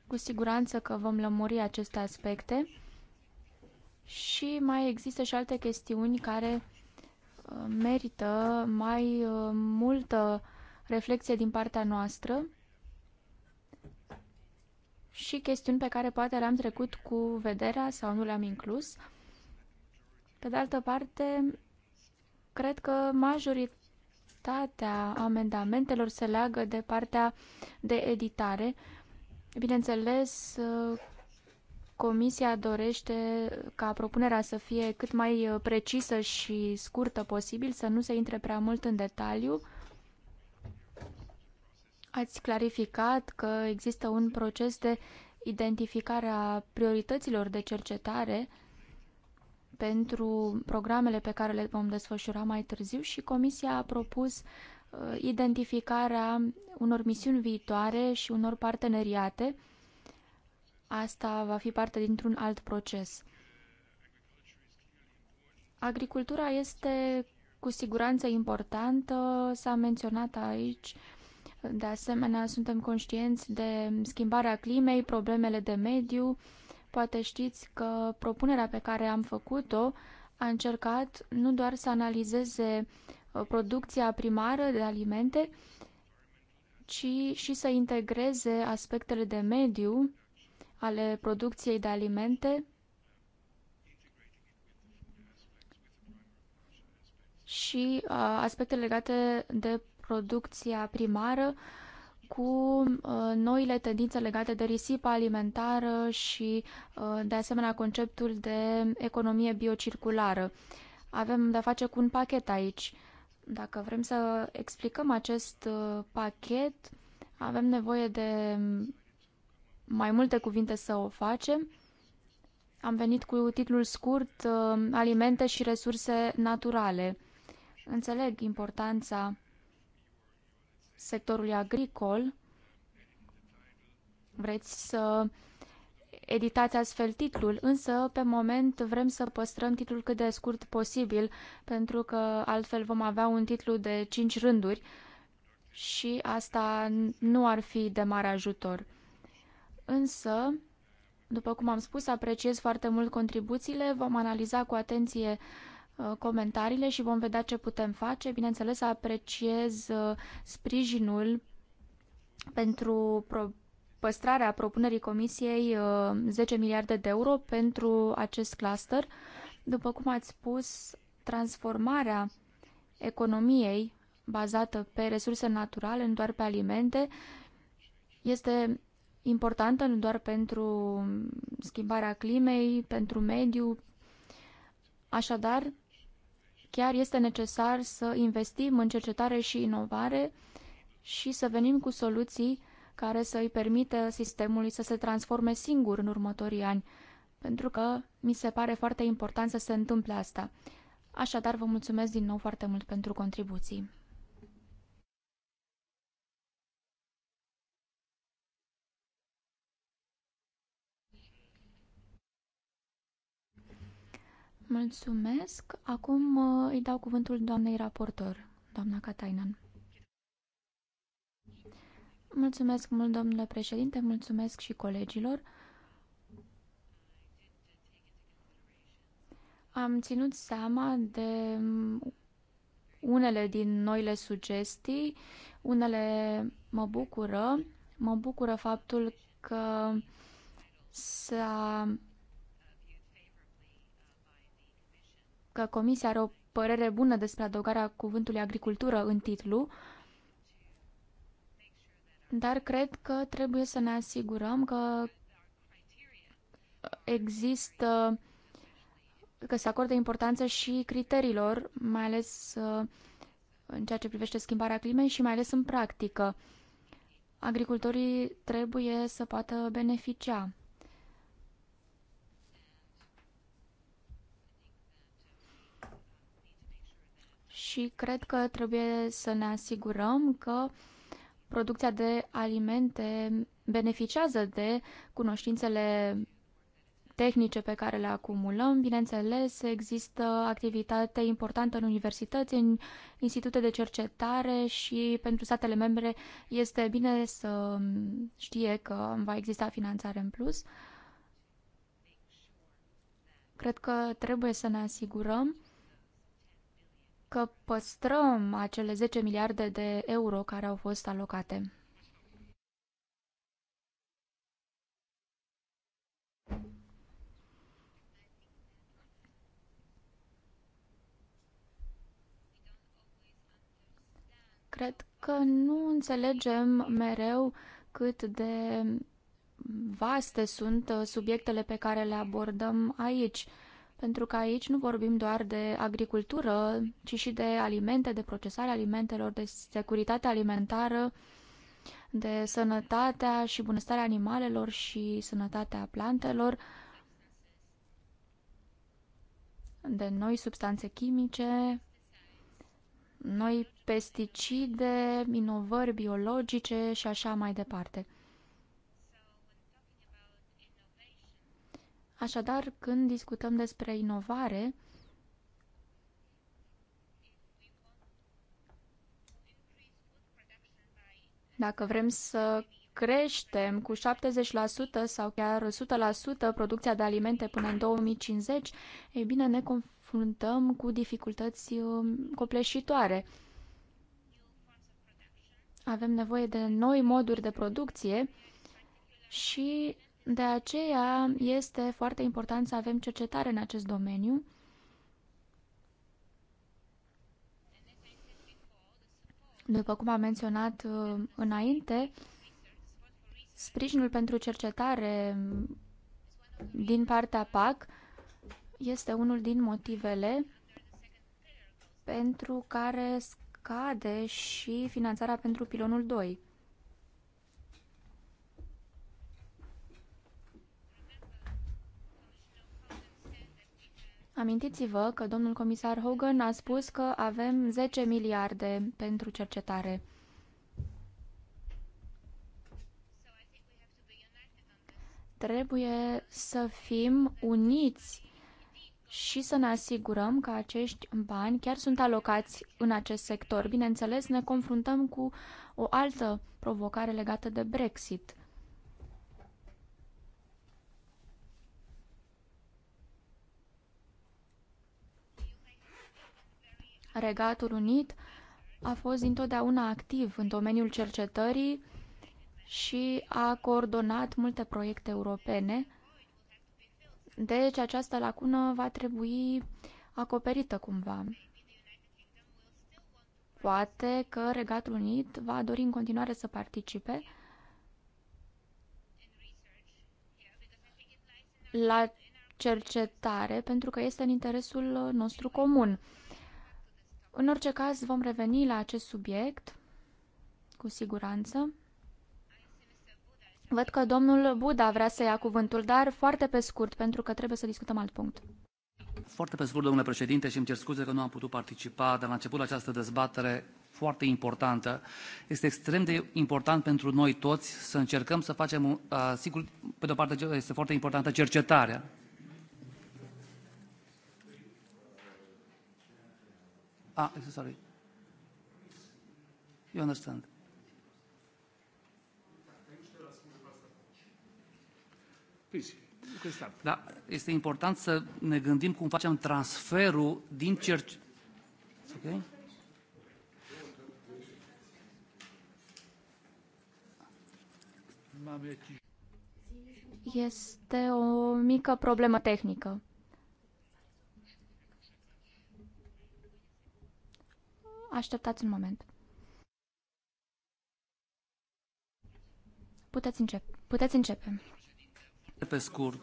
Cu siguranță că vom lămuri aceste aspecte. Și mai există și alte chestiuni care uh, merită mai uh, multă reflexie din partea noastră și chestiuni pe care poate le-am trecut cu vederea sau nu le-am inclus. Pe de altă parte, cred că majoritatea amendamentelor se leagă de partea de editare. Bineînțeles, uh, Comisia dorește ca propunerea să fie cât mai uh, precisă și scurtă posibil, să nu se intre prea mult în detaliu. Ați clarificat că există un proces de identificare a priorităților de cercetare pentru programele pe care le vom desfășura mai târziu și Comisia a propus uh, identificarea unor misiuni viitoare și unor parteneriate asta va fi parte dintr-un alt proces. Agricultura este cu siguranță importantă, s-a menționat aici. De asemenea, suntem conștienți de schimbarea climei, problemele de mediu. Poate știți că propunerea pe care am făcut-o a încercat nu doar să analizeze uh, producția primară de alimente, ci și să integreze aspectele de mediu ale producției de alimente și uh, aspecte legate de producția primară cu uh, noile tendințe legate de risipa alimentară și, uh, de asemenea, conceptul de economie biocirculară. Avem de-a face cu un pachet aici. Dacă vrem să explicăm acest pachet, avem nevoie de mai multe cuvinte să o facem. Am venit cu titlul scurt uh, Alimente și resurse naturale. Înțeleg importanța sectorului agricol. Vreți să editați astfel titlul, însă pe moment vrem să păstrăm titlul cât de scurt posibil, pentru că altfel vom avea un titlu de 5 rânduri și asta nu ar fi de mare ajutor. Însă, după cum am spus, apreciez foarte mult contribuțiile, vom analiza cu atenție uh, comentariile și vom vedea ce putem face. Bineînțeles, apreciez uh, sprijinul pentru păstrarea propunerii Comisiei 10 uh, miliarde de euro pentru acest cluster. După cum ați spus, transformarea economiei bazată pe resurse naturale, nu doar pe alimente, este importantă nu doar pentru schimbarea climei, pentru mediu. Așadar, chiar este necesar să investim în cercetare și inovare și să venim cu soluții care să îi permită sistemului să se transforme singur în următorii ani, pentru că mi se pare foarte important să se întâmple asta. Așadar, vă mulțumesc din nou foarte mult pentru contribuții. Mulțumesc. Acum uh, îi dau cuvântul doamnei raportor, doamna Katainen. Mulțumesc mult, domnule președinte, mulțumesc și colegilor. Am ținut seama de mm, unele din noile sugestii, unele mă bucură. Mă bucură faptul că s-a că Comisia are o părere bună despre adăugarea cuvântului agricultură în titlu, dar cred că trebuie să ne asigurăm că există, că se acordă importanță și criteriilor, mai ales uh, în ceea ce privește schimbarea climei și mai ales în practică. Agricultorii trebuie să poată beneficia și cred că trebuie să ne asigurăm că producția de alimente beneficiază de cunoștințele tehnice pe care le acumulăm. Bineînțeles, există activitate importantă în universități, în institute de cercetare și pentru statele membre este bine să știe că va exista finanțare în plus. Cred că trebuie să ne asigurăm că păstrăm acele 10 miliarde de euro care au fost alocate. Cred că nu înțelegem mereu cât de vaste sunt uh, subiectele pe care le abordăm aici pentru că aici nu vorbim doar de agricultură, ci și de alimente, de procesare alimentelor, de securitate alimentară, de sănătatea și bunăstarea animalelor și sănătatea plantelor, de noi substanțe chimice, noi pesticide, inovări biologice și așa mai departe. Așadar, când discutăm despre inovare, dacă vrem să creștem cu 70% sau chiar 100% producția de alimente până în 2050, ei bine, ne confruntăm cu dificultăți uh, copleșitoare. Avem nevoie de noi moduri de producție și de aceea este foarte important să avem cercetare în acest domeniu. După cum am menționat uh, înainte, sprijinul pentru cercetare din partea PAC este unul din motivele pentru care scade și finanțarea pentru pilonul 2. Amintiți-vă că domnul comisar Hogan a spus că avem 10 miliarde pentru cercetare. Trebuie să fim uniți și să ne asigurăm că acești bani chiar sunt alocați în acest sector. Bineînțeles, ne confruntăm cu o altă provocare legată de Brexit. Regatul Unit a fost întotdeauna activ în domeniul cercetării și a coordonat multe proiecte europene. Deci această lacună va trebui acoperită cumva. Poate că Regatul Unit va dori în continuare să participe la cercetare pentru că este în interesul nostru comun. În orice caz, vom reveni la acest subiect, cu siguranță. Văd că domnul Buda vrea să ia cuvântul, dar foarte pe scurt, pentru că trebuie să discutăm alt punct. Foarte pe scurt, domnule președinte, și îmi cer scuze că nu am putut participa, dar la început această dezbatere foarte importantă. Este extrem de important pentru noi toți să încercăm să facem, uh, sigur, pe de o parte este foarte importantă cercetarea, Ah, sorry. You understand. Please. Da, este important să ne gândim cum facem transferul din cerci... Ok? Este o mică problemă tehnică. Așteptați un moment. Puteți începe. Puteți începe. Pe scurt,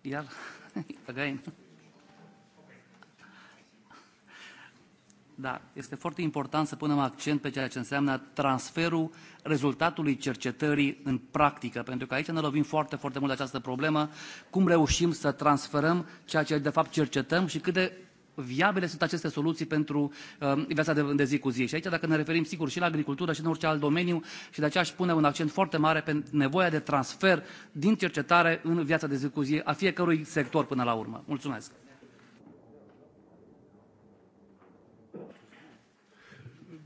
iar, again. Da, este foarte important să punem accent pe ceea ce înseamnă transferul rezultatului cercetării în practică, pentru că aici ne lovim foarte, foarte mult de această problemă, cum reușim să transferăm ceea ce de fapt cercetăm și cât de viabile sunt aceste soluții pentru uh, viața de, de zi cu zi. Și aici, dacă ne referim, sigur, și la agricultură și în orice alt domeniu, și de aceea aș pune un accent foarte mare pe nevoia de transfer din cercetare în viața de zi cu zi a fiecărui sector până la urmă. Mulțumesc!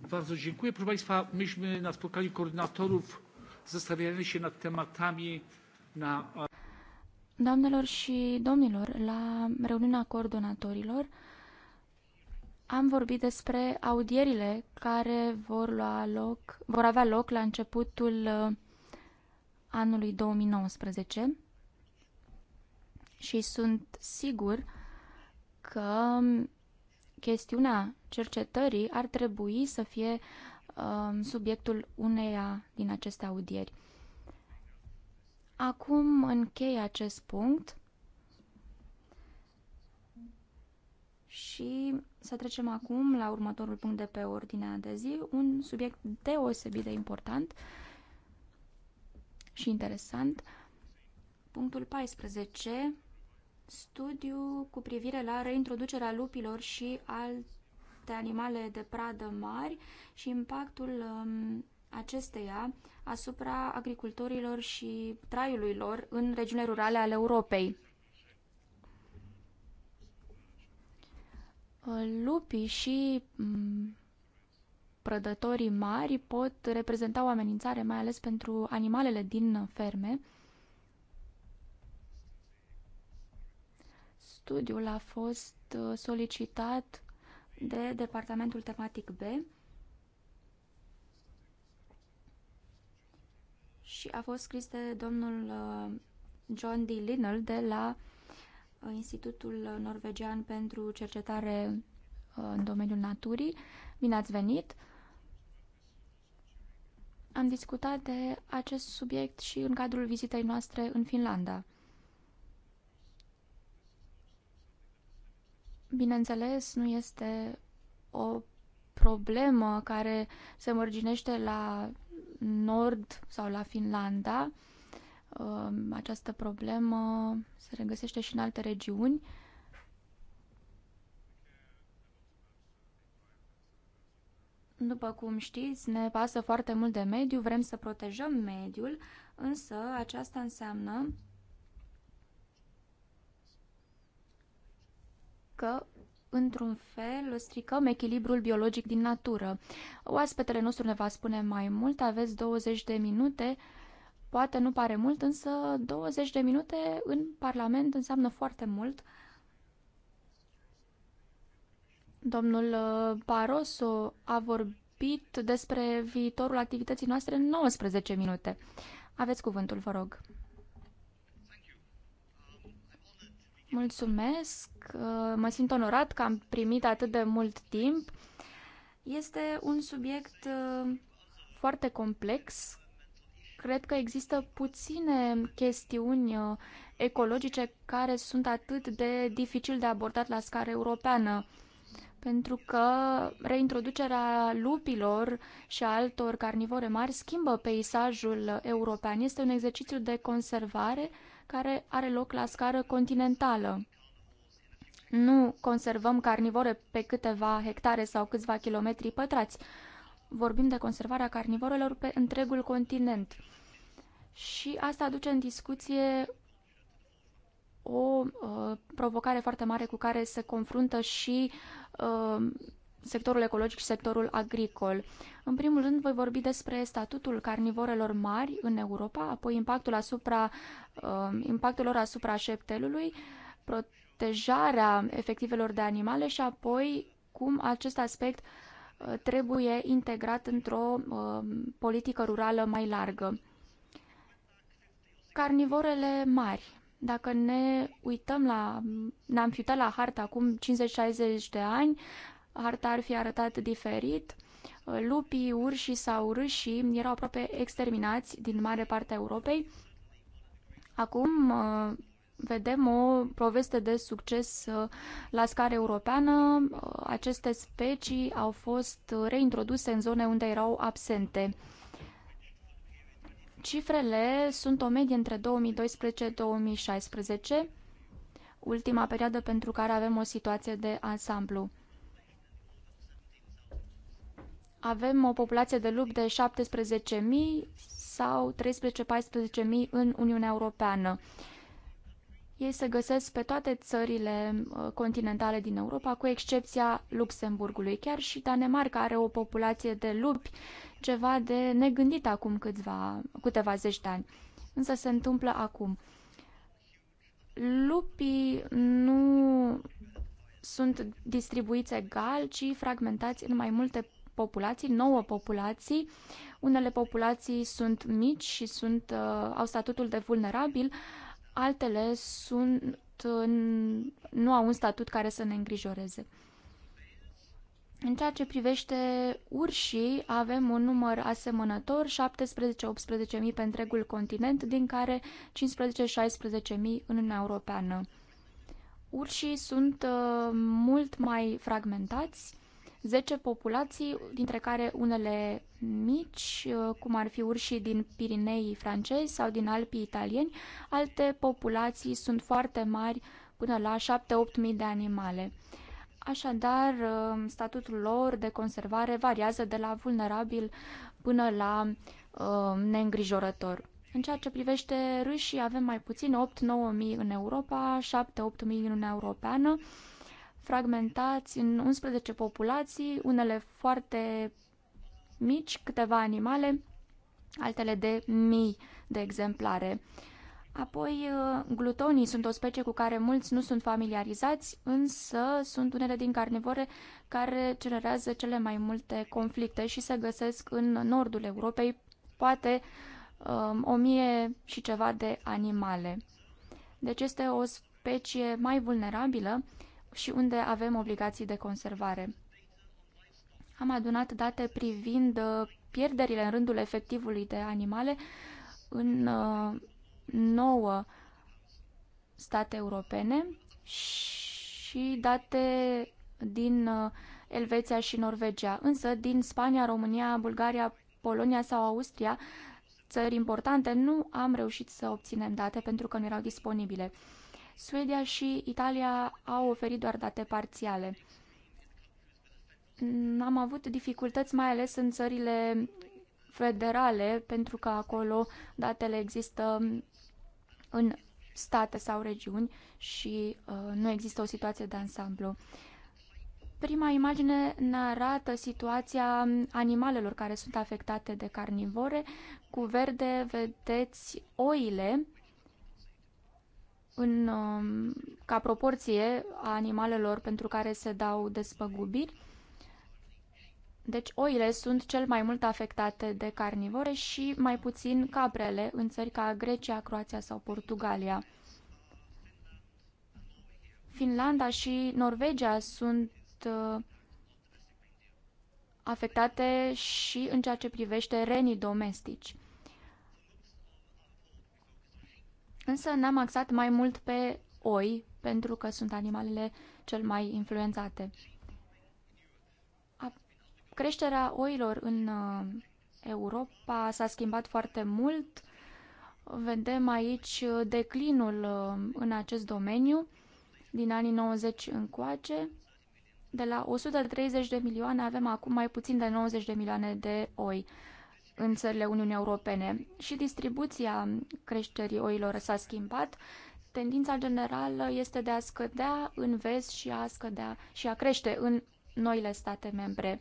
Bardzo dziękuję. Proszę Państwa, myśmy na spotkaniu koordynatorów zastanawiali się nad tematami na... Doamnelor și domnilor, la reuniunea coordonatorilor am vorbit despre audierile care vor, lua loc, vor avea loc la începutul uh, anului 2019 și sunt sigur că um, chestiunea cercetării ar trebui să fie um, subiectul uneia din aceste audieri. Acum închei acest punct Și să trecem acum la următorul punct de pe ordinea de zi, un subiect deosebit de important și interesant. Punctul 14, studiu cu privire la reintroducerea lupilor și alte animale de pradă mari și impactul um, acesteia asupra agricultorilor și traiului lor în regiunile rurale ale Europei. Ă, lupii și prădătorii mari pot reprezenta o amenințare, mai ales pentru animalele din ferme. Studiul a fost ă, solicitat de departamentul tematic B și a fost scris de domnul ă, John D. Linnell de la Uh, Institutul Norvegian pentru Cercetare uh, în domeniul naturii. Bine ați venit! Am discutat de acest subiect și în cadrul vizitei noastre în Finlanda. Bineînțeles, nu este o problemă care se mărginește la nord sau la Finlanda, Um, această problemă se regăsește și în alte regiuni. După cum știți, ne pasă foarte mult de mediu, vrem să protejăm mediul, însă aceasta înseamnă că într-un fel, stricăm echilibrul biologic din natură. Oaspetele nostru ne va spune mai mult, aveți 20 de minute Poate nu pare mult, însă 20 de minute în Parlament înseamnă foarte mult. Domnul uh, Barroso a vorbit despre viitorul activității noastre în 19 minute. Aveți cuvântul, vă rog. Mulțumesc, uh, mă simt onorat că am primit atât de mult timp. Este un subiect uh, foarte complex cred că există puține chestiuni uh, ecologice care sunt atât de dificil de abordat la scară europeană. Pentru că reintroducerea lupilor și altor carnivore mari schimbă peisajul european. Este un exercițiu de conservare care are loc la scară continentală. Nu conservăm carnivore pe câteva hectare sau câțiva kilometri pătrați vorbim de conservarea carnivorelor pe întregul continent. Și asta aduce în discuție o uh, provocare foarte mare cu care se confruntă și uh, sectorul ecologic și sectorul agricol. În primul rând, voi vorbi despre statutul carnivorelor mari în Europa, apoi impactul, asupra, uh, impactul lor asupra șeptelului, protejarea efectivelor de animale și apoi cum acest aspect uh, trebuie integrat într-o um, politică rurală mai largă. Carnivorele mari. Dacă ne uităm la, ne-am fiutat la harta acum 50-60 de ani, harta ar fi arătat diferit. Lupii, urșii sau râșii erau aproape exterminați din mare parte a Europei. Acum uh, vedem o poveste de succes uh, la scară europeană. Uh, aceste specii au fost reintroduse în zone unde erau absente. Cifrele sunt o medie între 2012-2016, ultima perioadă pentru care avem o situație de ansamblu. Avem o populație de lup de 17.000 sau 13-14.000 în Uniunea Europeană. Ei se găsesc pe toate țările uh, continentale din Europa, cu excepția Luxemburgului. Chiar și Danemarca are o populație de lupi, ceva de negândit acum câțiva, câteva zeci de ani. Însă se întâmplă acum. Lupii nu sunt distribuiți egal, ci fragmentați în mai multe populații, nouă populații. Unele populații sunt mici și sunt, uh, au statutul de vulnerabil, uh, altele sunt, nu au un statut care să ne îngrijoreze. În ceea ce privește urșii, avem un număr asemănător, 17-18.000 pe întregul continent, din care 15-16.000 în Uniunea Europeană. Urșii sunt uh, mult mai fragmentați, 10 populații, dintre care unele mici, uh, cum ar fi urșii din Pirineii francezi sau din Alpii italieni, alte populații sunt foarte mari, până la 7-8 mii de animale. Așadar, uh, statutul lor de conservare variază de la vulnerabil până la uh, neîngrijorător. În ceea ce privește râșii, avem mai puțin 8-9 mii în Europa, 7-8 mii în Uniunea Europeană, fragmentați în 11 populații, unele foarte mici, câteva animale, altele de mii de exemplare. Apoi, uh, glutonii sunt o specie cu care mulți nu sunt familiarizați, însă sunt unele din carnivore care generează cele mai multe conflicte și se găsesc în nordul Europei, poate um, o mie și ceva de animale. Deci este o specie mai vulnerabilă și unde avem obligații de conservare. Am adunat date privind uh, pierderile în rândul efectivului de animale în uh, nouă state europene și date din uh, Elveția și Norvegia. Însă din Spania, România, Bulgaria, Polonia sau Austria, țări importante, nu am reușit să obținem date pentru că nu erau disponibile. Suedia și Italia au oferit doar date parțiale. Am avut dificultăți mai ales în țările federale, pentru că acolo datele există în state sau regiuni și uh, nu există o situație de ansamblu. Prima imagine ne arată situația animalelor care sunt afectate de carnivore. Cu verde vedeți oile în, um, ca proporție a animalelor pentru care se dau despăgubiri. Deci oile sunt cel mai mult afectate de carnivore și mai puțin caprele în țări ca Grecia, Croația sau Portugalia. Finlanda și Norvegia sunt uh, afectate și în ceea ce privește renii domestici. Însă n am axat mai mult pe oi, pentru că sunt animalele cel mai influențate. A, creșterea oilor în uh, Europa s-a schimbat foarte mult. Vedem aici uh, declinul uh, în acest domeniu din anii 90 încoace. De la 130 de milioane avem acum mai puțin de 90 de milioane de oi în țările Uniunii Europene și distribuția creșterii oilor s-a schimbat. Tendința generală este de a scădea în vest și a scădea și a crește în noile state membre.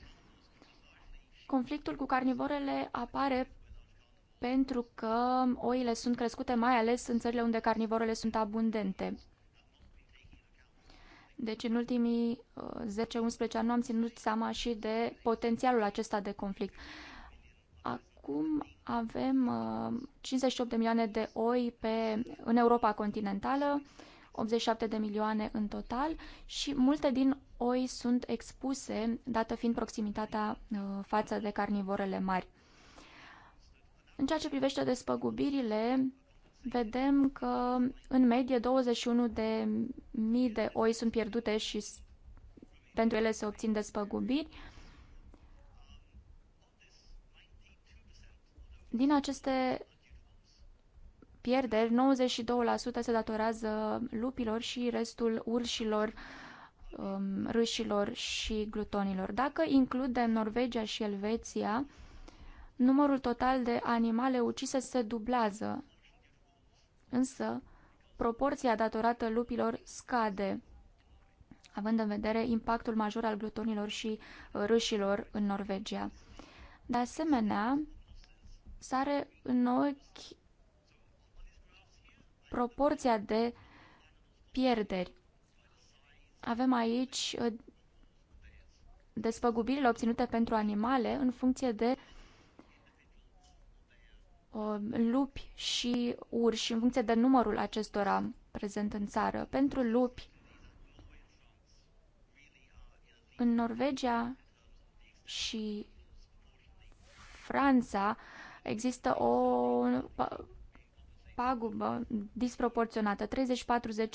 Conflictul cu carnivorele apare pentru că oile sunt crescute mai ales în țările unde carnivorele sunt abundente. Deci în ultimii 10-11 uh, ani nu am ținut seama și de potențialul acesta de conflict acum avem 58 uh, de milioane de oi pe, în Europa continentală, 87 de milioane în total și multe din oi sunt expuse, dată fiind proximitatea uh, față de carnivorele mari. În ceea ce privește despăgubirile, vedem că în medie 21 de mii de oi sunt pierdute și pentru ele se obțin despăgubiri. Din aceste pierderi, 92% se datorează lupilor și restul urșilor, um, râșilor și glutonilor. Dacă includem Norvegia și Elveția, numărul total de animale ucise se dublează, însă proporția datorată lupilor scade, având în vedere impactul major al glutonilor și uh, râșilor în Norvegia. De asemenea, sare în ochi proporția de pierderi. Avem aici uh, despăgubirile obținute pentru animale în funcție de uh, lupi și urși, în funcție de numărul acestora prezent în țară. Pentru lupi, în Norvegia și Franța, există o pagubă disproporționată, 30-40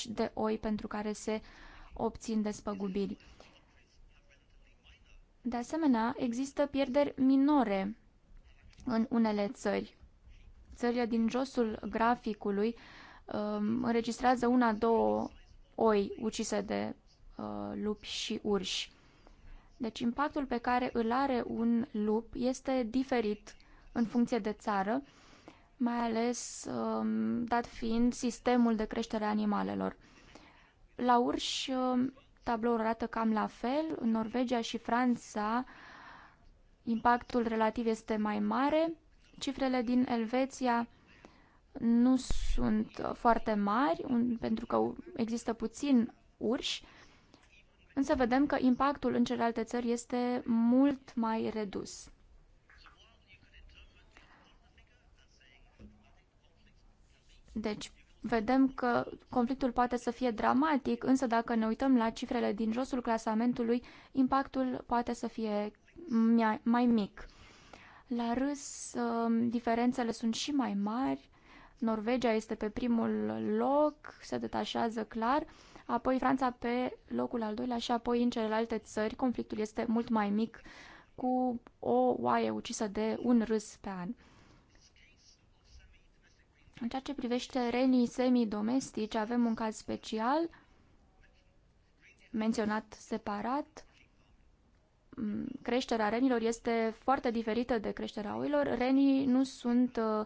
de oi pentru care se obțin despăgubiri. De asemenea, există pierderi minore în unele țări. Țările din josul graficului um, înregistrează una-două oi ucise de uh, lupi și urși. Deci impactul pe care îl are un lup este diferit în funcție de țară, mai ales um, dat fiind sistemul de creștere a animalelor. La urși, um, tablourul arată cam la fel. În Norvegia și Franța, impactul relativ este mai mare. Cifrele din Elveția nu sunt uh, foarte mari, pentru că există puțin urși, însă vedem că impactul în celelalte țări este mult mai redus. Deci, vedem că conflictul poate să fie dramatic, însă dacă ne uităm la cifrele din josul clasamentului, impactul poate să fie mai mic. La râs, um, diferențele sunt și mai mari. Norvegia este pe primul loc, se detașează clar, apoi Franța pe locul al doilea și apoi în celelalte țări conflictul este mult mai mic, cu o oaie ucisă de un râs pe an. În ceea ce privește renii semidomestici, avem un caz special menționat separat. Mm, creșterea renilor este foarte diferită de creșterea oilor. Renii nu sunt uh,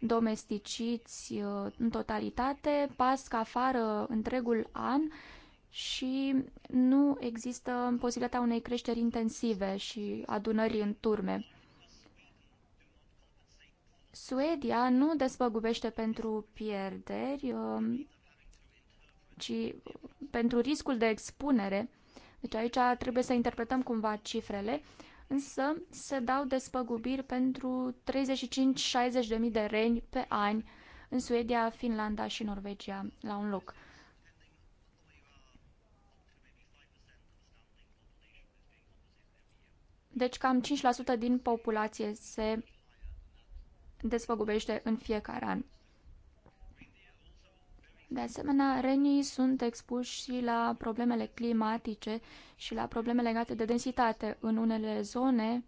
domesticiți uh, în totalitate, pasc afară întregul an și nu există posibilitatea unei creșteri intensive și adunări în turme. Suedia nu despăgubește pentru pierderi, um, ci pentru riscul de expunere. Deci aici trebuie să interpretăm cumva cifrele, însă se dau despăgubiri pentru 35-60 de mii de reni pe an în Suedia, Finlanda și Norvegia la un loc. Deci cam 5% din populație se desfăgubește în fiecare an. De asemenea, renii sunt expuși și la problemele climatice și la probleme legate de densitate. În unele zone,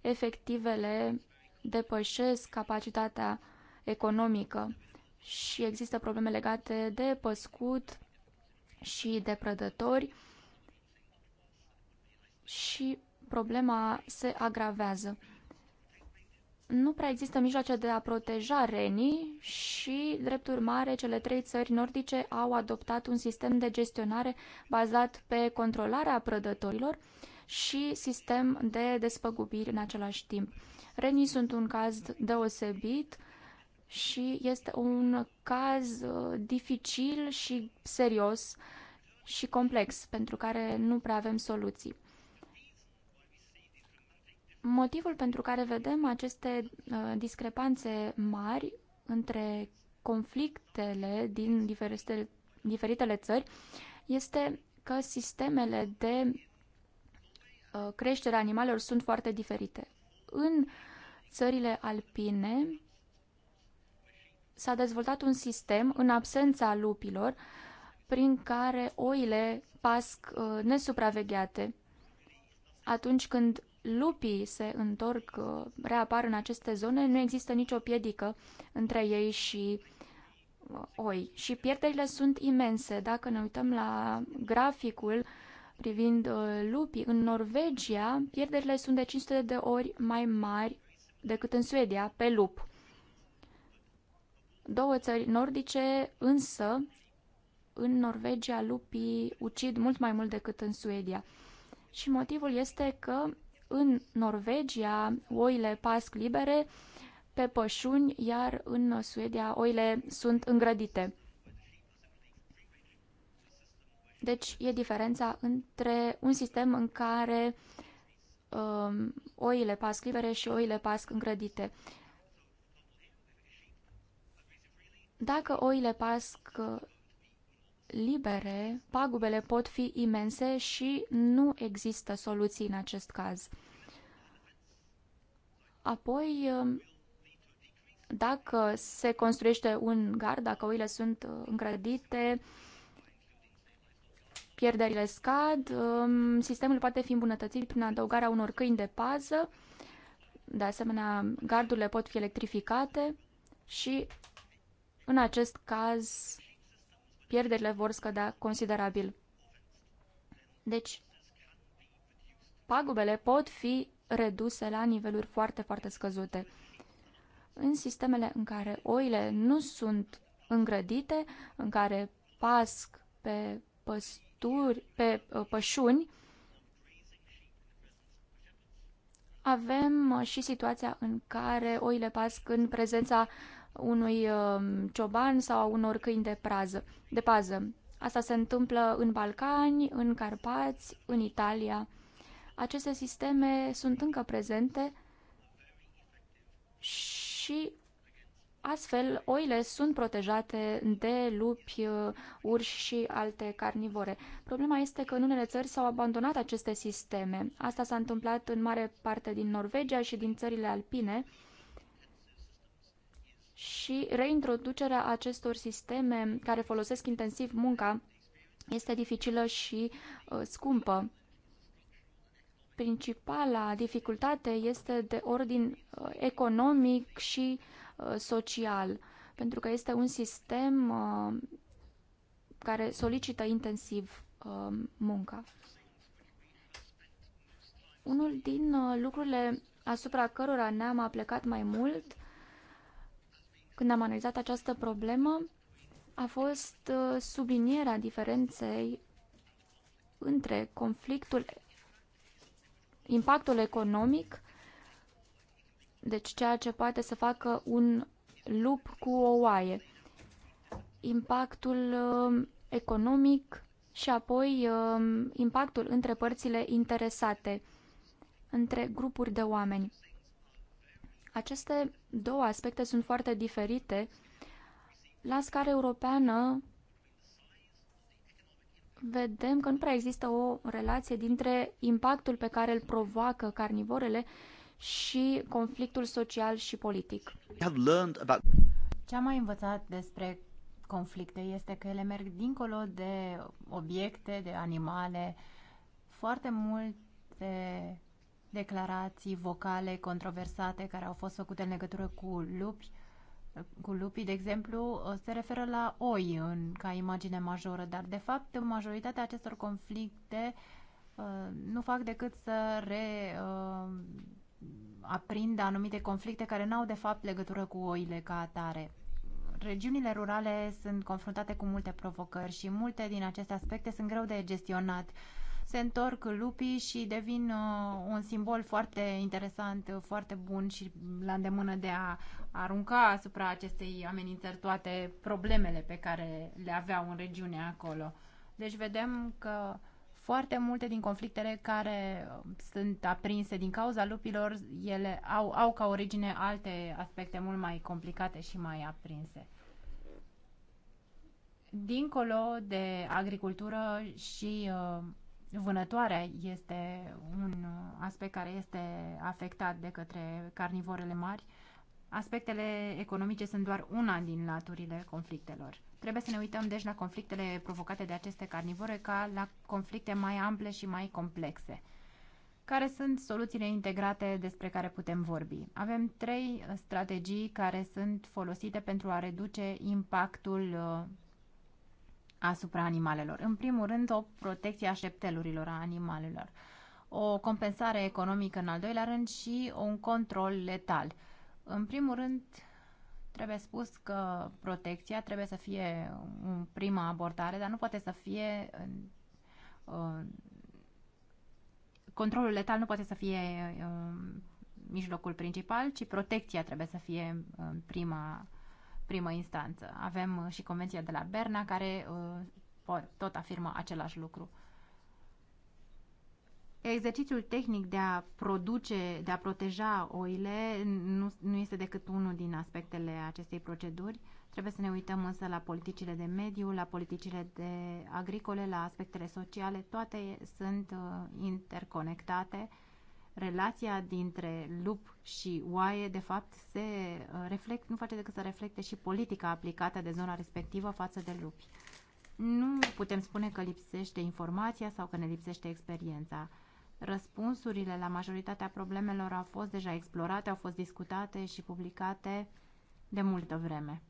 efectivele depășesc capacitatea economică și există probleme legate de păscut și de prădători și problema se agravează nu prea există mijloace de a proteja renii și, drept urmare, cele trei țări nordice au adoptat un sistem de gestionare bazat pe controlarea prădătorilor și sistem de despăgubiri în același timp. Renii sunt un caz deosebit și este un caz uh, dificil și serios și complex, pentru care nu prea avem soluții. Motivul pentru care vedem aceste uh, discrepanțe mari între conflictele din diferite, diferitele țări este că sistemele de uh, creștere a animalelor sunt foarte diferite. În țările alpine s-a dezvoltat un sistem în absența lupilor prin care oile pasc uh, nesupravegheate atunci când lupii se întorc, uh, reapar în aceste zone, nu există nicio piedică între ei și uh, oi. Și pierderile sunt imense. Dacă ne uităm la graficul privind uh, lupii, în Norvegia pierderile sunt de 500 de ori mai mari decât în Suedia pe lup. Două țări nordice, însă, în Norvegia lupii ucid mult mai mult decât în Suedia. Și motivul este că în Norvegia, oile pasc libere pe pășuni, iar în Suedia oile sunt îngrădite. Deci e diferența între un sistem în care um, oile pasc libere și oile pasc îngrădite. Dacă oile pasc libere, pagubele pot fi imense și nu există soluții în acest caz. Apoi, um, dacă se construiește un gard, dacă oile sunt uh, îngrădite, pierderile scad, um, sistemul poate fi îmbunătățit prin adăugarea unor câini de pază, de asemenea, gardurile pot fi electrificate și, în acest caz, pierderile vor scădea considerabil. Deci, pagubele pot fi reduse la niveluri foarte, foarte scăzute. În sistemele în care oile nu sunt îngrădite, în care pasc pe păsturi, pe uh, pășuni, avem uh, și situația în care oile pasc în prezența unui um, cioban sau a unor câini de, prază, de pază. Asta se întâmplă în Balcani, în Carpați, în Italia. Aceste sisteme sunt încă prezente și astfel oile sunt protejate de lupi, uh, urși și alte carnivore. Problema este că în unele țări s-au abandonat aceste sisteme. Asta s-a întâmplat în mare parte din Norvegia și din țările alpine, și reintroducerea acestor sisteme care folosesc intensiv munca este dificilă și uh, scumpă. Principala dificultate este de ordin uh, economic și uh, social, pentru că este un sistem care solicită intensiv munca. Unul din lucrurile asupra cărora ne-am aplecat mai mult când am analizat această problemă a fost uh, sublinierea diferenței între conflictul, impactul economic, deci ceea ce poate să facă un lup cu o oaie, impactul uh, economic și apoi uh, impactul între părțile interesate, între grupuri de oameni. Aceste două aspecte sunt foarte diferite. La scară europeană vedem că nu prea există o relație dintre impactul pe care îl provoacă carnivorele și conflictul social și politic. Ce am mai învățat despre conflicte este că ele merg dincolo de obiecte, de animale. Foarte multe declarații vocale controversate care au fost făcute în legătură cu lupi, cu lupii, de exemplu, se referă la oi în, ca imagine majoră, dar de fapt majoritatea acestor conflicte uh, nu fac decât să re uh, aprindă anumite conflicte care n-au de fapt legătură cu oile ca atare. Regiunile rurale sunt confruntate cu multe provocări și multe din aceste aspecte sunt greu de gestionat. Uh, se întorc lupii și devin uh, un simbol foarte interesant, uh, foarte bun și la îndemână de a arunca asupra acestei amenințări toate problemele pe care le aveau în regiunea acolo. Deci vedem că foarte multe din conflictele care uh, sunt aprinse din cauza lupilor, ele au, au ca origine alte aspecte mult mai complicate și mai aprinse. Dincolo de agricultură și uh, Vânătoarea este un aspect care este afectat de către carnivorele mari. Aspectele economice sunt doar una din laturile conflictelor. Trebuie să ne uităm deci la conflictele provocate de aceste carnivore ca la conflicte mai ample și mai complexe. Care sunt soluțiile integrate despre care putem vorbi? Avem trei strategii care sunt folosite pentru a reduce impactul uh, asupra animalelor. În primul rând, o protecție a șeptelurilor, a animalelor, o compensare economică în al doilea rând și un control letal. În primul rând, trebuie spus că protecția trebuie să fie prima abordare, dar nu poate să fie controlul letal nu poate să fie mijlocul principal, ci protecția trebuie să fie prima primă instanță. Avem uh, și Convenția de la Berna care uh, tot afirmă același lucru. Exercițiul tehnic de a produce, de a proteja oile nu, nu este decât unul din aspectele acestei proceduri. Trebuie să ne uităm însă la politicile de mediu, la politicile de agricole, la aspectele sociale. Toate sunt uh, interconectate relația dintre lup și oaie, de fapt, se uh, reflect, nu face decât să reflecte și politica aplicată de zona respectivă față de lupi. Nu putem spune că lipsește informația sau că ne lipsește experiența. Răspunsurile la majoritatea problemelor au fost deja explorate, au fost discutate și publicate de multă vreme.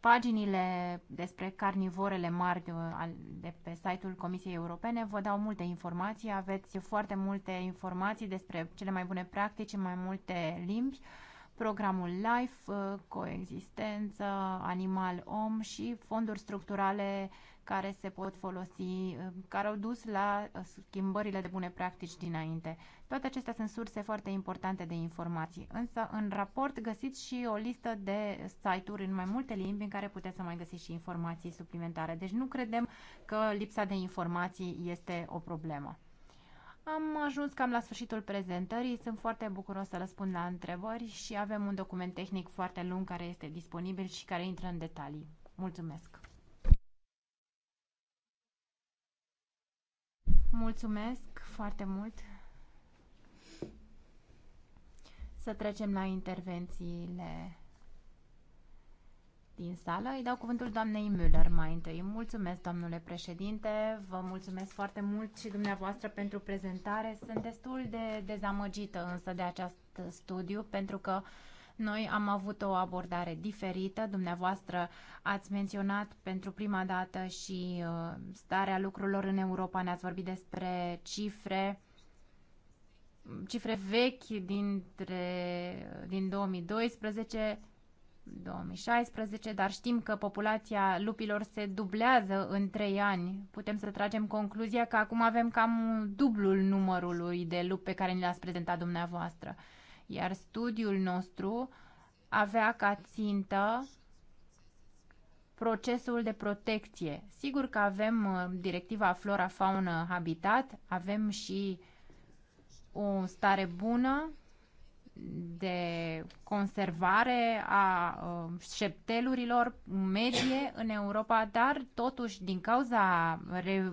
Paginile despre carnivorele mari de pe site-ul Comisiei Europene vă dau multe informații, aveți foarte multe informații despre cele mai bune practici în mai multe limbi, programul LIFE, uh, coexistență, animal-om și fonduri structurale care se pot folosi, uh, care au dus la uh, schimbările de bune practici dinainte. Toate acestea sunt surse foarte importante de informații, însă în raport găsiți și o listă de site-uri în mai multe limbi în care puteți să mai găsiți și informații suplimentare. Deci nu credem că lipsa de informații este o problemă. Am ajuns cam la sfârșitul prezentării, sunt foarte bucuros să răspund la întrebări și avem un document tehnic foarte lung care este disponibil și care intră în detalii. Mulțumesc! Mulțumesc foarte mult! să trecem la intervențiile din sală. Îi dau cuvântul doamnei Müller mai întâi. Mulțumesc, domnule președinte, vă mulțumesc foarte mult și dumneavoastră pentru prezentare. Sunt destul de dezamăgită însă de acest studiu pentru că noi am avut o abordare diferită. Dumneavoastră ați menționat pentru prima dată și uh, starea lucrurilor în Europa, ne-ați vorbit despre cifre, cifre vechi dintre, din 2012 2016, dar știm că populația lupilor se dublează în 3 ani. Putem să tragem concluzia că acum avem cam dublul numărului de lupi pe care ni l-ați prezentat dumneavoastră. Iar studiul nostru avea ca țintă procesul de protecție. Sigur că avem uh, directiva flora-faună habitat, avem și o stare bună de conservare a uh, șeptelurilor medie în Europa, dar totuși din cauza re,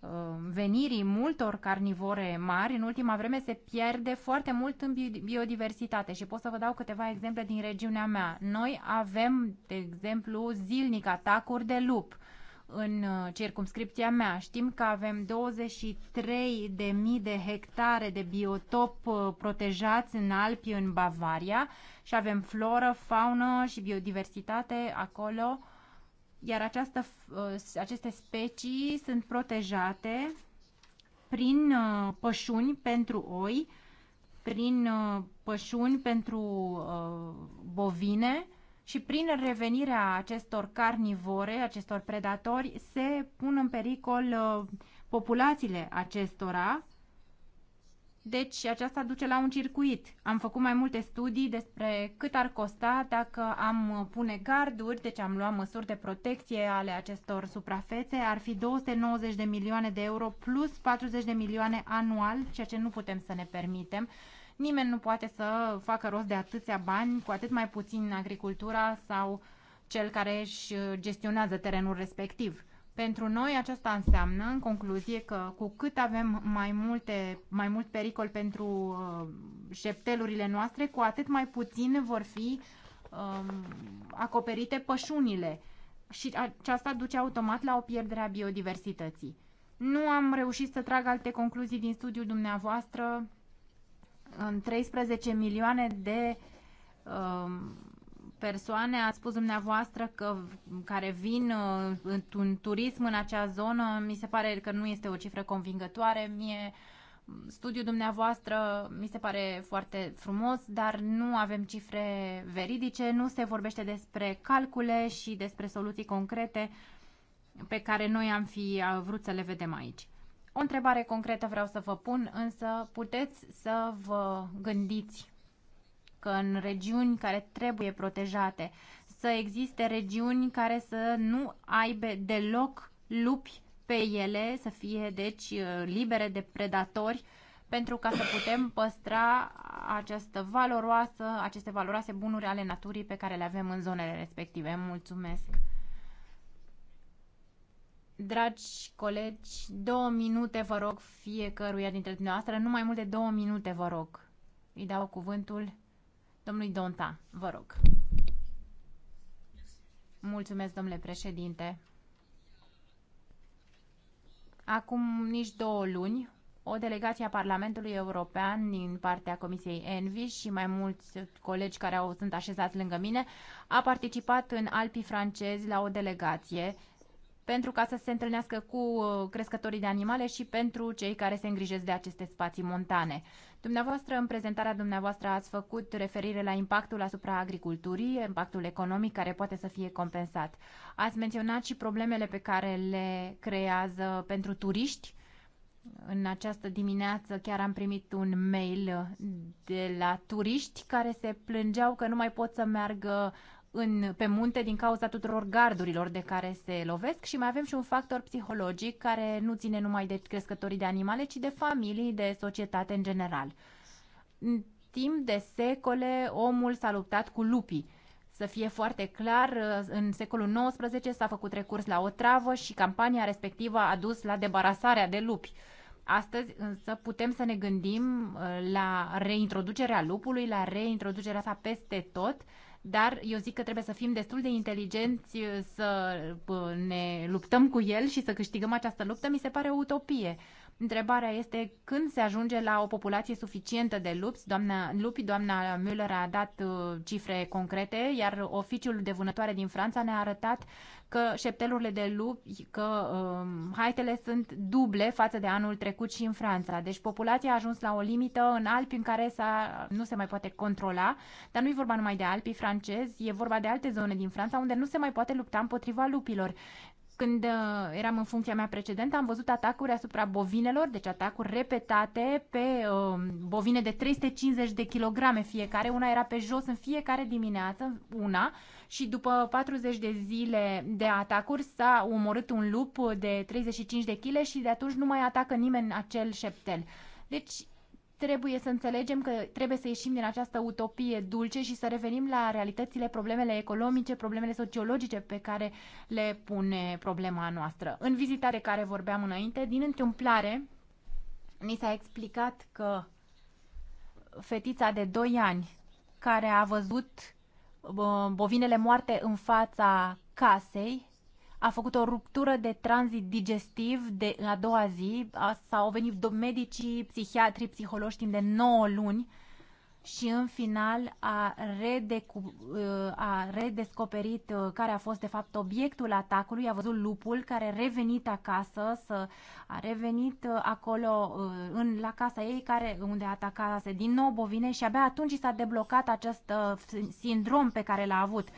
uh, venirii multor carnivore mari, în ultima vreme se pierde foarte mult în biodiversitate și pot să vă dau câteva exemple din regiunea mea. Noi avem, de exemplu, zilnic atacuri de lup în uh, circumscripția mea. Știm că avem 23.000 de hectare de biotop uh, protejați în Alpi, în Bavaria și avem floră, faună și biodiversitate acolo, iar această, uh, aceste specii sunt protejate prin pășuni pentru oi, prin pășuni pentru bovine, și prin revenirea acestor carnivore, acestor predatori, se pun în pericol uh, populațiile acestora. Deci aceasta duce la un circuit. Am făcut mai multe studii despre cât ar costa dacă am uh, pune garduri, deci am luat măsuri de protecție ale acestor suprafețe, ar fi 290 de milioane de euro plus 40 de milioane anual, ceea ce nu putem să ne permitem. Nimeni nu poate să facă rost de atâția bani, cu atât mai puțin agricultura sau cel care își gestionează terenul respectiv. Pentru noi aceasta înseamnă, în concluzie, că cu cât avem mai, multe, mai mult pericol pentru uh, șeptelurile noastre, cu atât mai puține vor fi uh, acoperite pășunile. Și aceasta duce automat la o pierdere a biodiversității. Nu am reușit să trag alte concluzii din studiul dumneavoastră în 13 milioane de uh, persoane, a spus dumneavoastră că care vin uh, în turism în acea zonă, mi se pare că nu este o cifră convingătoare. Mie studiul dumneavoastră mi se pare foarte frumos, dar nu avem cifre veridice, nu se vorbește despre calcule și despre soluții concrete pe care noi am fi uh, vrut să le vedem aici. O întrebare concretă vreau să vă pun, însă puteți să vă gândiți că în regiuni care trebuie protejate să existe regiuni care să nu aibă deloc lupi pe ele, să fie deci uh, libere de predatori, pentru ca să putem păstra această valoroasă, aceste valoroase bunuri ale naturii pe care le avem în zonele respective. Mulțumesc! Dragi colegi, două minute vă rog fiecăruia dintre dumneavoastră, nu mai mult de două minute vă rog. Îi dau cuvântul domnului Donta, vă rog. Mulțumesc, domnule președinte. Acum nici două luni, o delegație a Parlamentului European din partea Comisiei Envi și mai mulți colegi care au, sunt așezați lângă mine a participat în Alpii francezi la o delegație pentru ca să se întâlnească cu uh, crescătorii de animale și pentru cei care se îngrijesc de aceste spații montane. Dumneavoastră, în prezentarea dumneavoastră, ați făcut referire la impactul asupra agriculturii, impactul economic care poate să fie compensat. Ați menționat și problemele pe care le creează pentru turiști. În această dimineață chiar am primit un mail de la turiști care se plângeau că nu mai pot să meargă în, pe munte din cauza tuturor gardurilor de care se lovesc și mai avem și un factor psihologic care nu ține numai de crescătorii de animale, ci de familii, de societate în general. În timp de secole, omul s-a luptat cu lupii. Să fie foarte clar, în secolul XIX s-a făcut recurs la o travă și campania respectivă a dus la debarasarea de lupi. Astăzi însă putem să ne gândim uh, la reintroducerea lupului, la reintroducerea sa peste tot, dar eu zic că trebuie să fim destul de inteligenți să uh, ne luptăm cu el și să câștigăm această luptă, mi se pare o utopie. Întrebarea este când se ajunge la o populație suficientă de lupi. Doamna, lupi, doamna Müller a dat uh, cifre concrete, iar oficiul de vânătoare din Franța ne-a arătat că șeptelurile de lupi, că uh, haitele sunt duble față de anul trecut și în Franța. Deci populația a ajuns la o limită în Alpi în care s-a, nu se mai poate controla, dar nu e vorba numai de Alpii francezi, e vorba de alte zone din Franța unde nu se mai poate lupta împotriva lupilor. Când uh, eram în funcția mea precedentă, am văzut atacuri asupra bovinelor, deci atacuri repetate pe uh, bovine de 350 de kilograme fiecare. Una era pe jos în fiecare dimineață, una, și după 40 de zile de atacuri s-a omorât un lup de 35 de kg și de atunci nu mai atacă nimeni acel șeptel. Deci trebuie să înțelegem că trebuie să ieșim din această utopie dulce și să revenim la realitățile, problemele economice, problemele sociologice pe care le pune problema noastră. În vizitare care vorbeam înainte, din întâmplare, ni s-a explicat că fetița de 2 ani care a văzut uh, bovinele moarte în fața casei a făcut o ruptură de tranzit digestiv de a doua zi. S-au venit medicii, psihiatri, psihologi timp de 9 luni și în final a, redecu- a redescoperit uh, care a fost de fapt obiectul atacului, a văzut lupul care a revenit acasă, să, a revenit uh, acolo uh, în, la casa ei care, unde atacase din nou bovine și abia atunci s-a deblocat acest sindrom pe care l-a avut.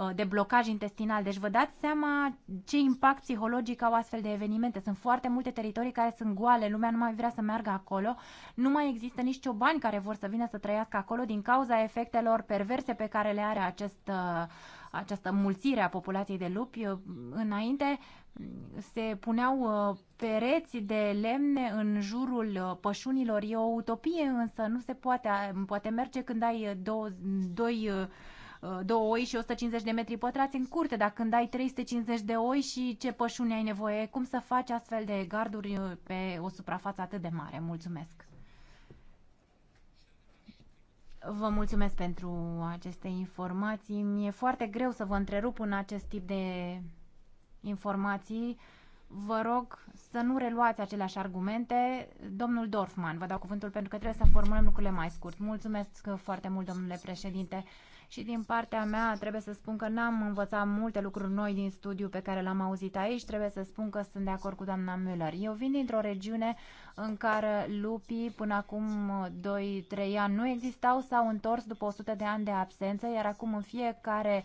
Uh, de blocaj intestinal. Deci vă dați seama ce impact psihologic au astfel de evenimente. Sunt foarte multe teritorii care sunt goale, lumea nu mai vrea să meargă acolo, nu mai există nici ciobani care vor să vină să trăiască acolo din cauza efectelor perverse pe care le are acest, uh, această mulțire a populației de lupi. Uh, înainte se puneau pereți de lemne în jurul pășunilor. E o utopie, însă nu se poate. Poate merge când ai două, doi Uh, două oi și 150 de metri pătrați în curte, dar când ai 350 de oi și ce pășuni ai nevoie, cum să faci astfel de garduri uh, pe o suprafață atât de mare? Mulțumesc! Vă mulțumesc pentru aceste informații. Mi-e foarte greu să vă întrerup în acest tip de informații. Vă rog să nu reluați aceleași argumente. Domnul Dorfman, vă dau cuvântul pentru că trebuie să formulăm lucrurile mai scurt. Mulțumesc foarte mult, domnule președinte și din partea mea trebuie să spun că n-am învățat multe lucruri noi din studiu pe care l-am auzit aici, trebuie să spun că sunt de acord cu doamna Müller. Eu vin dintr-o regiune în care lupii până acum 2-3 ani nu existau, s-au întors după 100 de ani de absență, iar acum în fiecare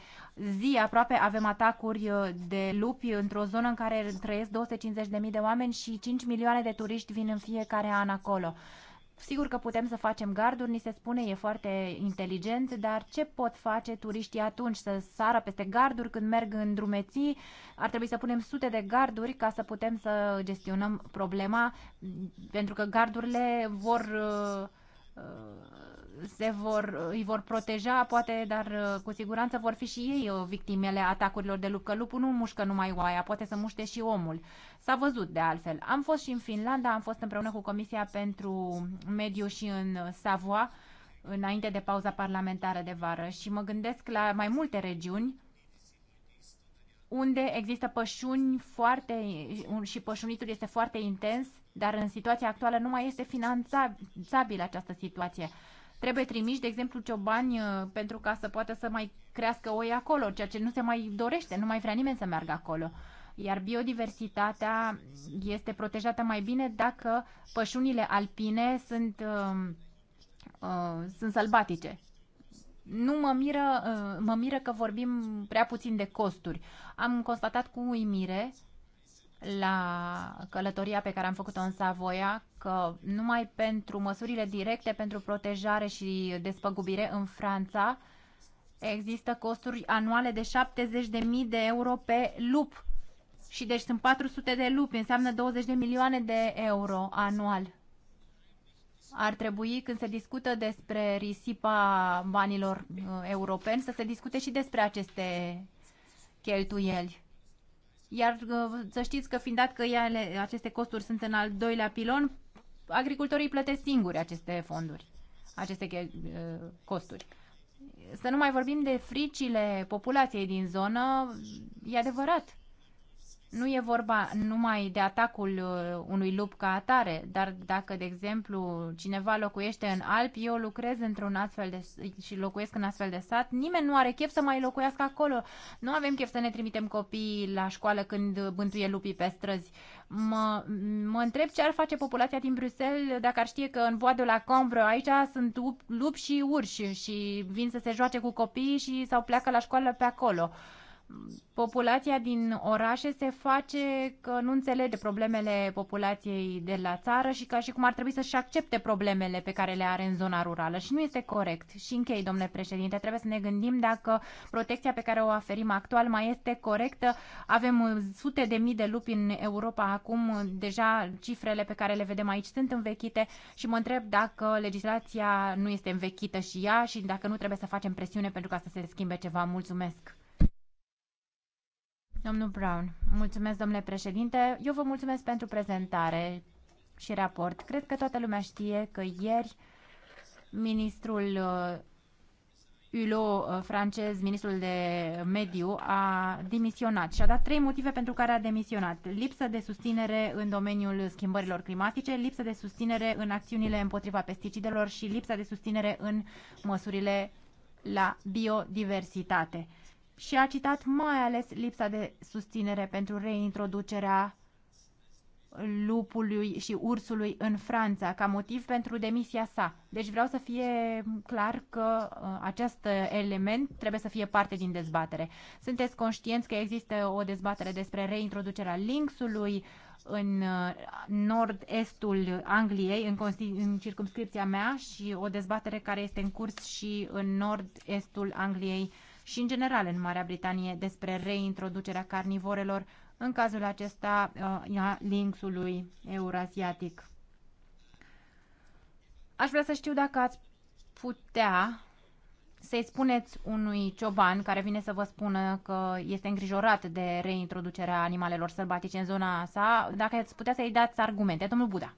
zi aproape avem atacuri uh, de lupi într-o zonă în care trăiesc 250.000 de oameni și 5 milioane de turiști vin în fiecare an acolo. Sigur că putem să facem garduri, ni se spune, e foarte inteligent, dar ce pot face turiștii atunci? Să sară peste garduri când merg în drumeții? Ar trebui să punem sute de garduri ca să putem să gestionăm problema, pentru că gardurile vor uh, uh, se vor, îi vor proteja, poate, dar uh, cu siguranță vor fi și ei uh, victimele atacurilor de lup, că lupul nu mușcă numai oaia, poate să muște și omul. S-a văzut de altfel. Am fost și în Finlanda, am fost împreună cu Comisia pentru Mediu și în Savoia, înainte de pauza parlamentară de vară și mă gândesc la mai multe regiuni unde există pășuni foarte și pășunitul este foarte intens, dar în situația actuală nu mai este finanțabilă această situație trebuie trimiși, de exemplu, ciobani uh, pentru ca să poată să mai crească oi acolo, ceea ce nu se mai dorește, nu mai vrea nimeni să meargă acolo. Iar biodiversitatea este protejată mai bine dacă pășunile alpine sunt, uh, uh, sunt sălbatice. Nu mă miră, uh, mă miră că vorbim prea puțin de costuri. Am constatat cu uimire la călătoria pe care am făcut-o în Savoia că numai pentru măsurile directe pentru protejare și despăgubire în Franța există costuri anuale de 70.000 de euro pe lup. Și deci sunt 400 de lupi, înseamnă 20 de milioane de euro anual. Ar trebui, când se discută despre risipa banilor uh, europeni, să se discute și despre aceste cheltuieli iar uh, să știți că fiind dat că ele, aceste costuri sunt în al doilea pilon, agricultorii plătesc singuri aceste fonduri, aceste uh, costuri. Să nu mai vorbim de fricile populației din zonă, e adevărat. Nu e vorba numai de atacul uh, unui lup ca atare, dar dacă, de exemplu, cineva locuiește în Alpi, eu lucrez într-un astfel de, și locuiesc în astfel de sat, nimeni nu are chef să mai locuiască acolo. Nu avem chef să ne trimitem copiii la școală când bântuie lupii pe străzi. Mă, mă întreb ce ar face populația din Bruxelles dacă ar știe că în Bois la Combră aici sunt lupi și urși și vin să se joace cu copiii și sau pleacă la școală pe acolo. Uh, populația din orașe se face că nu înțelege problemele populației de la țară și ca și cum ar trebui să-și accepte problemele pe care le are în zona rurală și nu este corect. Și închei, domnule președinte, trebuie să ne gândim dacă protecția pe care o oferim actual mai este corectă. Avem sute de mii de lupi în Europa acum, deja cifrele pe care le vedem aici sunt învechite și mă întreb dacă legislația nu este învechită și ea și dacă nu trebuie să facem presiune pentru ca să se schimbe ceva. Mulțumesc! Domnul Brown, mulțumesc, domnule președinte. Eu vă mulțumesc pentru prezentare și raport. Cred că toată lumea știe că ieri ministrul uh, Hulot uh, francez, ministrul de mediu, a demisionat și a dat trei motive pentru care a demisionat. Lipsă de susținere în domeniul schimbărilor climatice, lipsă de susținere în acțiunile împotriva pesticidelor și lipsa de susținere în măsurile la biodiversitate și a citat mai ales lipsa de susținere pentru reintroducerea lupului și ursului în Franța ca motiv pentru demisia sa. Deci vreau să fie clar că uh, acest element trebuie să fie parte din dezbatere. Sunteți conștienți că există o dezbatere despre reintroducerea linksului în uh, nord-estul Angliei, în, în circumscripția mea și o dezbatere care este în curs și în nord-estul Angliei și în general în Marea Britanie despre reintroducerea carnivorelor, în cazul acesta uh, a linksului eurasiatic. Aș vrea să știu dacă ați putea să-i spuneți unui cioban care vine să vă spună că este îngrijorat de reintroducerea animalelor sălbatice în zona sa, dacă ați putea să-i dați argumente. Domnul Buda.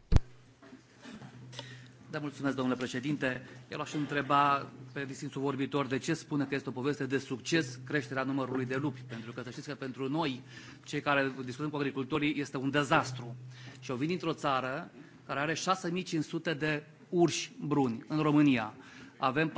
Da, mulțumesc, domnule președinte. Eu aș întreba pe distinsul vorbitor de ce spune că este o poveste de succes creșterea numărului de lupi. Pentru că să știți că pentru noi, cei care discutăm cu agricultorii, este un dezastru. Și eu vin dintr-o țară care are 6500 de urși bruni în România. Avem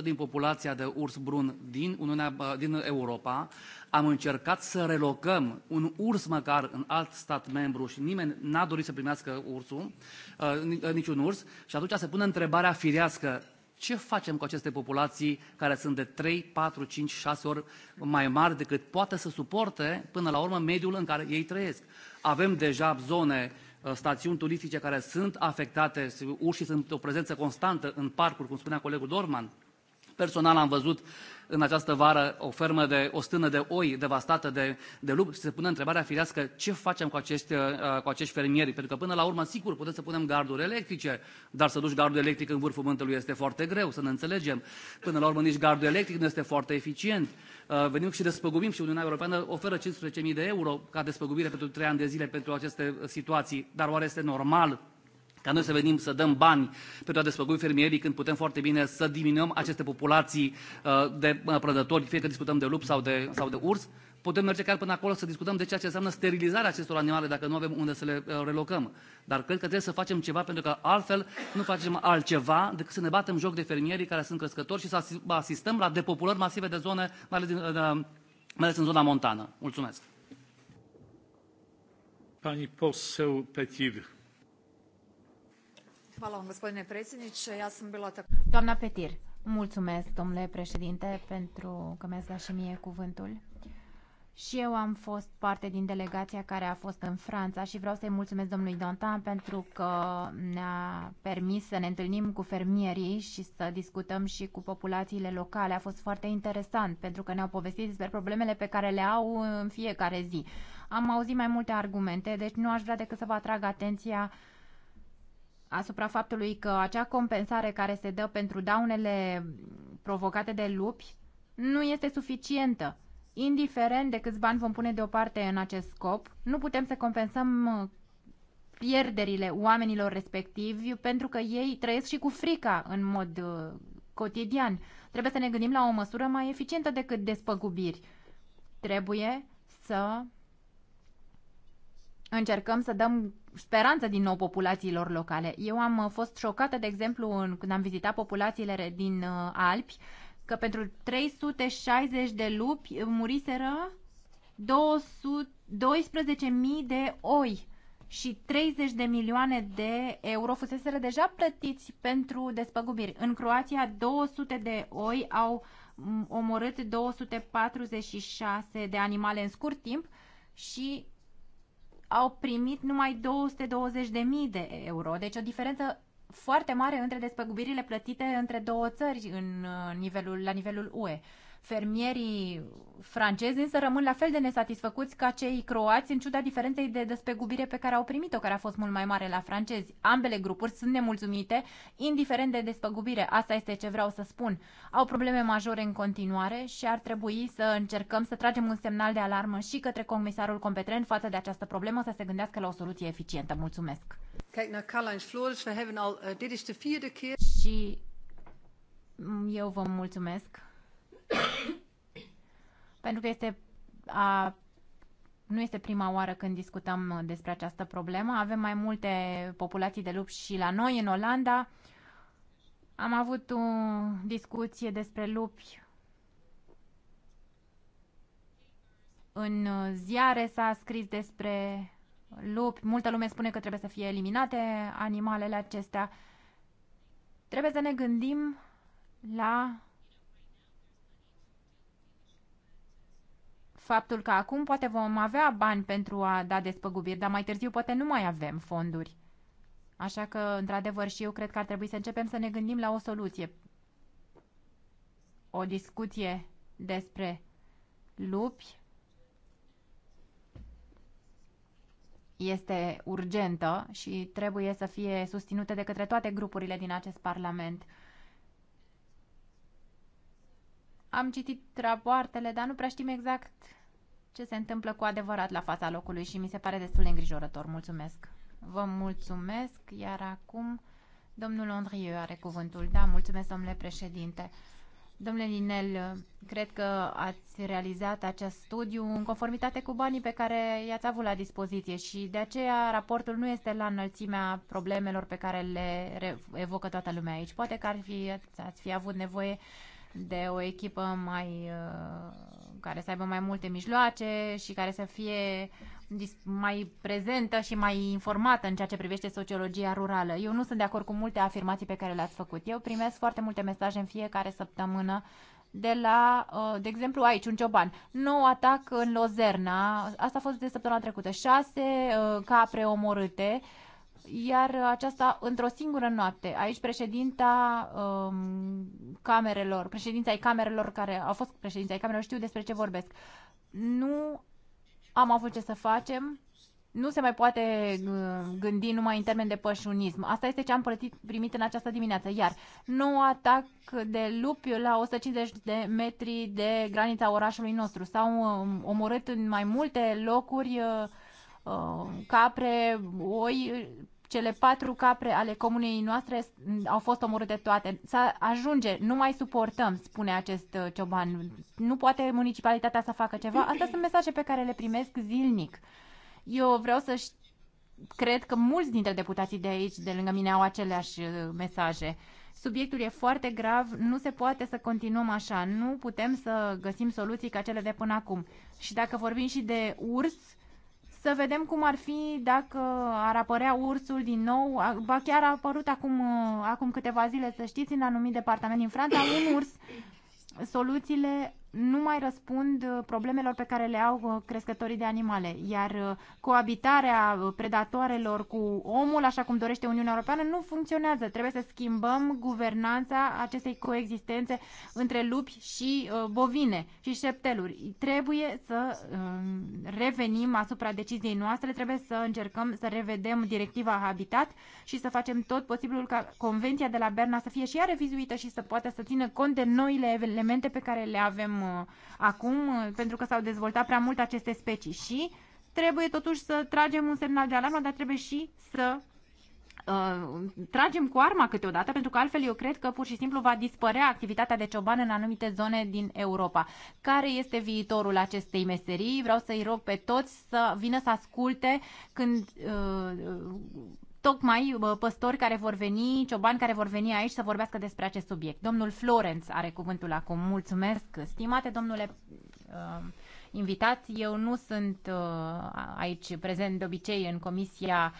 40% din populația de urs brun din, Uniunea, uh, din Europa. Am încercat să relocăm un urs măcar în alt stat membru și nimeni n-a dorit să primească ursul, uh, uh, niciun urs. Și atunci se pune întrebarea firească, ce facem cu aceste populații care sunt de 3, 4, 5, 6 ori mai mari decât poate să suporte până la urmă mediul în care ei trăiesc? Avem deja zone uh, stațiuni turistice care sunt afectate, urșii sunt o prezență constantă în parcuri, cum spunea colegul Dorman. Personal am văzut în această vară o fermă de o stână de oi devastată de, de lup și se pune întrebarea firească ce facem cu acești, uh, cu acești fermieri. Pentru că până la urmă, sigur, putem să punem garduri electrice, dar să duci gardul electric în vârful muntelui este foarte greu, să ne înțelegem. Până la urmă, nici gardul electric nu este foarte eficient. Uh, venim și despăgubim și Uniunea Europeană oferă 15.000 de euro ca despăgubire pentru 3 ani de zile pentru aceste situații. Dar oare este normal ca noi să venim să dăm bani pentru a despăgui fermierii când putem foarte bine să diminuăm aceste populații uh, de uh, prădători, fie că discutăm de lup sau de, sau de urs, putem merge chiar până acolo să discutăm de ceea ce înseamnă sterilizarea acestor animale dacă nu avem unde să le uh, relocăm. Dar cred că trebuie să facem ceva pentru că altfel nu facem altceva decât să ne batem joc de fermierii care sunt crescători și să asistăm la depopulări masive de zone, mai ales, din, mai ales în zona montană. Mulțumesc. Pani poseł Petir. Doamna Petir, mulțumesc, domnule președinte, pentru că mi-ați dat și mie cuvântul. Și eu am fost parte din delegația care a fost în Franța și vreau să-i mulțumesc domnului Dantan pentru că ne-a permis să ne întâlnim cu fermierii și să discutăm și cu populațiile locale. A fost foarte interesant pentru că ne-au povestit despre problemele pe care le au în fiecare zi. Am auzit mai multe argumente, deci nu aș vrea decât să vă atrag atenția uh, asupra faptului că acea compensare care se dă pentru daunele provocate de lupi nu este suficientă. Indiferent de câți bani vom pune deoparte în acest scop, nu putem să compensăm uh, pierderile oamenilor respectivi pentru că ei trăiesc și cu frica în mod uh, cotidian. Trebuie să ne gândim la o măsură mai eficientă decât despăgubiri. Trebuie să încercăm să dăm speranță din nou populațiilor locale. Eu am uh, fost șocată, de exemplu, în, când am vizitat populațiile din uh, Alpi, că pentru 360 de lupi muriseră 200, 12.000 de oi și 30 de milioane de euro fuseseră deja plătiți pentru despăgubiri. În Croația, 200 de oi au mm, omorât 246 de animale în scurt timp și au primit numai 220.000 de euro, deci o diferență foarte mare între despăgubirile plătite între două țări în uh, nivelul, la nivelul UE. Fermierii francezi însă rămân la fel de nesatisfăcuți ca cei croați în ciuda diferenței de despăgubire pe care au primit-o, care a fost mult mai mare la francezi. Ambele grupuri sunt nemulțumite, indiferent de despăgubire. Asta este ce vreau să spun. Au probleme majore în continuare și ar trebui să încercăm să tragem un semnal de alarmă și către comisarul competent față de această problemă să se gândească la o soluție eficientă. Mulțumesc! Eh, și mm, eu vă mulțumesc. pentru că este a, nu este prima oară când discutăm uh, despre această problemă. Avem mai multe populații de lupi și la noi, în Olanda. Am avut o discuție despre lupi în uh, ziare s-a scris despre lupi. Multă lume spune că trebuie să fie eliminate animalele acestea. Trebuie să ne gândim la faptul că acum poate vom avea bani pentru a da despăgubiri, dar mai târziu poate nu mai avem fonduri. Așa că, într-adevăr, și eu cred că ar trebui să începem să ne gândim la o soluție. O discuție despre lupi este urgentă și trebuie să fie susținută de către toate grupurile din acest Parlament. Am citit rapoartele, dar nu prea știm exact ce se întâmplă cu adevărat la fața locului și mi se pare destul de îngrijorător. Mulțumesc! Vă mulțumesc, iar acum domnul Andrieu are cuvântul. Da, mulțumesc, domnule președinte. Domnule Linel, cred că ați realizat acest studiu în conformitate cu banii pe care i-ați avut la dispoziție și de aceea raportul nu este la înălțimea problemelor pe care le evocă toată lumea aici. Poate că ar fi, ați fi avut nevoie de o echipă mai uh, care să aibă mai multe mijloace și care să fie mai prezentă și mai informată în ceea ce privește sociologia rurală. Eu nu sunt de acord cu multe afirmații pe care le-ați făcut. Eu primesc foarte multe mesaje în fiecare săptămână de la, uh, de exemplu, aici, un cioban. Nou atac în Lozerna, asta a fost de săptămâna trecută, șase uh, capre omorâte, iar aceasta într-o singură noapte. Aici președinta um, camerelor, președința ai camerelor care au fost președința ai camerelor, știu despre ce vorbesc. Nu am avut ce să facem, nu se mai poate uh, gândi numai în termen de pășunism. Asta este ce am plătit, primit în această dimineață. Iar nou atac de lupi la 150 de metri de granița orașului nostru. S-au um, omorât în mai multe locuri uh, uh, capre, oi, cele patru capre ale comunei noastre au fost omorâte toate. Să ajunge, nu mai suportăm, spune acest uh, cioban. Nu poate municipalitatea să facă ceva. Astea sunt mesaje pe care le primesc zilnic. Eu vreau să cred că mulți dintre deputații de aici, de lângă mine, au aceleași uh, mesaje. Subiectul e foarte grav, nu se poate să continuăm așa, nu putem să găsim soluții ca cele de până acum. Și dacă vorbim și de urs, să vedem cum ar fi dacă ar apărea ursul din nou. Ba chiar a apărut acum, uh, acum câteva zile, să știți, în anumit departament din Franța, un urs. Soluțiile nu mai răspund uh, problemelor pe care le au uh, crescătorii de animale, iar uh, coabitarea predatoarelor cu omul, așa cum dorește Uniunea Europeană, nu funcționează. Trebuie să schimbăm guvernanța acestei coexistențe între lupi și bovine și șepteluri. Trebuie să um, revenim asupra deciziei noastre, trebuie să încercăm să revedem directiva Habitat și să facem tot posibilul ca Convenția de la Berna să fie și ea revizuită și să poată să țină cont de noile elemente pe care le avem Uh, acum, uh, pentru că s-au dezvoltat prea mult aceste specii și trebuie totuși să tragem un semnal de alarmă, dar trebuie și să uh, tragem cu arma câteodată, pentru că altfel eu cred că pur și simplu va dispărea activitatea de cioban în anumite zone din Europa. Care este viitorul acestei meserii? Vreau să-i rog pe toți să vină să asculte când uh, tocmai uh, păstori care vor veni, ciobani care vor veni aici să vorbească despre acest subiect. Domnul Florenț are cuvântul acum. Mulțumesc, stimate domnule uh, invitat. Eu nu sunt uh, aici prezent de obicei în comisia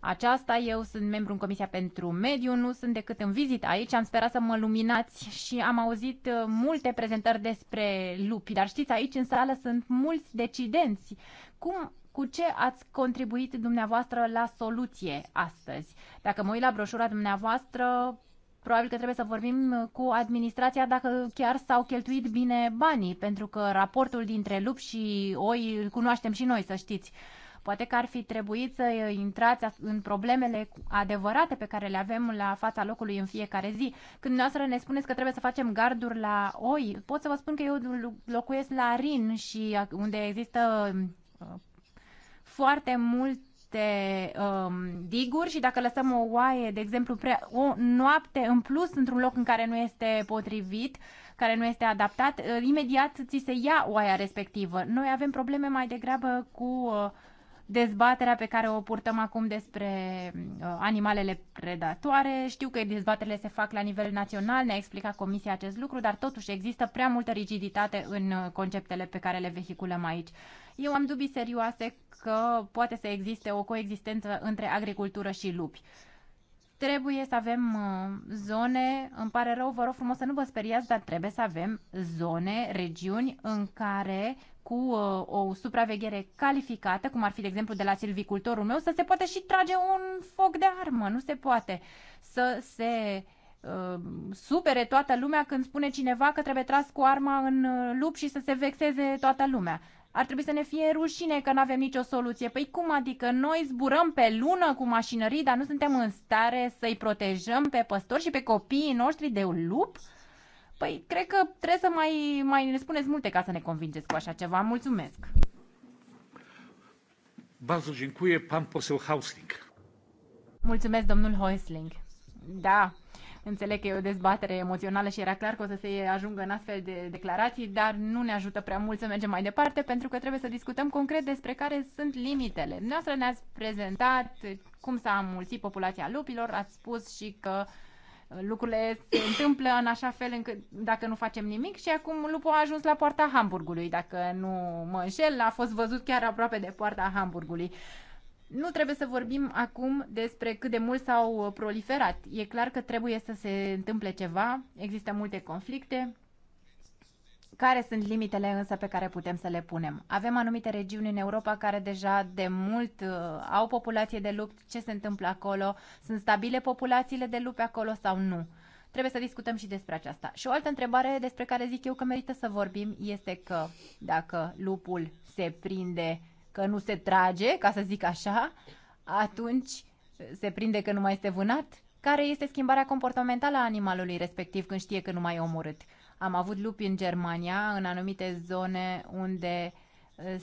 aceasta. Eu sunt membru în Comisia pentru Mediu, nu sunt decât în vizită aici. Am sperat să mă luminați și am auzit uh, multe prezentări despre lupi. Dar știți, aici în sală sunt mulți decidenți. Cum cu ce ați contribuit dumneavoastră la soluție astăzi? Dacă mă uit la broșura dumneavoastră, probabil că trebuie să vorbim cu administrația dacă chiar s-au cheltuit bine banii, pentru că raportul dintre lup și oi îl cunoaștem și noi, să știți. Poate că ar fi trebuit să intrați în problemele adevărate pe care le avem la fața locului în fiecare zi. Când noastră ne spuneți că trebuie să facem garduri la oi, pot să vă spun că eu locuiesc la Rin și uh, unde există uh, foarte mult niște um, diguri și dacă lăsăm o oaie, de exemplu, prea, o noapte în plus într-un loc în care nu este potrivit, care nu este adaptat, uh, imediat ți se ia oaia respectivă. Noi avem probleme mai degrabă cu uh, dezbaterea pe care o purtăm acum despre uh, animalele predatoare. Știu că dezbaterile se fac la nivel național, ne-a explicat Comisia acest lucru, dar totuși există prea multă rigiditate în uh, conceptele pe care le vehiculăm aici. Eu am dubii serioase că poate să existe o coexistență între agricultură și lupi trebuie să avem uh, zone, îmi pare rău, vă rog frumos să nu vă speriați, dar trebuie să avem zone, regiuni în care cu uh, o supraveghere calificată, cum ar fi, de exemplu, de la silvicultorul meu, să se poate și trage un foc de armă. Nu se poate să se uh, supere toată lumea când spune cineva că trebuie tras cu arma în uh, lup și să se vexeze toată lumea. Ar trebui să ne fie rușine că nu avem nicio soluție. Păi cum adică noi zburăm pe lună cu mașinării, dar nu suntem în stare să-i protejăm pe păstori și pe copiii noștri de un lup? Uh, Păi, cred că trebuie să mai, mai ne spuneți multe ca să ne convingeți cu așa ceva. Mulțumesc! Bardzo dziękuję, pan poseł Hausling. Mulțumesc, domnul Häusling. Da, Înțeleg că e o dezbatere emoțională și era clar că o să se ajungă în astfel de declarații, dar nu ne ajută prea mult să mergem mai departe, pentru că trebuie să discutăm concret despre care sunt limitele. Noastră ne-ați prezentat cum s-a mulțit populația lupilor, ați spus și că uh, lucrurile se întâmplă în așa fel încât dacă nu facem nimic și acum lupul a ajuns la poarta Hamburgului, dacă nu mă înșel, a fost văzut chiar aproape de poarta Hamburgului. Nu trebuie să vorbim acum despre cât de mult s-au proliferat. E clar că trebuie să se întâmple ceva, există multe conflicte, care sunt limitele însă pe care putem să le punem? Avem anumite regiuni în Europa care deja de mult uh, au populație de lupi. Ce se întâmplă acolo? Sunt stabile populațiile de lupi acolo sau nu? Trebuie să discutăm și despre aceasta. Și o altă întrebare despre care zic eu că merită să vorbim este că dacă lupul se prinde că nu se trage, ca să zic așa, atunci uh, se prinde că nu mai este vânat? Care este schimbarea comportamentală a animalului respectiv când știe că nu mai e omorât? Am avut lupi în Germania, în anumite zone unde uh,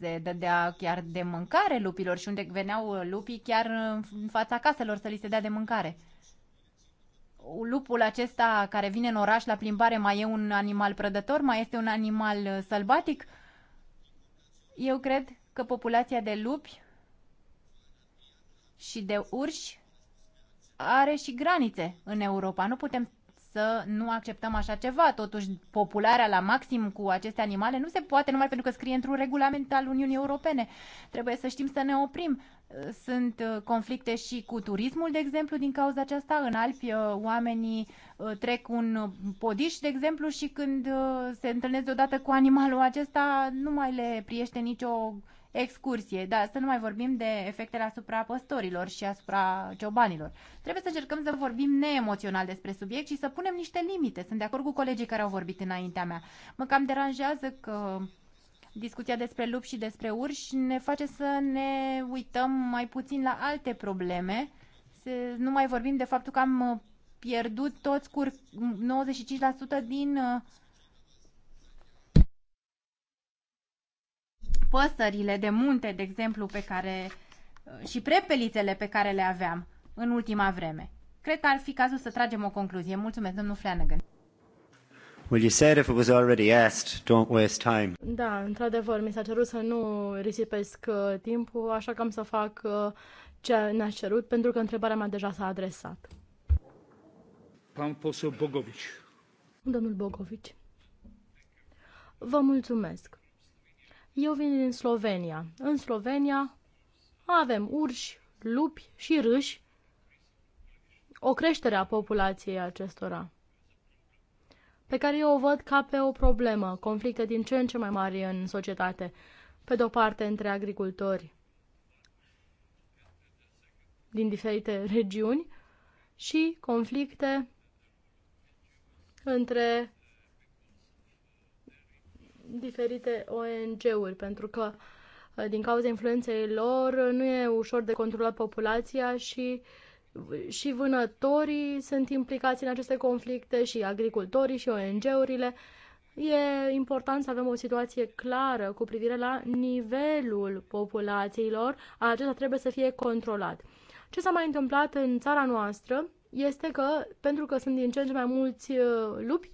se dădea chiar de mâncare lupilor și unde veneau uh, lupii chiar în fața caselor să li se dea de mâncare. Lupul acesta care vine în oraș la plimbare mai e un animal prădător, mai este un animal uh, sălbatic? Eu cred că populația de lupi și de urși are și granițe în Europa. Nu putem să nu acceptăm așa ceva. Totuși, popularea la maxim cu aceste animale nu se poate numai pentru că scrie într-un regulament al Uniunii Europene. Trebuie să știm să ne oprim. Sunt uh, conflicte și cu turismul, de exemplu, din cauza aceasta. În Alpi, uh, oamenii uh, trec un podiș, de exemplu, și când se întâlnesc deodată cu animalul acesta, nu mai le priește nicio excursie, dar să nu mai vorbim de efectele asupra păstorilor și asupra ciobanilor. Trebuie să încercăm să vorbim neemoțional despre subiect și să punem niște limite. Sunt de acord cu colegii care au vorbit înaintea mea. Mă cam deranjează că discuția despre lup și despre urși ne face să ne uităm mai puțin la alte probleme. nu mai vorbim de faptul că am pierdut toți cur- 95% din uh, păsările de munte, de exemplu, pe care, uh, și prepelițele pe care le aveam în ultima vreme. Cred că ar fi cazul să tragem o concluzie. Mulțumesc, domnul Flanagan. Well, you said if it was already asked, don't waste time. Da, într-adevăr, mi s-a cerut să nu risipesc uh, timpul, așa că am să fac uh, ce ne-a cerut, pentru că întrebarea mea deja s-a adresat. Pan posel Bogovici. Domnul Bogovici. Vă mulțumesc. Eu vin din Slovenia. În Slovenia avem urși, lupi și râși, o creștere a populației acestora, pe care eu o văd ca pe o problemă, conflicte din ce în ce mai mari în societate, pe de-o parte între agricultori din diferite regiuni și conflicte între diferite ONG-uri, pentru că uh, din cauza influenței lor nu e ușor de controlat populația și uh, și vânătorii sunt implicați în aceste conflicte și agricultorii și ONG-urile. E important să avem o situație clară cu privire la nivelul populațiilor. Acesta trebuie să fie controlat. Ce s-a mai întâmplat în țara noastră este că, pentru că sunt din ce în ce mai mulți uh, lupi,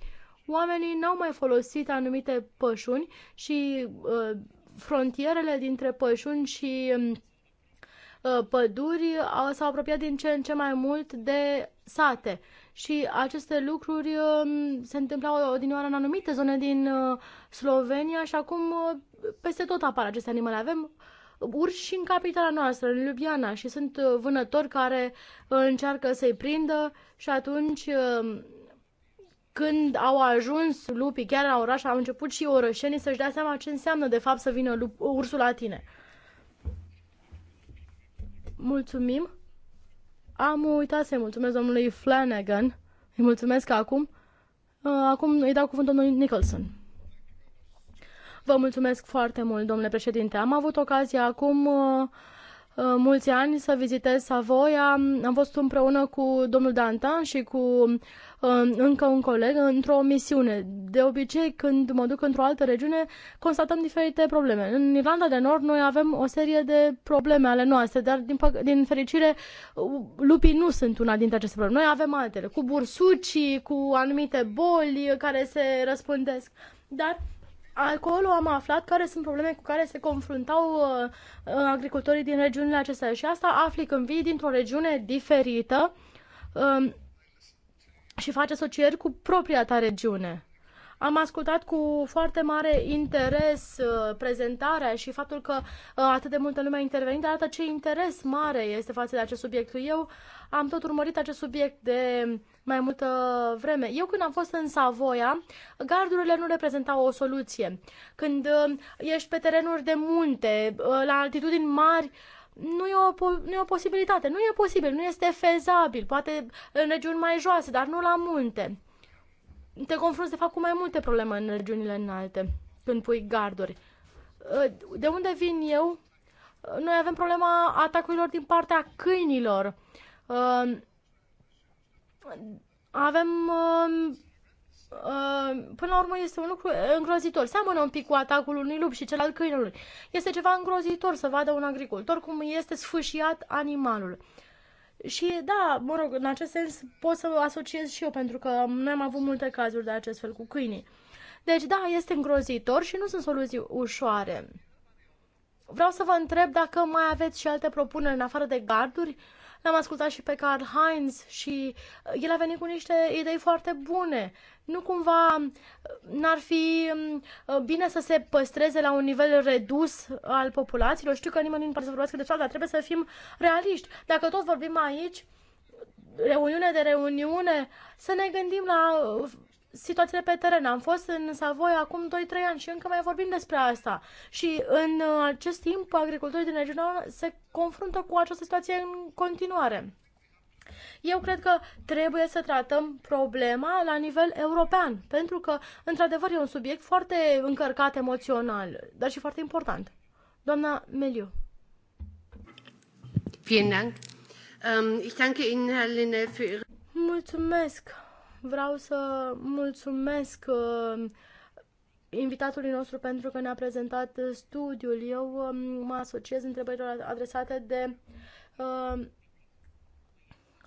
oamenii n-au mai folosit anumite pășuni și uh, frontierele dintre pășuni și um, uh, păduri au s-au apropiat din ce în ce mai mult de sate. Și aceste lucruri uh, se întâmplau odinioară în anumite zone din uh, Slovenia și acum uh, peste tot apar aceste animale. Avem urși și în capitala noastră, în Ljubljana, și sunt uh, vânători care uh, încearcă să-i prindă și atunci um, când au ajuns lupii chiar la oraș, au început și orășenii să-și dea seama ce înseamnă de fapt să vină lup, ursul la tine. Mulțumim. Am uitat să-i mulțumesc domnului Flanagan. Îi mulțumesc acum. Uh, acum îi dau cuvântul domnului Nicholson. Vă mulțumesc foarte mult, domnule președinte. Am avut ocazia acum uh, uh mulți ani să vizitez Savoia. Am fost împreună cu domnul Dantan și cu Um, încă un coleg într-o misiune. De obicei, când mă duc într-o altă regiune, constatăm diferite probleme. În Irlanda de Nord noi avem o serie de probleme ale noastre, dar din, din fericire lupii nu sunt una dintre aceste probleme. Noi avem altele, cu bursucii, cu anumite boli care se răspândesc. Dar acolo am aflat care sunt probleme cu care se confruntau uh, uh agricultorii din regiunile acestea și asta afli când vii dintr-o regiune diferită. Uh, și face asocieri cu propria ta regiune. Am ascultat cu foarte mare interes uh, prezentarea și faptul că uh, atât de multă lume a intervenit, arată ce interes mare este față de acest subiect. Eu am tot urmărit acest subiect de mai multă vreme. Eu când am fost în Savoia, gardurile nu reprezentau o soluție. Când uh, ești pe terenuri de munte, la altitudini mari, nu e, o, nu e o posibilitate, nu e posibil, nu este fezabil, poate în regiuni mai joase, dar nu la munte. Te confrunți, de fapt, cu mai multe probleme în regiunile înalte, când pui garduri. Ă, de unde vin eu? Noi avem problema atacurilor din partea câinilor. Ă, avem ă, Uh, până la urmă este un lucru îngrozitor. Seamănă un pic cu atacul unui lup și cel al câinelui. Este ceva îngrozitor să vadă un agricultor cum este sfâșiat animalul. Și da, mă rog, în acest sens pot să asociez și eu, pentru că noi am avut multe cazuri de acest fel cu câinii. Deci da, este îngrozitor și nu sunt soluții ușoare. Vreau să vă întreb dacă mai aveți și alte propuneri în afară de garduri. L-am ascultat și pe Karl Heinz și uh, el a venit cu niște idei foarte bune nu cumva n-ar fi mm, bine să se păstreze la un nivel redus al populațiilor? Știu că nimeni nu poate să vorbească de ceva, dar trebuie să fim realiști. Dacă tot vorbim aici, reuniune de reuniune, să ne gândim la uh, situațiile pe teren. Am fost în Savoia acum 2-3 ani și încă mai vorbim despre asta. Și în uh, acest timp, agricultorii din regiune se confruntă cu această situație în continuare. Eu cred că trebuie să tratăm problema la nivel european, pentru că, într-adevăr, e un subiect foarte încărcat emoțional, dar și foarte important. Doamna Meliu. Vielen Dank. Ähm, ich danke Ihnen, Herr Linne, für Mulțumesc. Vreau să mulțumesc uh, invitatului nostru pentru că ne-a prezentat studiul. Eu um, mă asociez întrebărilor adresate de uh,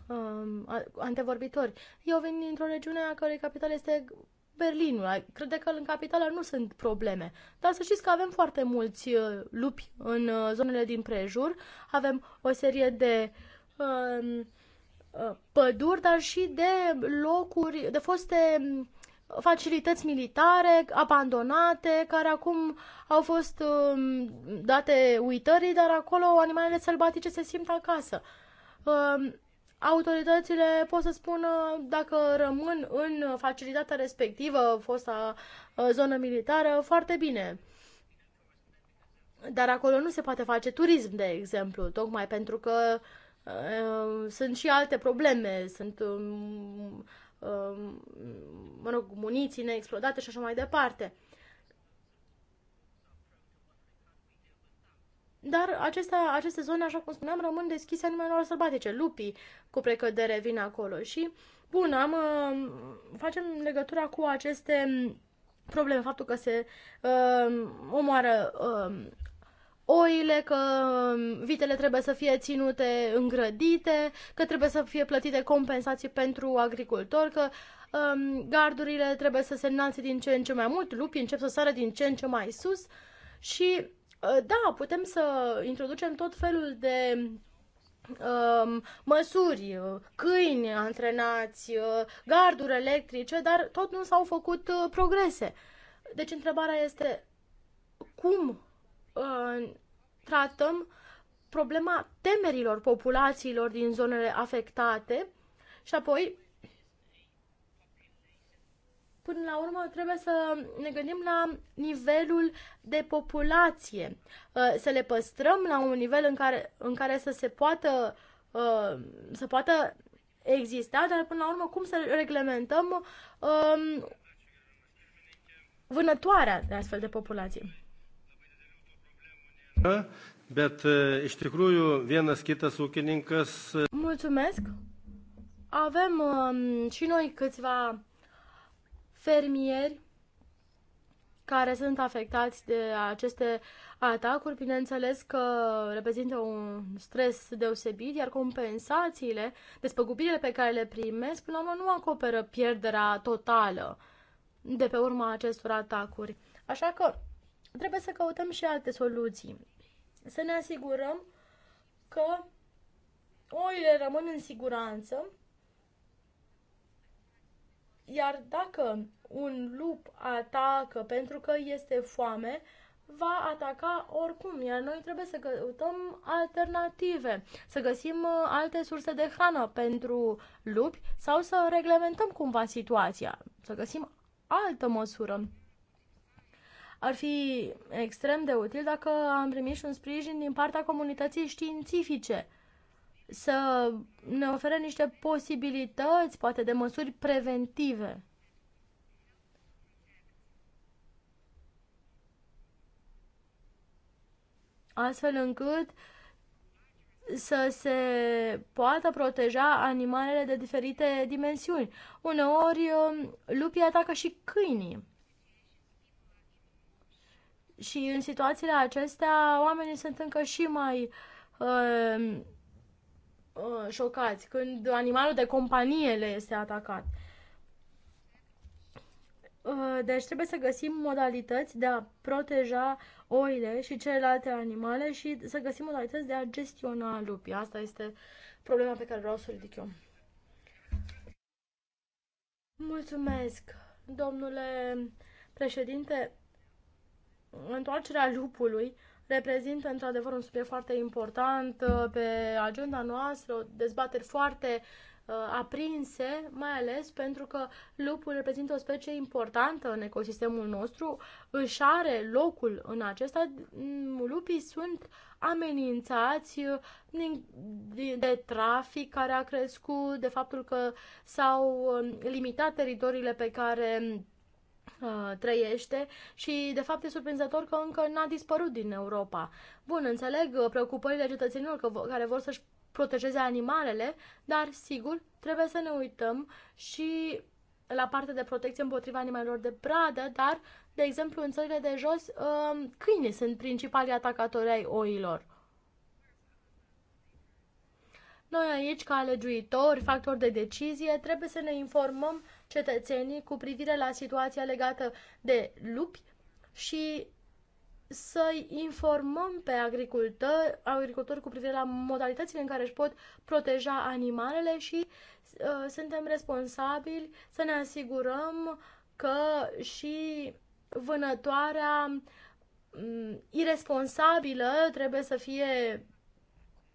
um, antevorbitori. Eu vin dintr-o regiune a cărei capitală este Berlinul. Crede că în capitală nu sunt probleme. Dar să știți că avem foarte mulți uh, lupi în uh, zonele din prejur. Avem o serie de um, uh, păduri, dar și de locuri, de foste um, facilități militare abandonate, care acum au fost um, date uitării, dar acolo animalele sălbatice se simt acasă. Um, autoritățile pot să spună dacă rămân în facilitatea respectivă, fosta uh, zonă militară, foarte bine. Dar acolo nu se poate face turism, de exemplu, tocmai pentru că uh, sunt și alte probleme, sunt, um, um, mă rog, muniții neexplodate și așa mai departe. Dar acestea, aceste zone, așa cum spuneam, rămân deschise animalelor sălbatice. Lupii cu precădere vin acolo și, bun, am, um, facem legătura cu aceste um, probleme, faptul că se uh, omoară uh, oile, că vitele trebuie să fie ținute îngrădite, că trebuie să fie plătite compensații pentru agricultori, că uh, gardurile trebuie să se înalțe din ce în ce mai mult, lupii încep să sară din ce în ce mai sus și Ă, da, putem să introducem tot felul de ă, măsuri, ă, câini antrenați, garduri electrice, dar tot nu s-au făcut progrese. Deci întrebarea este cum tratăm problema temerilor populațiilor din zonele afectate și apoi până la urmă trebuie să ne gândim la nivelul de populație, uh, să le păstrăm la un nivel în care, în care să se poată, uh, să poată exista, dar până la urmă cum să reglementăm um, vânătoarea de astfel de populații. Bet uh, iš tikrųjų vienas kitas ūkininkas. Mulțumesc. Avem um, și noi câțiva fermieri care sunt afectați de aceste atacuri, bineînțeles că reprezintă un stres deosebit, iar compensațiile, despăgubirile pe care le primesc, până la urmă nu acoperă pierderea totală de pe urma acestor atacuri. Așa că trebuie să căutăm și alte soluții. Să ne asigurăm că oile rămân în siguranță iar dacă un lup atacă pentru că este foame, va ataca oricum, iar noi trebuie să căutăm alternative, să găsim uh, alte surse de hrană pentru lupi sau să reglementăm cumva situația, să găsim altă măsură. Ar fi extrem de util dacă am primit și un sprijin din partea comunității științifice să ne ofere niște posibilități, poate de măsuri preventive. Astfel încât să se poată proteja animalele de diferite dimensiuni. Uneori, um, lupii atacă și câinii. Și în situațiile acestea, oamenii sunt încă și mai um, uh, șocați, când animalul de companie le este atacat. Uh, deci trebuie să găsim modalități de a proteja oile și celelalte animale și să găsim modalități de a gestiona lupii. Asta este problema pe care vreau să o ridic eu. Mulțumesc, domnule președinte. Întoarcerea lupului reprezintă într-adevăr un subiect foarte important uh, pe agenda noastră, dezbateri foarte uh, aprinse, mai ales pentru că lupul reprezintă o specie importantă în ecosistemul nostru, își are locul în acesta. Mm, lupii sunt amenințați uh, de trafic care a crescut, de faptul că s-au limitat teritoriile pe care mm, Uh, trăiește și, de fapt, e surprinzător că încă n-a dispărut din Europa. Bun, înțeleg uh, preocupările cetățenilor care vor să-și protejeze animalele, dar, sigur, trebuie să ne uităm și la partea de protecție împotriva animalelor de pradă, dar, de exemplu, în țările de jos, uh, câinii sunt principalii atacatori ai oilor. Noi aici, ca legiuitori, factori de decizie, trebuie să ne informăm cetățenii cu privire la situația legată de lupi și să-i informăm pe agricultori, agricultori cu privire la modalitățile în care își pot proteja animalele și uh, suntem responsabili să ne asigurăm că și vânătoarea um, mm, irresponsabilă trebuie să fie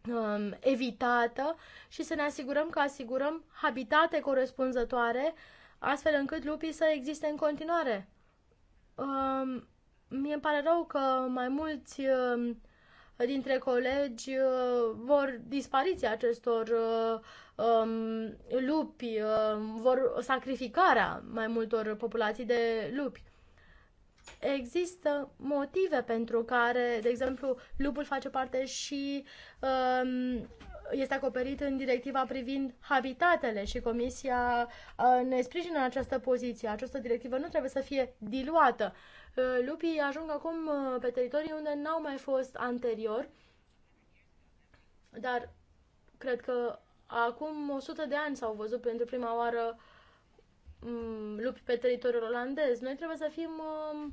um, evitată și să ne asigurăm că asigurăm habitate corespunzătoare uh, astfel încât lupii să existe în continuare. Uh, mie îmi pare rău că mai mulți uh, dintre colegi uh, vor dispariția acestor uh, um, lupi, uh, vor sacrificarea mai multor populații de lupi. Există motive pentru care, de exemplu, lupul face parte și uh, este acoperit în directiva privind habitatele și Comisia uh, ne sprijină în această poziție. Această directivă nu trebuie să fie diluată. Uh, lupii ajung acum uh, pe teritorii unde n-au mai fost anterior, dar cred că acum 100 de ani s-au văzut pentru prima oară mm, lupi pe teritoriul olandez. Noi trebuie să fim um,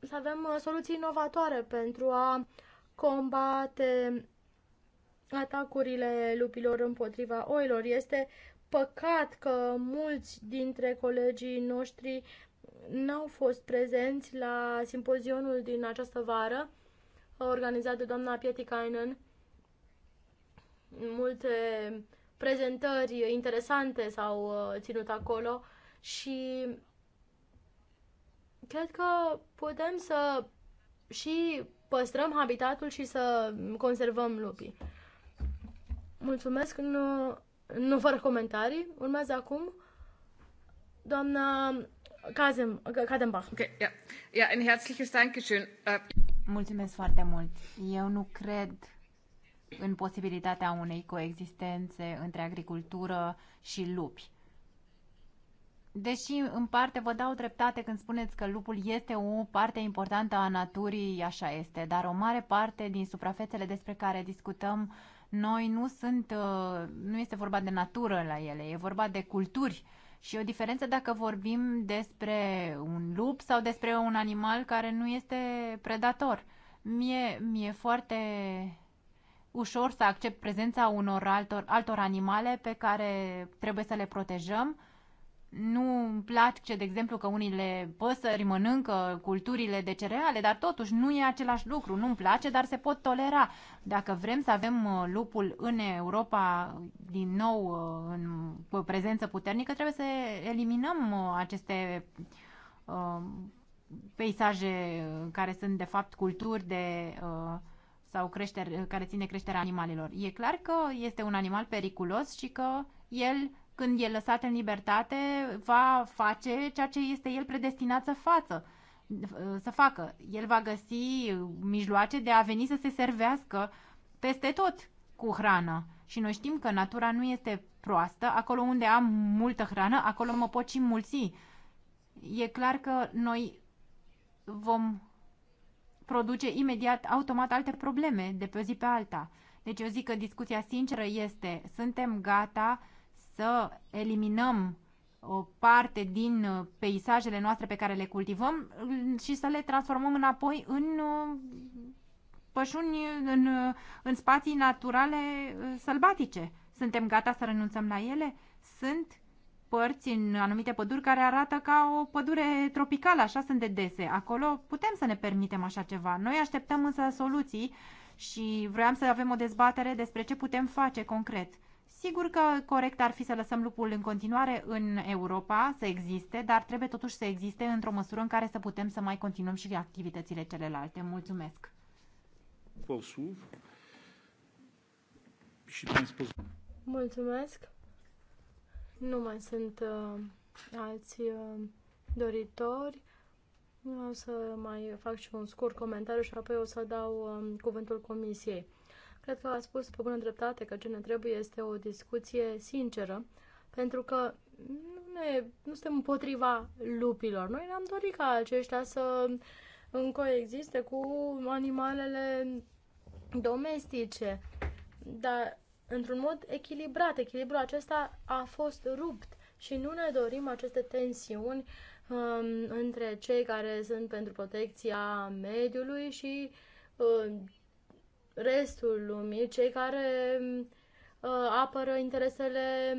să avem soluții inovatoare pentru a combate atacurile lupilor împotriva oilor. Este păcat că mulți dintre colegii noștri n-au fost prezenți la simpozionul din această vară, uh, organizat de doamna Pietikainen. Multe prezentări interesante s-au uh, ținut acolo și cred că putem să și păstrăm habitatul și să conservăm lupii. Mulțumesc, nu, nu fără comentarii. Urmează acum doamna Kazem, Kadenbach. Ok, Ja. Ja, ein herzliches Dankeschön. Uh... Mulțumesc foarte mult. Eu nu cred în posibilitatea unei coexistențe între agricultură și lupi. Deși, în parte, vă dau dreptate când spuneți că lupul este o parte importantă a naturii, așa este, dar o mare parte din suprafețele despre care discutăm uh, noi nu sunt, uh, nu este vorba de natură la ele, e vorba de culturi. Și o diferență dacă vorbim despre un lup sau despre un animal care nu este predator. Mie, mi-e foarte ușor să accept prezența unor altor, altor animale pe care trebuie să le protejăm nu îmi place, de exemplu, că unile păsări mănâncă culturile de cereale, dar totuși nu e același lucru. Nu-mi place, dar se pot tolera. Dacă vrem să avem uh, lupul în Europa din nou uh, în prezență puternică, trebuie să eliminăm uh, aceste peisaje care sunt de fapt culturi de sau creșteri, care ține creșterea animalelor. E clar că este un animal periculos și că el când e lăsat în libertate, va face ceea ce este el predestinat să facă să facă. El va găsi mijloace de a veni să se servească peste tot cu hrană. Și noi știm că natura nu este proastă. Acolo unde am multă hrană, acolo mă pot și mulți. E clar că noi vom produce imediat, automat, alte probleme de pe o zi pe alta. Deci eu zic că discuția sinceră este, suntem gata să eliminăm o parte din uh, peisajele noastre pe care le cultivăm și să le transformăm înapoi în uh, pășuni, în, uh, în spații naturale sălbatice. Suntem gata să renunțăm la ele? Sunt părți în anumite păduri care arată ca o pădure tropicală, așa sunt de dese. Acolo putem să ne permitem așa ceva. Noi așteptăm însă soluții și vroiam să avem o dezbatere despre ce putem face concret. Sigur că corect ar fi să lăsăm lupul în continuare în Europa să existe, dar trebuie totuși să existe într-o măsură în care să putem să mai continuăm și activitățile celelalte. Mulțumesc! Mulțumesc! Nu mai sunt uh, alți uh, doritori. O să mai fac și un scurt comentariu și apoi o să dau uh, cuvântul comisiei. Cred că a spus pe bună dreptate că ce ne trebuie este o discuție sinceră, pentru că nu, ne, nu suntem împotriva lupilor. Noi ne-am dorit ca aceștia să coexiste cu animalele domestice, dar într-un mod echilibrat. Echilibrul acesta a fost rupt și nu ne dorim aceste tensiuni um, între cei care sunt pentru protecția mediului și uh, restul lumii, cei care uh, apără interesele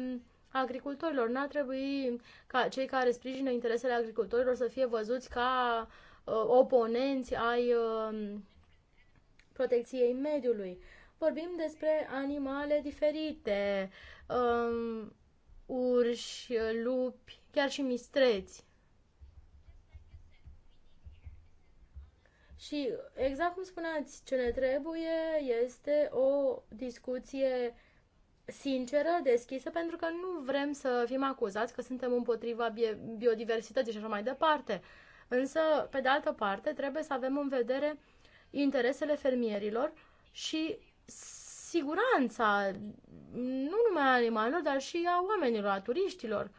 agricultorilor. N-ar trebui ca cei care sprijină interesele agricultorilor să fie văzuți ca uh, oponenți ai uh, protecției mediului. Vorbim despre animale diferite, um, urși, lupi, chiar și mistreți. Și exact cum spuneați, ce ne trebuie este o discuție sinceră, deschisă, pentru că nu vrem să fim acuzați că suntem împotriva biodiversității și așa mai departe. Însă, pe de altă parte, trebuie să avem în vedere interesele fermierilor și siguranța nu numai a animalelor, dar și a oamenilor, a turiștilor.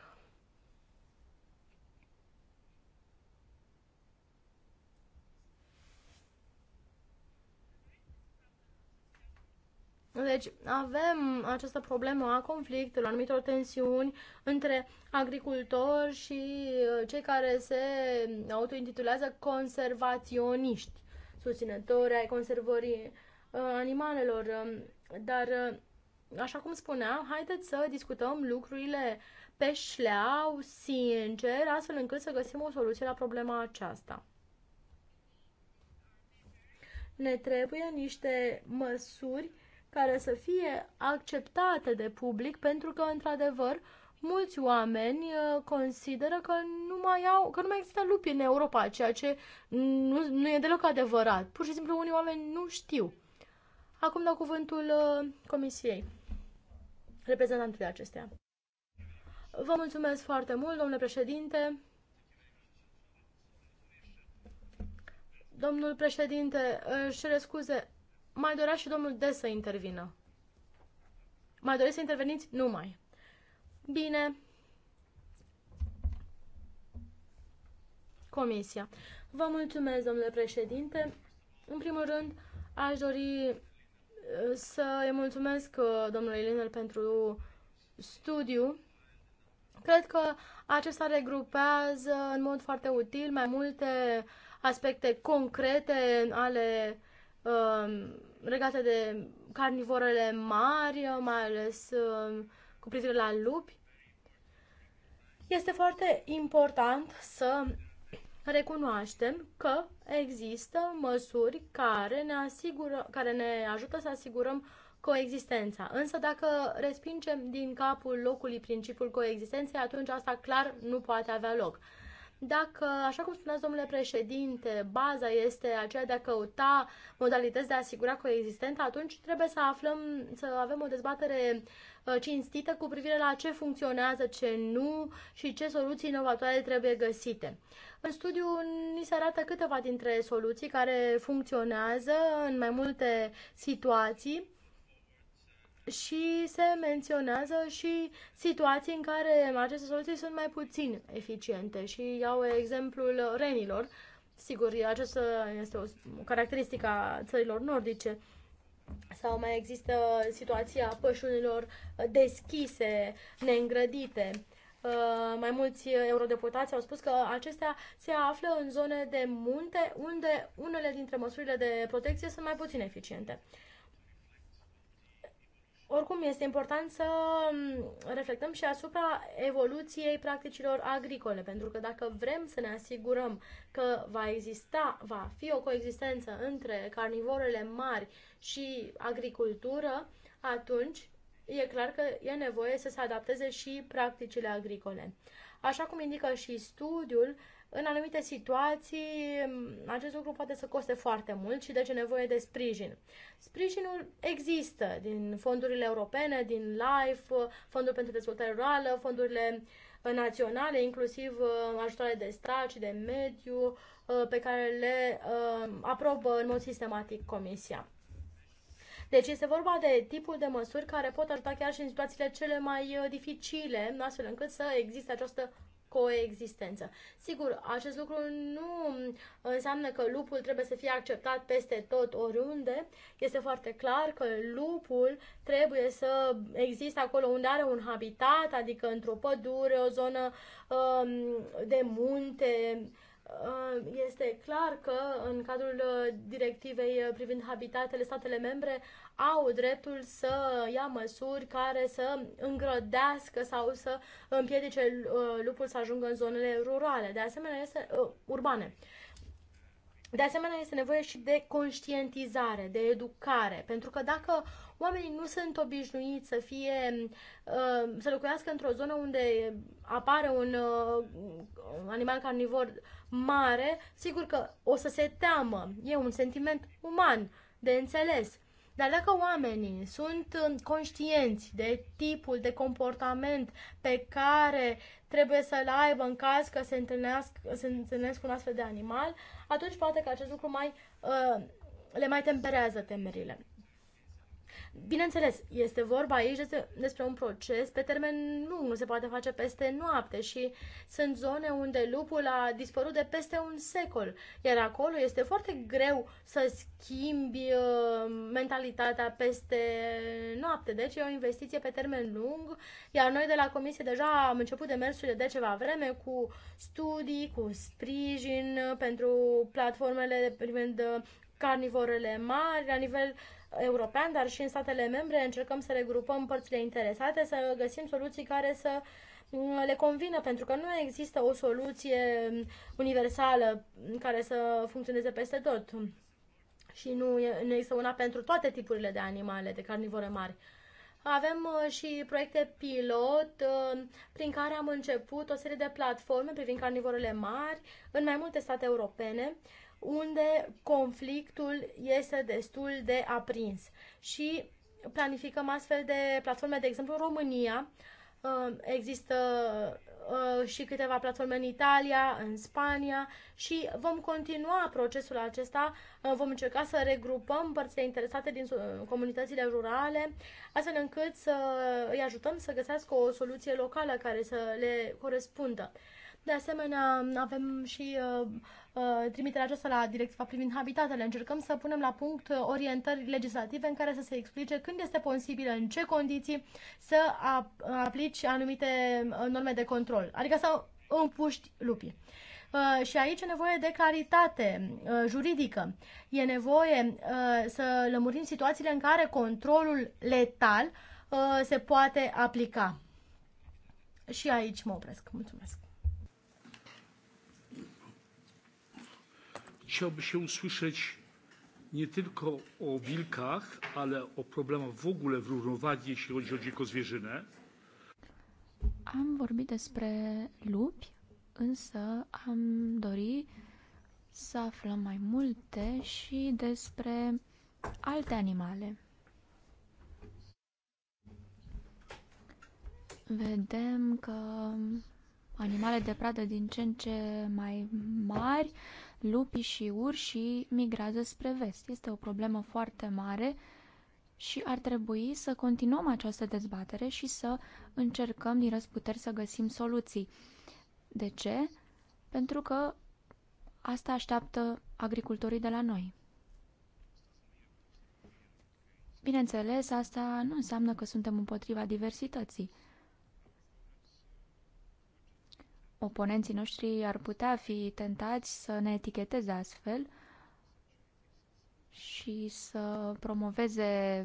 Deci avem această problemă a conflictelor, anumitor tensiuni între agricultori și uh, cei care se autointitulează conservaționiști, susținători ai conservării uh, animalelor. Um, dar, uh, așa cum spuneam, haideți să discutăm lucrurile pe șleau, sincer, astfel încât să găsim o soluție la problema aceasta ne trebuie niște măsuri care să fie acceptate de public pentru că, într-adevăr, mulți oameni uh, consideră că nu mai, au, că nu mai există lupi în Europa, ceea ce nu, nu e deloc adevărat. Pur și simplu unii oameni nu știu. Acum dau cuvântul uh, comisiei, reprezentantului acesteia. Vă mulțumesc foarte mult, domnule președinte. Domnul președinte, își cere scuze, mai dorea și domnul Des să intervină. Mai doriți să interveniți? Nu mai. Bine. Comisia. Vă mulțumesc, domnule președinte. În primul rând, aș dori uh, să îi mulțumesc uh, domnului Linel pentru studiu. Cred că acesta regrupează în mod foarte util mai multe aspecte concrete ale um, legate de carnivorele mari, mai ales uh, cu privire la lupi, este foarte important să recunoaștem că există măsuri care ne, asigură, care ne ajută să asigurăm coexistența. Însă dacă respingem din capul locului principiul coexistenței, atunci asta clar nu poate avea loc dacă, așa cum spuneați, domnule președinte, baza este aceea de a căuta modalități de a asigura coexistența, atunci trebuie să aflăm, să avem o dezbatere uh, cinstită cu privire la ce funcționează, ce nu și ce soluții inovatoare trebuie găsite. În studiu ni se arată câteva dintre soluții care funcționează în mai multe situații și se menționează și situații în care aceste soluții sunt mai puțin eficiente și iau exemplul renilor. Sigur, aceasta este o caracteristică a țărilor nordice. Sau mai există situația pășunilor deschise, neîngrădite. Uh, mai mulți eurodeputați au spus că acestea se află în zone de munte unde unele dintre măsurile de protecție sunt mai puțin eficiente. Oricum, este important să mm, reflectăm și asupra evoluției practicilor agricole, pentru că dacă vrem să ne asigurăm că va exista, va fi o coexistență între carnivorele mari și agricultură, atunci e clar că e nevoie să se adapteze și practicile agricole. Așa cum indică și studiul, în anumite situații, acest lucru poate să coste foarte mult și deci e nevoie de sprijin. Sprijinul există din fondurile europene, din LIFE, Fondul pentru Dezvoltare Rurală, fondurile uh, naționale, inclusiv uh, ajutoare de stat și de mediu, uh, pe care le aprobă în mod sistematic Comisia. Deci este vorba de tipul de măsuri care pot ajuta chiar și în situațiile cele mai dificile, astfel încât să existe această coexistență. Sigur, acest lucru nu înseamnă că lupul trebuie să fie acceptat peste tot oriunde. Este foarte clar că lupul trebuie să existe acolo unde are un habitat, adică într-o pădure, o zonă um, de munte, Uh, este clar că în cadrul uh, directivei uh, privind habitatele, statele membre au dreptul să ia măsuri care să îngrădească sau să împiedice lupul să ajungă în zonele rurale, de asemenea este uh, urbane. De asemenea, este nevoie și de conștientizare, de educare, pentru că dacă Oamenii nu sunt obișnuiți să fie uh, să locuiască într-o zonă unde apare un uh, animal carnivor mare, sigur că o să se teamă. E un sentiment uman de înțeles. Dar dacă oamenii sunt uh, conștienți de tipul de comportament pe care trebuie să-l aibă în caz că se întâlnesc, se întâlnesc cu un astfel de animal, atunci poate că acest lucru mai, le mai temperează temerile. Bineînțeles, este vorba aici despre un proces pe termen lung, nu se poate face peste noapte și sunt zone unde lupul a dispărut de peste un secol, iar acolo este foarte greu să schimbi uh, mentalitatea peste noapte, deci e o investiție pe termen lung, iar noi de la Comisie deja am început demersurile de ceva vreme cu studii, cu sprijin pentru platformele privind carnivorele mari, la nivel european, dar și în statele membre, încercăm să regrupăm părțile interesate, să găsim soluții care să mm, le convină, pentru că nu există o soluție universală care să funcționeze peste tot. Și nu, nu există una pentru toate tipurile de animale, de carnivore mari. Avem uh, și proiecte pilot uh, prin care am început o serie de platforme privind carnivorele mari în mai multe state europene unde conflictul este destul de aprins. Și planificăm astfel de platforme, de exemplu, în România, uh, există uh, și câteva platforme în Italia, în Spania și vom continua procesul acesta, uh, vom încerca să regrupăm părțile interesate din comunitățile rurale, astfel încât să îi ajutăm să găsească o soluție locală care să le corespundă. De asemenea, avem și uh, uh, trimiterea aceasta la directiva privind habitatele. Încercăm să punem la punct orientări legislative în care să se explice când este posibil, în ce condiții să aplici anumite uh, norme de control, adică să împuști lupii. Uh, și aici e nevoie de claritate uh, juridică. E nevoie uh, să lămurim situațiile în care controlul letal uh, se poate aplica. Și aici mă opresc. Mulțumesc. chciałby się usłyszeć nie tylko o wilkach, ale o problemach w ogóle w równowadze, jeśli chodzi o dziko zwierzynę. Am vorbit despre lupi, însă am dori să aflăm mai multe și despre alte animale. Vedem că animale de pradă din ce în ce mai mari uh, lupii și urșii migrează spre vest. Este o problemă foarte mare și ar trebui să continuăm această dezbatere și să încercăm din răsputeri să găsim soluții. De ce? Pentru că asta așteaptă agricultorii de la noi. Bineînțeles, asta nu înseamnă că suntem împotriva diversității. oponenții noștri ar putea fi tentați să ne eticheteze astfel și să promoveze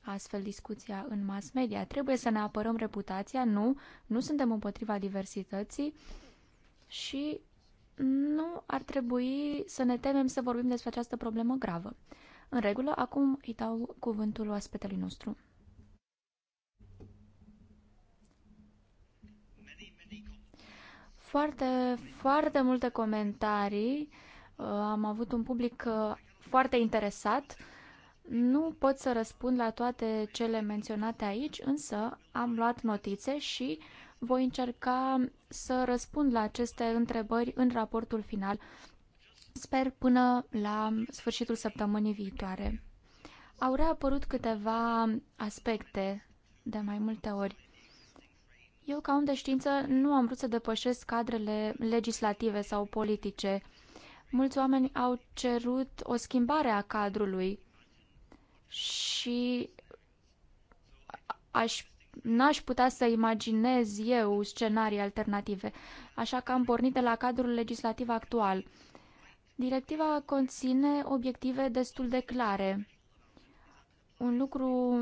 astfel discuția în mass media. Trebuie să ne apărăm reputația, nu, nu suntem împotriva diversității și nu ar trebui să ne temem să vorbim despre această problemă gravă. În regulă, acum îi dau cuvântul oaspetelui nostru. foarte, foarte multe comentarii. Uh, am avut un public uh, foarte interesat. Nu pot să răspund la toate cele menționate aici, însă am luat notițe și voi încerca să răspund la aceste întrebări în raportul final. Sper până la sfârșitul săptămânii viitoare. Au reapărut câteva aspecte de mai multe ori. Eu, ca om de știință, nu am vrut să depășesc cadrele legislative sau politice. Mulți oameni au cerut o schimbare a cadrului și aș, n-aș putea să imaginez eu scenarii alternative, așa că am pornit de la cadrul legislativ actual. Directiva conține obiective destul de clare. Un lucru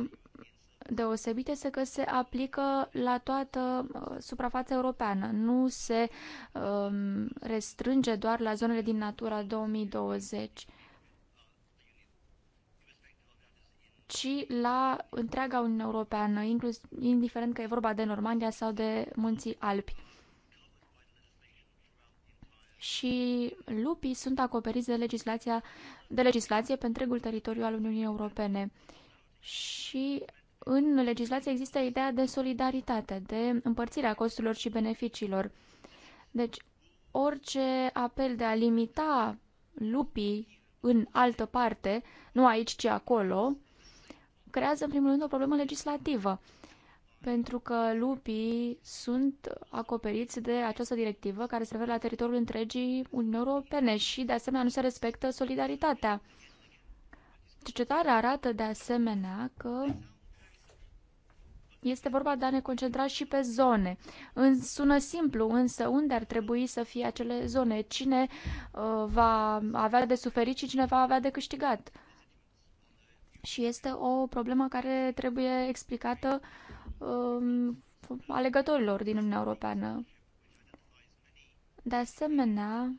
deosebit este că se aplică la toată uh, suprafața europeană. Nu se um, restrânge doar la zonele din Natura 2020, ci la întreaga Uniune Europeană, inclus, indiferent că e vorba de Normandia sau de Munții Alpi. Și lupii sunt acoperiți de, legislația, de legislație pe întregul teritoriu al Uniunii Europene. Și în legislație există ideea de solidaritate, de împărțirea costurilor și beneficiilor. Deci, orice apel de a limita lupii în altă parte, nu aici, ci acolo, creează, în primul rând, o problemă legislativă. Pentru că lupii sunt acoperiți de această directivă care se referă la teritoriul întregii Uniunii Europene și, de asemenea, nu se respectă solidaritatea. Cercetarea arată, de asemenea, că este vorba de a ne concentra și pe zone. În, sună simplu, însă unde ar trebui să fie acele zone? Cine uh, va avea de suferit și cine va avea de câștigat? Și este o problemă care trebuie explicată uh, alegătorilor din Uniunea Europeană. De asemenea,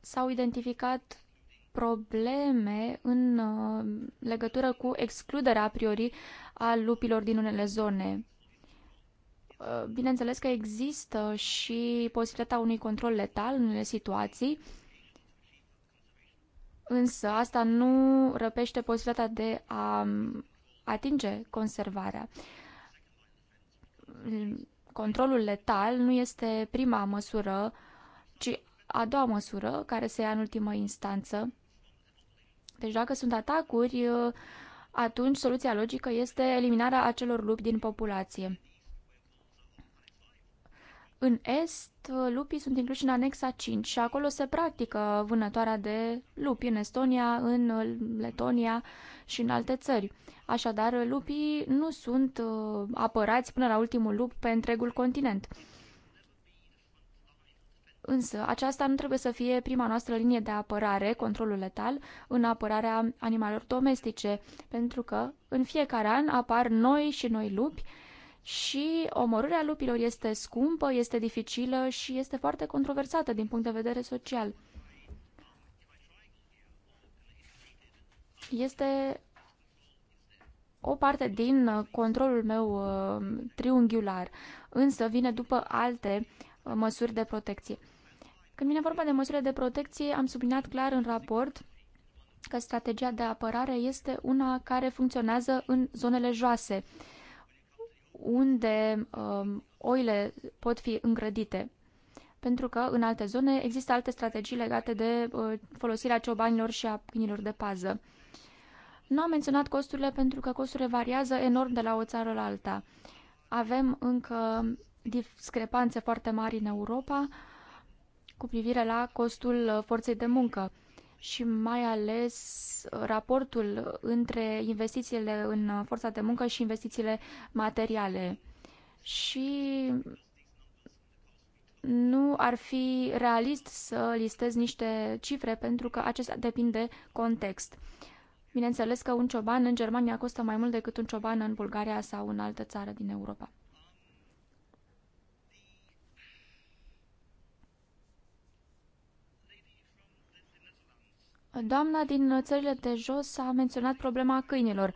s-au identificat probleme în uh, legătură cu excluderea a priori a lupilor din unele zone. Uh, bineînțeles că există și posibilitatea unui control letal în unele situații, însă asta nu răpește posibilitatea de a um, atinge conservarea. Controlul letal nu este prima măsură, ci a doua măsură care se ia în ultimă instanță deci dacă sunt atacuri, uh, atunci soluția logică este eliminarea acelor lupi din populație. În Est, uh, lupii sunt incluși în anexa 5 și acolo se practică vânătoarea de lupi în Estonia, în uh, Letonia și în alte țări. Așadar, lupii nu sunt apărați până la ultimul lup pe întregul continent. Însă, aceasta nu trebuie să fie prima noastră linie de apărare, controlul letal, în apărarea animalelor domestice, pentru că în fiecare an apar noi și noi lupi și omorârea lupilor este scumpă, este dificilă și este foarte controversată din punct de vedere social. Este o parte din controlul meu uh, triunghiular, însă vine după alte uh, măsuri de protecție. Când vine vorba de măsurile de protecție, am subliniat clar în raport că strategia de apărare este una care funcționează în zonele joase, unde um, oile pot fi îngrădite. Pentru că în alte zone există alte strategii legate de uh, folosirea ciobanilor și a câinilor de pază. Nu am menționat costurile pentru că costurile variază enorm de la o țară la alta. Avem încă discrepanțe foarte mari în Europa, cu privire la costul uh, forței de muncă și mai ales uh, raportul între investițiile în uh, forța de muncă și investițiile materiale. Și nu ar fi realist să listez niște cifre pentru că acestea depind de context. Bineînțeles că un cioban în Germania costă mai mult decât un cioban în Bulgaria sau în altă țară din Europa. Doamna din țările de jos a menționat problema câinilor.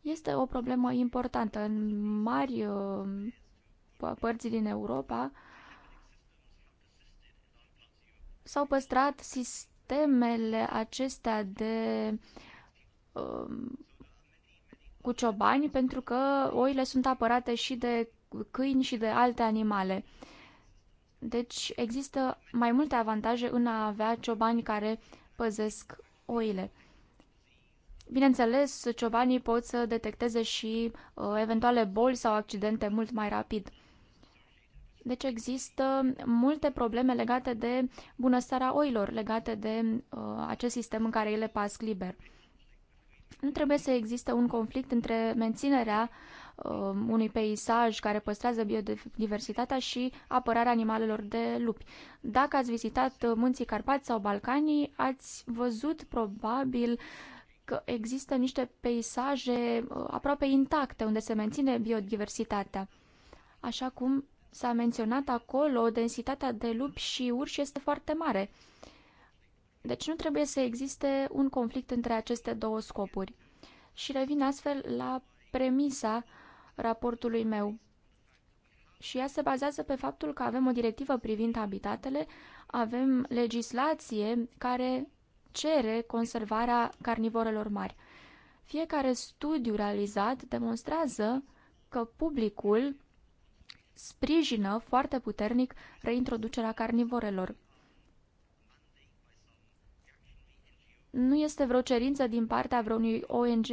Este o problemă importantă. În mari uh, părți din Europa s-au păstrat sistemele acestea de um, cu ciobani pentru că oile sunt apărate și de câini și de alte animale. Deci există mai multe avantaje în a avea ciobani care păzesc oile. Bineînțeles, ciobanii pot să detecteze și uh, eventuale boli sau accidente mult mai rapid. Deci există multe probleme legate de bunăstarea oilor, legate de uh, acest sistem în care ele pasc liber. Nu trebuie să existe un conflict între menținerea Um, unui peisaj care păstrează biodiversitatea și apărarea animalelor de lupi. Dacă ați vizitat uh, Munții Carpați sau Balcanii, ați văzut probabil că există niște peisaje uh, aproape intacte unde se menține biodiversitatea. Așa cum s-a menționat acolo, densitatea de lupi și urși este foarte mare. Deci nu trebuie să existe un conflict între aceste două scopuri. Și revin astfel la premisa raportului meu. Și ea se bazează pe faptul că avem o directivă privind habitatele, avem legislație care cere conservarea carnivorelor mari. Fiecare studiu realizat demonstrează că publicul sprijină foarte puternic reintroducerea carnivorelor. Nu este vreo cerință din partea vreunui ONG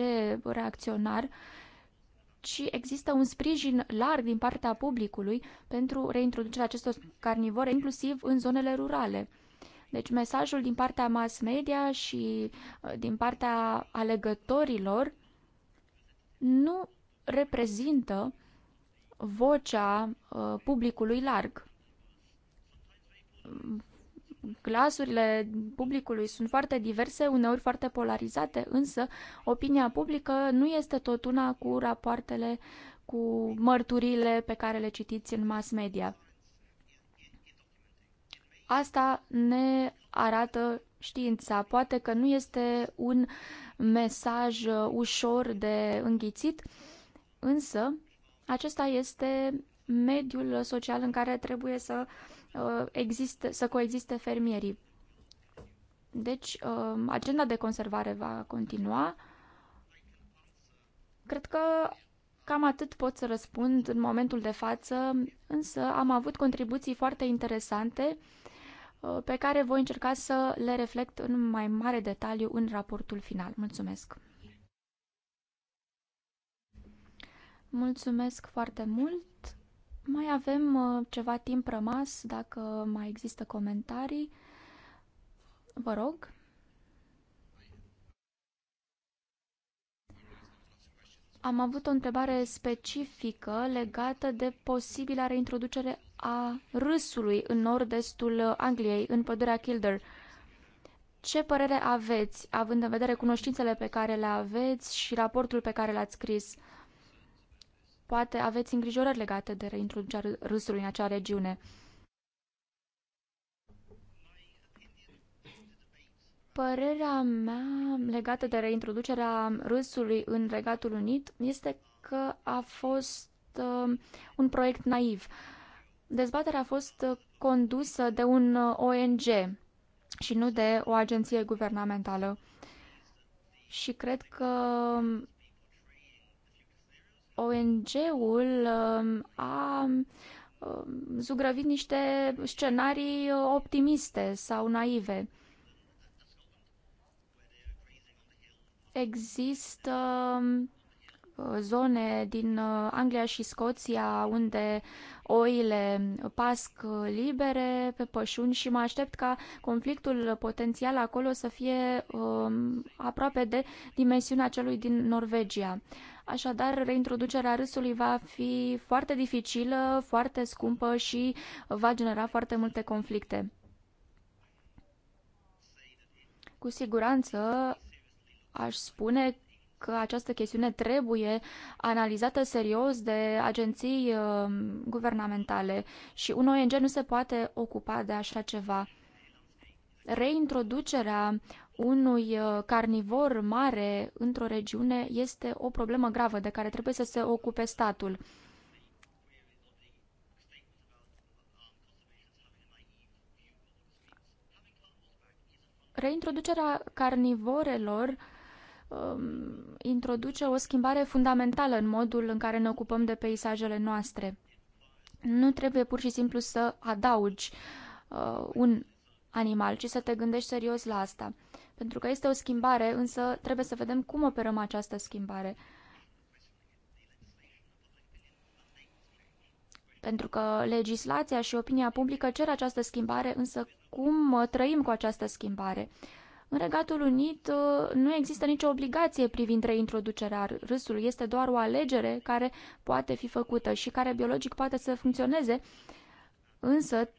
reacționar ci există un sprijin larg din partea publicului pentru reintroducerea acestor carnivore, inclusiv în zonele rurale. Deci mesajul din partea mass media și uh, din partea alegătorilor nu reprezintă vocea uh, publicului larg glasurile publicului sunt foarte diverse, uneori foarte polarizate, însă opinia publică nu este tot una cu rapoartele, cu mărturile pe care le citiți în mass media. Asta ne arată știința. Poate că nu este un mesaj ușor de înghițit, însă acesta este mediul social în care trebuie să Uh, existe, să coexiste fermierii. Deci, uh, agenda de conservare va continua. Cred că cam atât pot să răspund în momentul de față, însă am avut contribuții foarte interesante uh, pe care voi încerca să le reflect în mai mare detaliu în raportul final. Mulțumesc! Mulțumesc foarte mult! Mai avem uh, ceva timp rămas, dacă mai există comentarii. Vă rog. Am avut o întrebare specifică legată de posibilă reintroducere a râsului în nord-estul Angliei, în pădurea Kilder. Ce părere aveți, având în vedere cunoștințele pe care le aveți și raportul pe care l-ați scris? poate aveți îngrijorări legate de reintroducerea râsului în acea regiune. Părerea mea legată de reintroducerea râsului în Regatul Unit este că a fost uh, un proiect naiv. Dezbaterea a fost condusă de un uh, ONG și nu de o agenție guvernamentală. Și cred că um, ONG-ul um, a um, zugrăvit niște scenarii optimiste sau naive. Există um, zone din uh, Anglia și Scoția unde oile pasc libere pe pășuni și mă aștept ca conflictul potențial acolo să fie aproape de dimensiunea celui din Norvegia. Așadar, reintroducerea râsului va fi foarte dificilă, foarte scumpă și va genera foarte multe conflicte. Cu siguranță aș spune că această chestiune trebuie analizată serios de agenții um, guvernamentale și un ONG nu se poate ocupa de așa ceva reintroducerea unui uh, carnivor mare într-o regiune este o problemă gravă de care trebuie să se ocupe statul. Reintroducerea carnivorelor um, introduce o schimbare fundamentală în modul în care ne ocupăm de peisajele noastre. Nu trebuie pur și simplu să adaugi uh, un animal, ci să te gândești serios la asta. Pentru că este o schimbare, însă trebuie să vedem cum operăm această schimbare. Pentru că legislația și opinia publică cer această schimbare, însă cum trăim cu această schimbare? În Regatul Unit uh, nu există nicio obligație privind reintroducerea râsului, este doar o alegere care poate fi făcută și care biologic poate să funcționeze, însă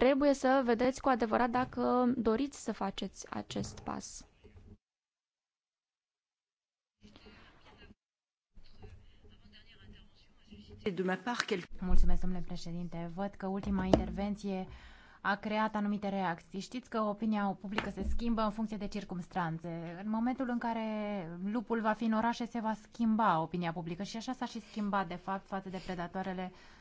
Trebuie să vedeți cu adevărat dacă doriți să faceți acest pas. Mulțumesc, domnule președinte. Văd că ultima intervenție a creat anumite reacții. Știți că opinia publică se schimbă în funcție de circumstanțe. În momentul în care lupul va fi în orașe, se va schimba opinia publică și așa s-a și schimbat, de fapt, față de predatoarele uh,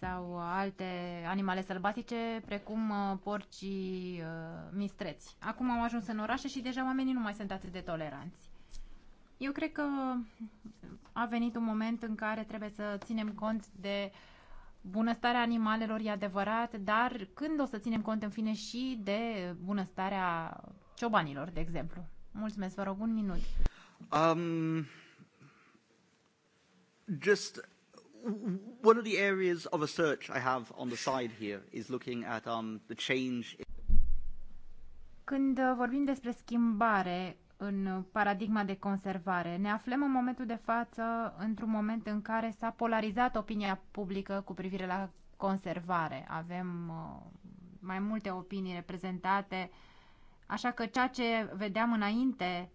sau alte animale sălbatice, precum uh, porcii uh, mistreți. Acum au ajuns în orașe și deja oamenii nu mai sunt atât de toleranți. Eu cred că a venit un moment în care trebuie să ținem cont de bunăstarea animalelor, e adevărat, dar când o să ținem cont în fine și de bunăstarea ciobanilor, de exemplu? Mulțumesc, vă rog, un minut. Um, just one of the areas of research I have on the side here is looking at um, the change. Când uh, vorbim despre schimbare în paradigma de conservare, ne aflăm în momentul de față într-un moment în care s-a polarizat opinia publică cu privire la conservare. Avem uh, mai multe opinii reprezentate, așa că ceea ce vedeam înainte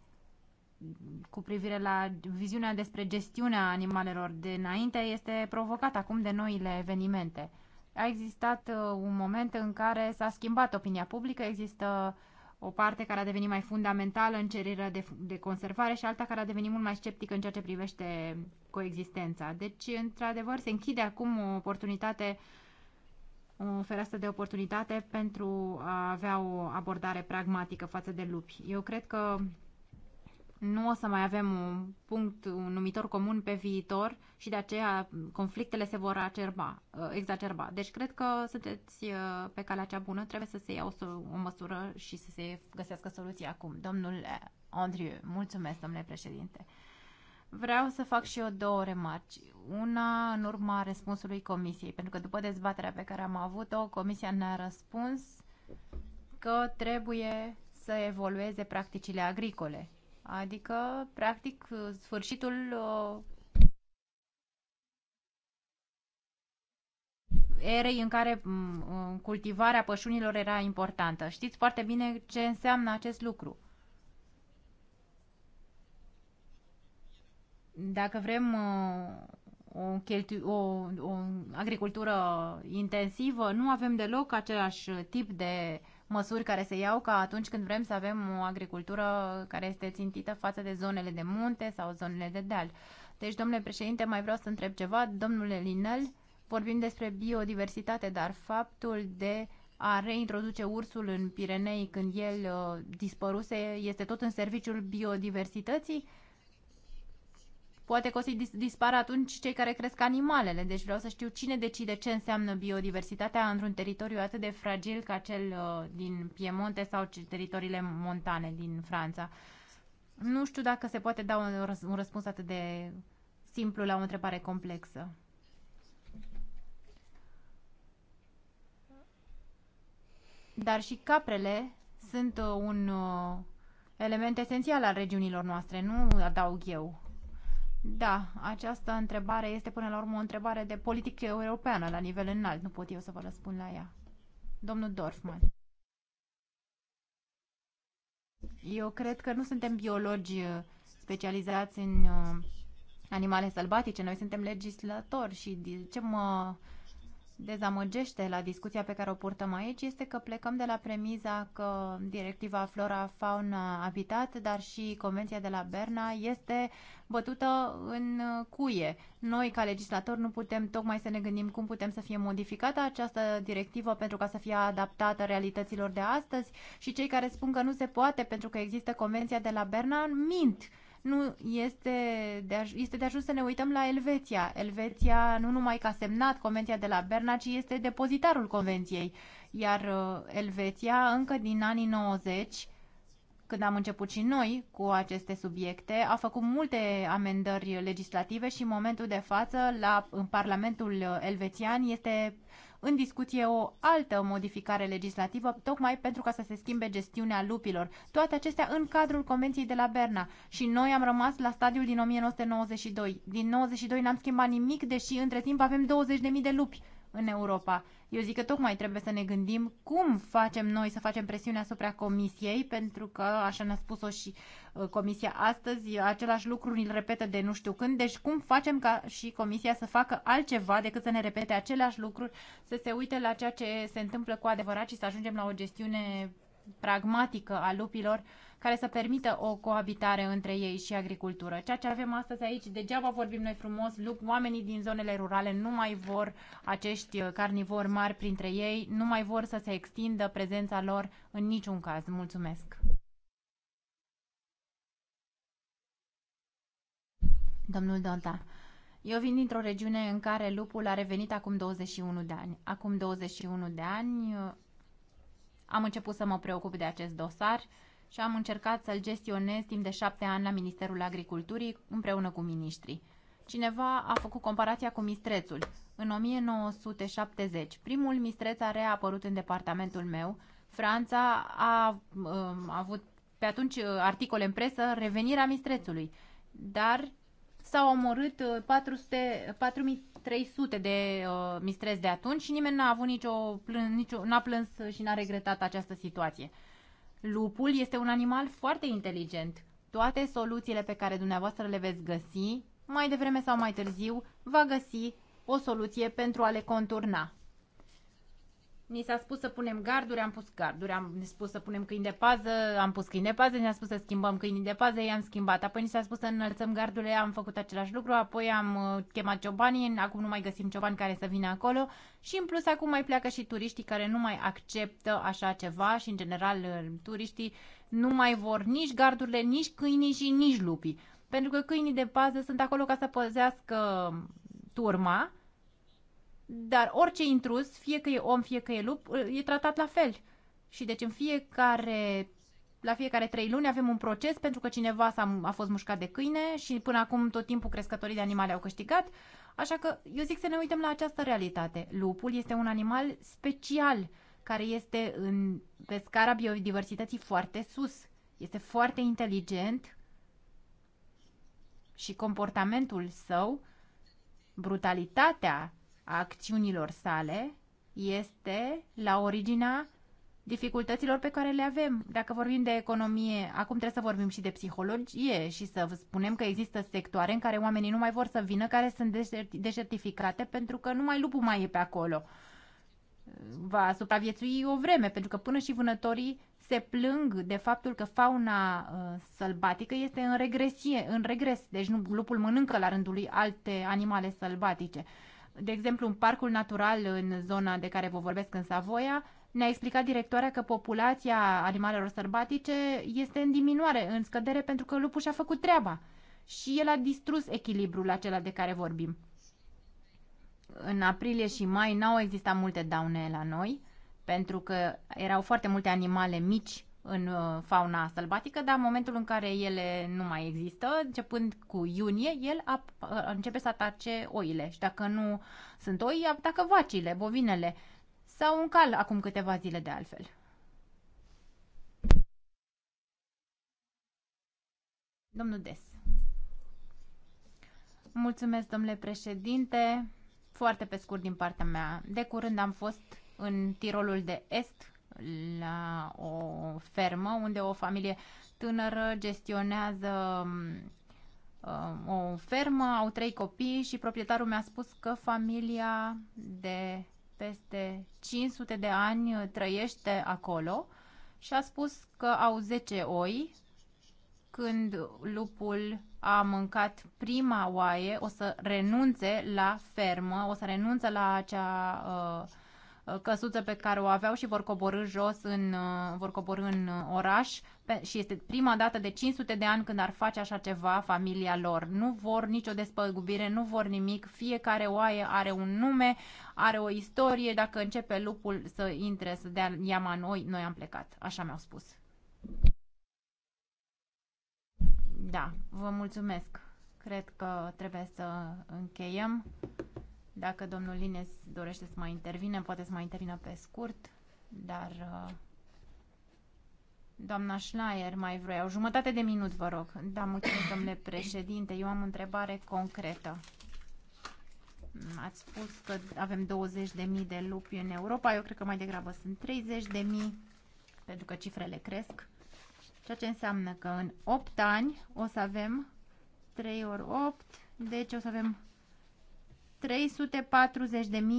cu privire la viziunea despre gestiunea animalelor de înainte este provocată acum de noile evenimente. A existat uh, un moment în care s-a schimbat opinia publică, există o parte care a devenit mai fundamentală în cererea de, de conservare și alta care a devenit mult mai sceptică în ceea ce privește coexistența. Deci, într-adevăr, se închide acum o oportunitate, o fereastră de oportunitate pentru a avea o abordare pragmatică față de lupi. Eu cred că nu o să mai avem un punct, un numitor comun pe viitor și de aceea conflictele se vor acerba, uh, exacerba. Deci cred că sunteți uh, pe calea cea bună, trebuie să se ia o, o măsură și să se găsească soluții acum. Domnul uh, Andriu, mulțumesc, domnule președinte. Vreau să fac și eu două remarci. Una în urma răspunsului comisiei, pentru că după dezbaterea pe care am avut-o, comisia ne-a răspuns că trebuie să evolueze practicile agricole Adică, practic, sfârșitul uh, erei în care uh, cultivarea pășunilor era importantă. Știți foarte bine ce înseamnă acest lucru. Dacă vrem uh, o, cheltu- o, o agricultură intensivă, nu avem deloc același tip de măsuri care se iau ca atunci când vrem să avem o agricultură care este țintită față de zonele de munte sau zonele de deal. Deci, domnule președinte, mai vreau să întreb ceva. Domnule Linel, vorbim despre biodiversitate, dar faptul de a reintroduce ursul în Pirenei când el uh, dispăruse este tot în serviciul biodiversității? Poate că o să dispară atunci cei care cresc animalele, deci vreau să știu cine decide ce înseamnă biodiversitatea într-un teritoriu atât de fragil ca cel uh, din Piemonte sau teritoriile montane din Franța. Nu știu dacă se poate da un răspuns atât de simplu la o întrebare complexă. Dar și caprele sunt uh, un uh, element esențial al regiunilor noastre, nu adaug eu. Da, această întrebare este până la urmă o întrebare de politică europeană la nivel înalt. Nu pot eu să vă răspund la ea. Domnul Dorfman. Eu cred că nu suntem biologi uh, specializați în uh, animale sălbatice, noi suntem legislatori și de ce mă dezamăgește la discuția pe care o purtăm aici este că plecăm de la premiza că directiva Flora Fauna Habitat, dar și Convenția de la Berna este bătută în cuie. Noi, ca legislator, nu putem tocmai să ne gândim cum putem să fie modificată această directivă pentru ca să fie adaptată realităților de astăzi și cei care spun că nu se poate pentru că există Convenția de la Berna mint nu este de, este de ajuns să ne uităm la Elveția. Elveția nu numai că a semnat Convenția de la Berna, ci este depozitarul Convenției. Iar uh, Elveția, încă din anii 90, când am început și noi cu aceste subiecte, a făcut multe amendări legislative și în momentul de față la, în Parlamentul uh, elvețian este în discuție o altă modificare legislativă, tocmai pentru ca să se schimbe gestiunea lupilor. Toate acestea în cadrul Convenției de la Berna. Și noi am rămas la stadiul din 1992. Din 1992 n-am schimbat nimic, deși între timp avem 20.000 de lupi în Europa. Eu zic că tocmai trebuie să ne gândim cum facem noi să facem presiune asupra Comisiei, pentru că, așa ne-a spus-o și uh, Comisia astăzi, același lucru îl repetă de nu știu când, deci cum facem ca și Comisia să facă altceva decât să ne repete același lucru, să se uite la ceea ce se întâmplă cu adevărat și să ajungem la o gestiune pragmatică a lupilor, care să permită o coabitare între ei și agricultură. Ceea ce avem astăzi aici, degeaba vorbim noi frumos, lup, oamenii din zonele rurale nu mai vor acești carnivori mari printre ei, nu mai vor să se extindă prezența lor în niciun caz. Mulțumesc! Domnul Donta, eu vin dintr-o regiune în care lupul a revenit acum 21 de ani. Acum 21 de ani am început să mă preocup de acest dosar și am încercat să-l gestionez timp de șapte ani la Ministerul Agriculturii împreună cu miniștrii. Cineva a făcut comparația cu mistrețul. În 1970, primul mistreț a reapărut în departamentul meu. Franța a, um, a avut pe atunci uh, articole în presă revenirea mistrețului, dar s-au omorât 400, uh, 4300 de uh, mistreți de atunci și nimeni n-a avut nicio plân, nicio, n-a plâns și n-a regretat această situație. Lupul este un animal foarte inteligent. Toate soluțiile pe care dumneavoastră le veți găsi, mai devreme sau mai târziu, va găsi o soluție pentru a le conturna. Ni s-a spus să punem garduri, am pus garduri, am spus să punem câini de pază, am pus câini de pază, ne-a spus să schimbăm câinii de pază, i-am schimbat. Apoi ni s-a spus să înălțăm gardurile, am făcut același lucru, apoi am uh, chemat ciobanii, acum nu mai găsim ciobani care să vină acolo și în plus acum mai pleacă și turiștii care nu mai acceptă așa ceva și în general uh, turiștii nu mai vor nici gardurile, nici câinii și nici lupii. Pentru că câinii de pază sunt acolo ca să păzească turma, dar orice intrus, fie că e om, fie că e lup, e tratat la fel. Și deci în fiecare la fiecare trei luni avem un proces pentru că cineva s-a, a fost mușcat de câine și până acum tot timpul crescătorii de animale au câștigat. Așa că eu zic să ne uităm la această realitate. Lupul este un animal special care este în, pe scara biodiversității foarte sus. Este foarte inteligent și comportamentul său, brutalitatea a acțiunilor sale este la originea dificultăților pe care le avem. Dacă vorbim de economie, acum trebuie să vorbim și de psihologie și să spunem că există sectoare în care oamenii nu mai vor să vină, care sunt deșertificate pentru că numai lupul mai e pe acolo. Va supraviețui o vreme, pentru că până și vânătorii se plâng de faptul că fauna uh, sălbatică este în regresie, în regres, deci nu, lupul mănâncă la rândul lui alte animale sălbatice. Uh, de exemplu, în parcul natural în zona de care vă vorbesc în Savoia, ne-a explicat directoarea că populația animalelor sărbatice este în diminuare, în scădere, pentru că lupul și-a făcut treaba și el a distrus echilibrul acela de care vorbim. În aprilie și mai n-au existat multe daune la noi, pentru că erau foarte multe animale mici în uh, fauna sălbatică, dar în momentul în care ele nu mai există, începând cu iunie, el uh, începe să atace oile. Și dacă nu sunt oi, atacă vacile, bovinele sau un cal acum câteva zile de altfel. Domnul Des. Mulțumesc, domnule președinte. Foarte pe scurt din partea mea. De curând am fost în Tirolul de Est, la o fermă unde o familie tânără gestionează um, um, o fermă, au trei copii și proprietarul mi-a spus că familia de peste 500 de ani trăiește acolo și a spus că au 10 oi. Când lupul a mâncat prima oaie, o să renunțe la fermă, o să renunță la acea uh, Uh, căsuță pe care o aveau și vor coborâ jos în, uh, vor coborâ în uh, oraș pe, și este prima dată de 500 de ani când ar face așa ceva familia lor. Nu vor nicio despăgubire, nu vor nimic, fiecare oaie are un nume, are o istorie, dacă începe lupul să intre, să dea iama noi, noi am plecat. Așa mi-au spus. Da, vă mulțumesc. Cred că trebuie să încheiem. Dacă domnul Lines dorește să mai intervine, poate să mai intervină pe scurt, dar uh, doamna Schleier mai vrea o jumătate de minut, vă rog. Da, mulțumesc, domnule președinte. Eu am o întrebare concretă. Ați spus că avem 20.000 de lupi în Europa, eu cred că mai degrabă sunt 30.000, pentru că cifrele cresc. Ceea ce înseamnă că în 8 ani o să avem 3 ori 8, deci o să avem 340.000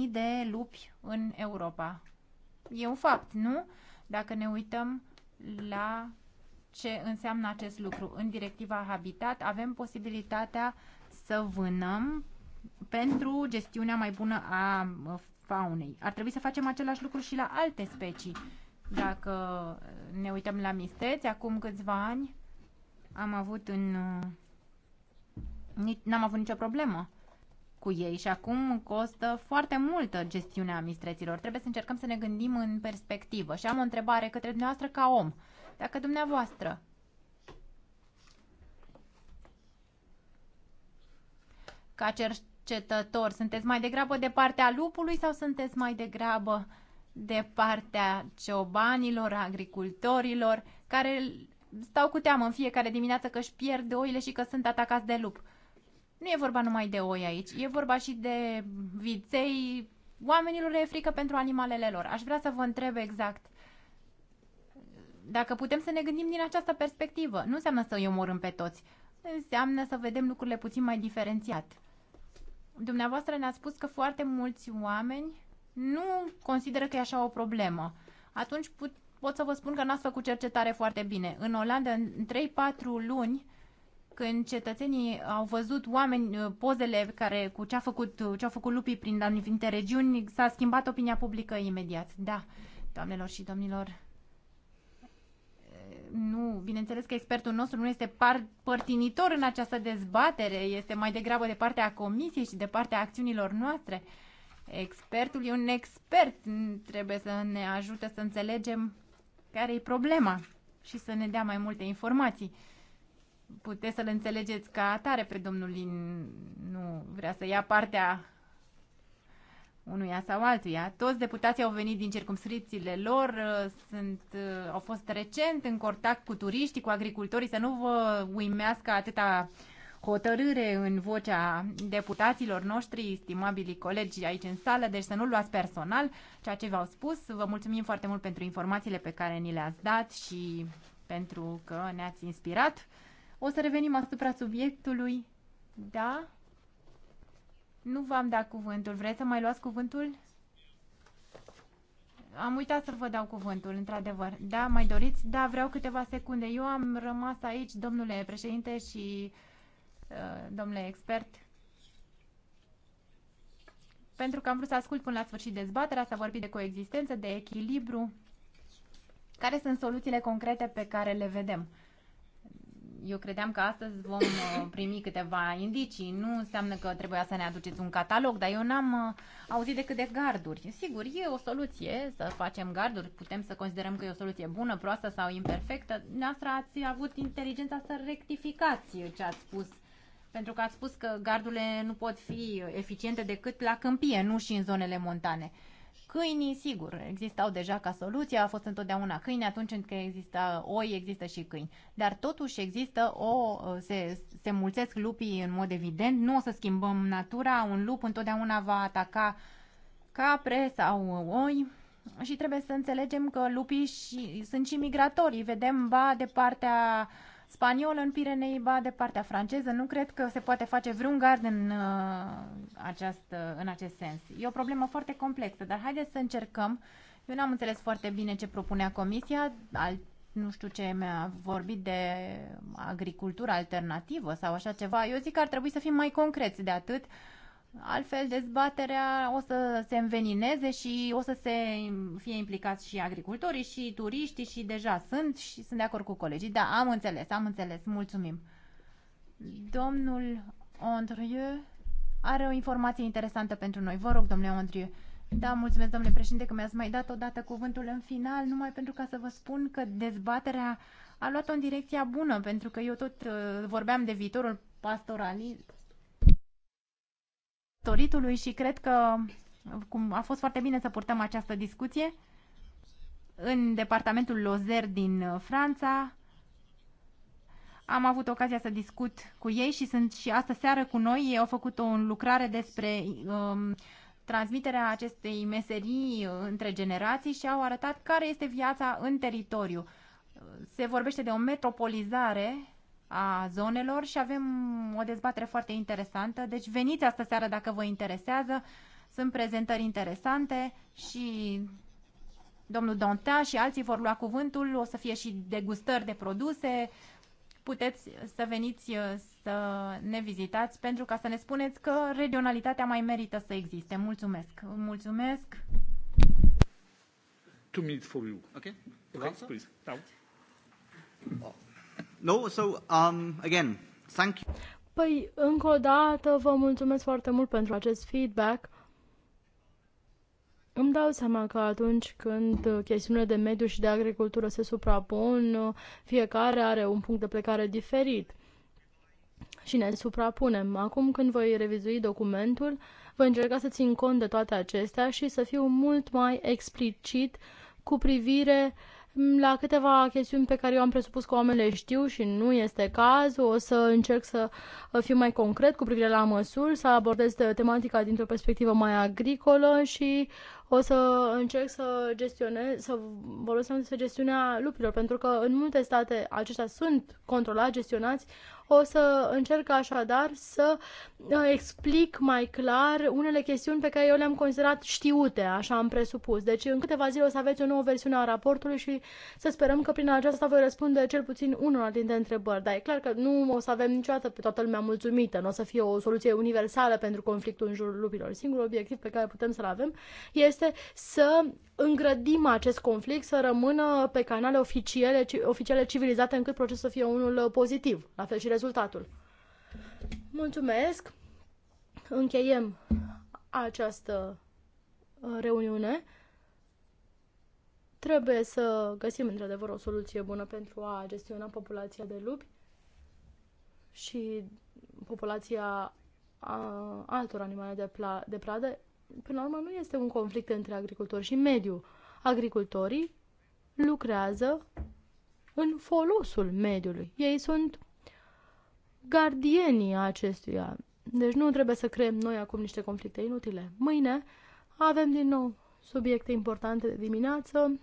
de lupi în Europa. E un fapt, nu? Dacă ne uităm la ce înseamnă acest lucru. În directiva Habitat avem posibilitatea să vânăm pentru gestiunea mai bună a faunei. Ar trebui să facem același lucru și la alte specii. Dacă ne uităm la misteți, acum câțiva ani am avut în... Uh, n-am avut nicio problemă cu ei și acum costă foarte multă gestiunea mistreților. Trebuie să încercăm să ne gândim în perspectivă. Și am o întrebare către dumneavoastră ca om. Dacă dumneavoastră ca cercetător, sunteți mai degrabă de partea lupului sau sunteți mai degrabă de partea ciobanilor, agricultorilor, care stau cu teamă în fiecare dimineață că își pierd oile și că sunt atacați de lup? Nu e vorba numai de oi aici, e vorba și de viței. Oamenilor e frică pentru animalele lor. Aș vrea să vă întreb exact dacă putem să ne gândim din această perspectivă. Nu înseamnă să îi omorâm pe toți. Înseamnă să vedem lucrurile puțin mai diferențiat. Dumneavoastră ne a spus că foarte mulți oameni nu consideră că e așa o problemă. Atunci put, pot să vă spun că n-ați făcut cercetare foarte bine. În Olanda, în 3-4 luni, când cetățenii au văzut oameni, uh, pozele care, cu ce, a făcut, uh, ce a făcut lupii prin anumite regiuni, s-a schimbat opinia publică imediat. Da, doamnelor și domnilor, uh, nu, bineînțeles că expertul nostru nu este par, părtinitor în această dezbatere, este mai degrabă de partea comisiei și de partea acțiunilor noastre. Expertul e un expert, trebuie să ne ajute să înțelegem care e problema și să ne dea mai multe informații puteți să-l înțelegeți ca atare pe domnul Lin. Nu vrea să ia partea unuia sau altuia. Toți deputații au venit din circumscripțiile lor, sunt, au fost recent în contact cu turiștii, cu agricultorii, să nu vă uimească atâta hotărâre în vocea deputaților noștri, stimabili colegi aici în sală, deci să nu luați personal ceea ce v-au spus. Vă mulțumim foarte mult pentru informațiile pe care ni le-ați dat și pentru că ne-ați inspirat. O să revenim asupra subiectului. Da? Nu v-am dat cuvântul. Vreți să mai luați cuvântul? Am uitat să vă dau cuvântul, într-adevăr. Da, mai doriți? Da, vreau câteva secunde. Eu am rămas aici, domnule președinte și uh, domnule expert, pentru că am vrut să ascult până la sfârșit dezbaterea, s-a vorbit de coexistență, de echilibru. Care sunt soluțiile concrete pe care le vedem? eu credeam că astăzi vom uh, primi câteva indicii. Nu înseamnă că trebuia să ne aduceți un catalog, dar eu n-am uh, auzit decât de garduri. Sigur, e o soluție să facem garduri, putem să considerăm că e o soluție bună, proastă sau imperfectă. Noastră ați avut inteligența să rectificați ce ați spus pentru că ați spus că gardurile nu pot fi eficiente decât la câmpie, nu și în zonele montane. Câinii, sigur, existau deja ca soluție, a fost întotdeauna câini, atunci când exista oi, există și câini. Dar totuși există o, se, se mulțesc lupii în mod evident, nu o să schimbăm natura, un lup întotdeauna va ataca capre sau oi. Și trebuie să înțelegem că lupii și, sunt și migratorii. Vedem, ba, de partea uh, spaniol în Pirenei, ba de partea franceză. Nu cred că se poate face vreun gard în, uh, aceast, uh, în acest sens. E o problemă foarte complexă, dar haideți să încercăm. Eu n-am înțeles foarte bine ce propunea Comisia, al, nu știu ce mi-a vorbit de agricultură alternativă sau așa ceva. Eu zic că ar trebui să fim mai concreți de atât. Uh, Altfel, dezbaterea o să se învenineze și o să se fie implicați și agricultorii și turiștii și deja sunt și sunt de acord cu colegii. Da, am înțeles, am înțeles. Mulțumim. Domnul Andrieu are o informație interesantă pentru noi. Vă rog, domnule Andrieu. Da, mulțumesc, domnule președinte, că mi-ați mai dat o dată cuvântul în final, numai pentru ca să vă spun că dezbaterea a luat-o în direcția bună, pentru că eu tot uh, vorbeam de viitorul pastoralism doritului și cred că cum a fost foarte bine să purtăm această discuție în departamentul Lozer din uh, Franța. Am avut ocazia să discut cu ei și sunt și astă seară cu noi. Ei au făcut o lucrare despre um, transmiterea acestei meserii uh, între generații și au arătat care este viața în teritoriu. Se vorbește de o metropolizare a zonelor și avem o dezbatere foarte interesantă. Deci veniți astă seară dacă vă interesează. Sunt prezentări interesante și domnul Donta și alții vor lua cuvântul. O să fie și degustări de produse. Puteți să veniți uh, să ne vizitați pentru ca să ne spuneți că regionalitatea mai merită să existe. Mulțumesc! Mulțumesc! Two minutes for you. Okay. Okay, please. Now. Oh. No, so, um, again, thank you. Păi, încă o dată, vă mulțumesc foarte mult pentru acest feedback. Îmi dau seama că atunci când uh, chestiunile de mediu și de agricultură se suprapun, uh, fiecare are un punct de plecare diferit și ne suprapunem. Acum când voi revizui documentul, voi încerca să țin cont de toate acestea și să fiu mult mai explicit cu privire uh, la câteva chestiuni pe care eu am presupus că oamenii le știu și nu este cazul. O să încerc să uh, fiu mai concret cu privire la măsuri, să abordez tematica dintr-o perspectivă mai agricolă și o să încerc să gestionez, să vorbesc despre gestiunea lupilor, pentru că în multe state aceștia sunt controlați, gestionați, o să încerc așadar să uh, explic mai clar unele chestiuni pe care eu le-am considerat știute, așa am presupus. Deci în câteva zile o să aveți o nouă versiune a raportului și să sperăm că prin aceasta voi răspunde cel puțin unul dintre întrebări. Dar e clar că nu o să avem niciodată pe toată lumea mulțumită, nu o să fie o soluție universală pentru conflictul în jurul lupilor. Singurul obiectiv pe care putem să-l avem este să îngrădim acest conflict să rămână pe canale oficiale, oficiale civilizate încât procesul să fie unul uh, pozitiv, la fel și rezultatul. Mulțumesc! Încheiem această uh, reuniune. Trebuie să găsim într-adevăr o soluție bună pentru a gestiona populația de lupi și populația uh, altor animale de, pla- de pradă până la urmă, nu este un conflict între agricultori și mediu. Agricultorii lucrează în folosul mediului. Ei sunt gardienii acestuia. Deci nu trebuie să creăm noi acum niște conflicte inutile. Mâine avem din nou subiecte importante de dimineață.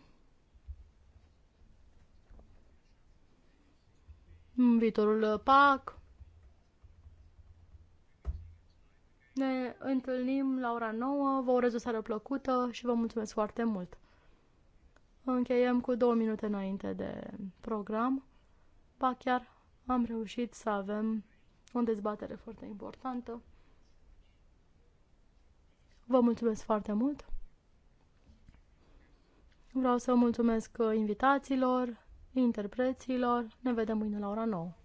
Viitorul PAC, Ne întâlnim la ora 9, vă urez o seară plăcută și vă mulțumesc foarte mult. Încheiem cu două minute înainte de program. Ba chiar am reușit să avem o dezbatere foarte importantă. Vă mulțumesc foarte mult! Vreau să mulțumesc invitațiilor, interpreților. Ne vedem mâine la ora 9.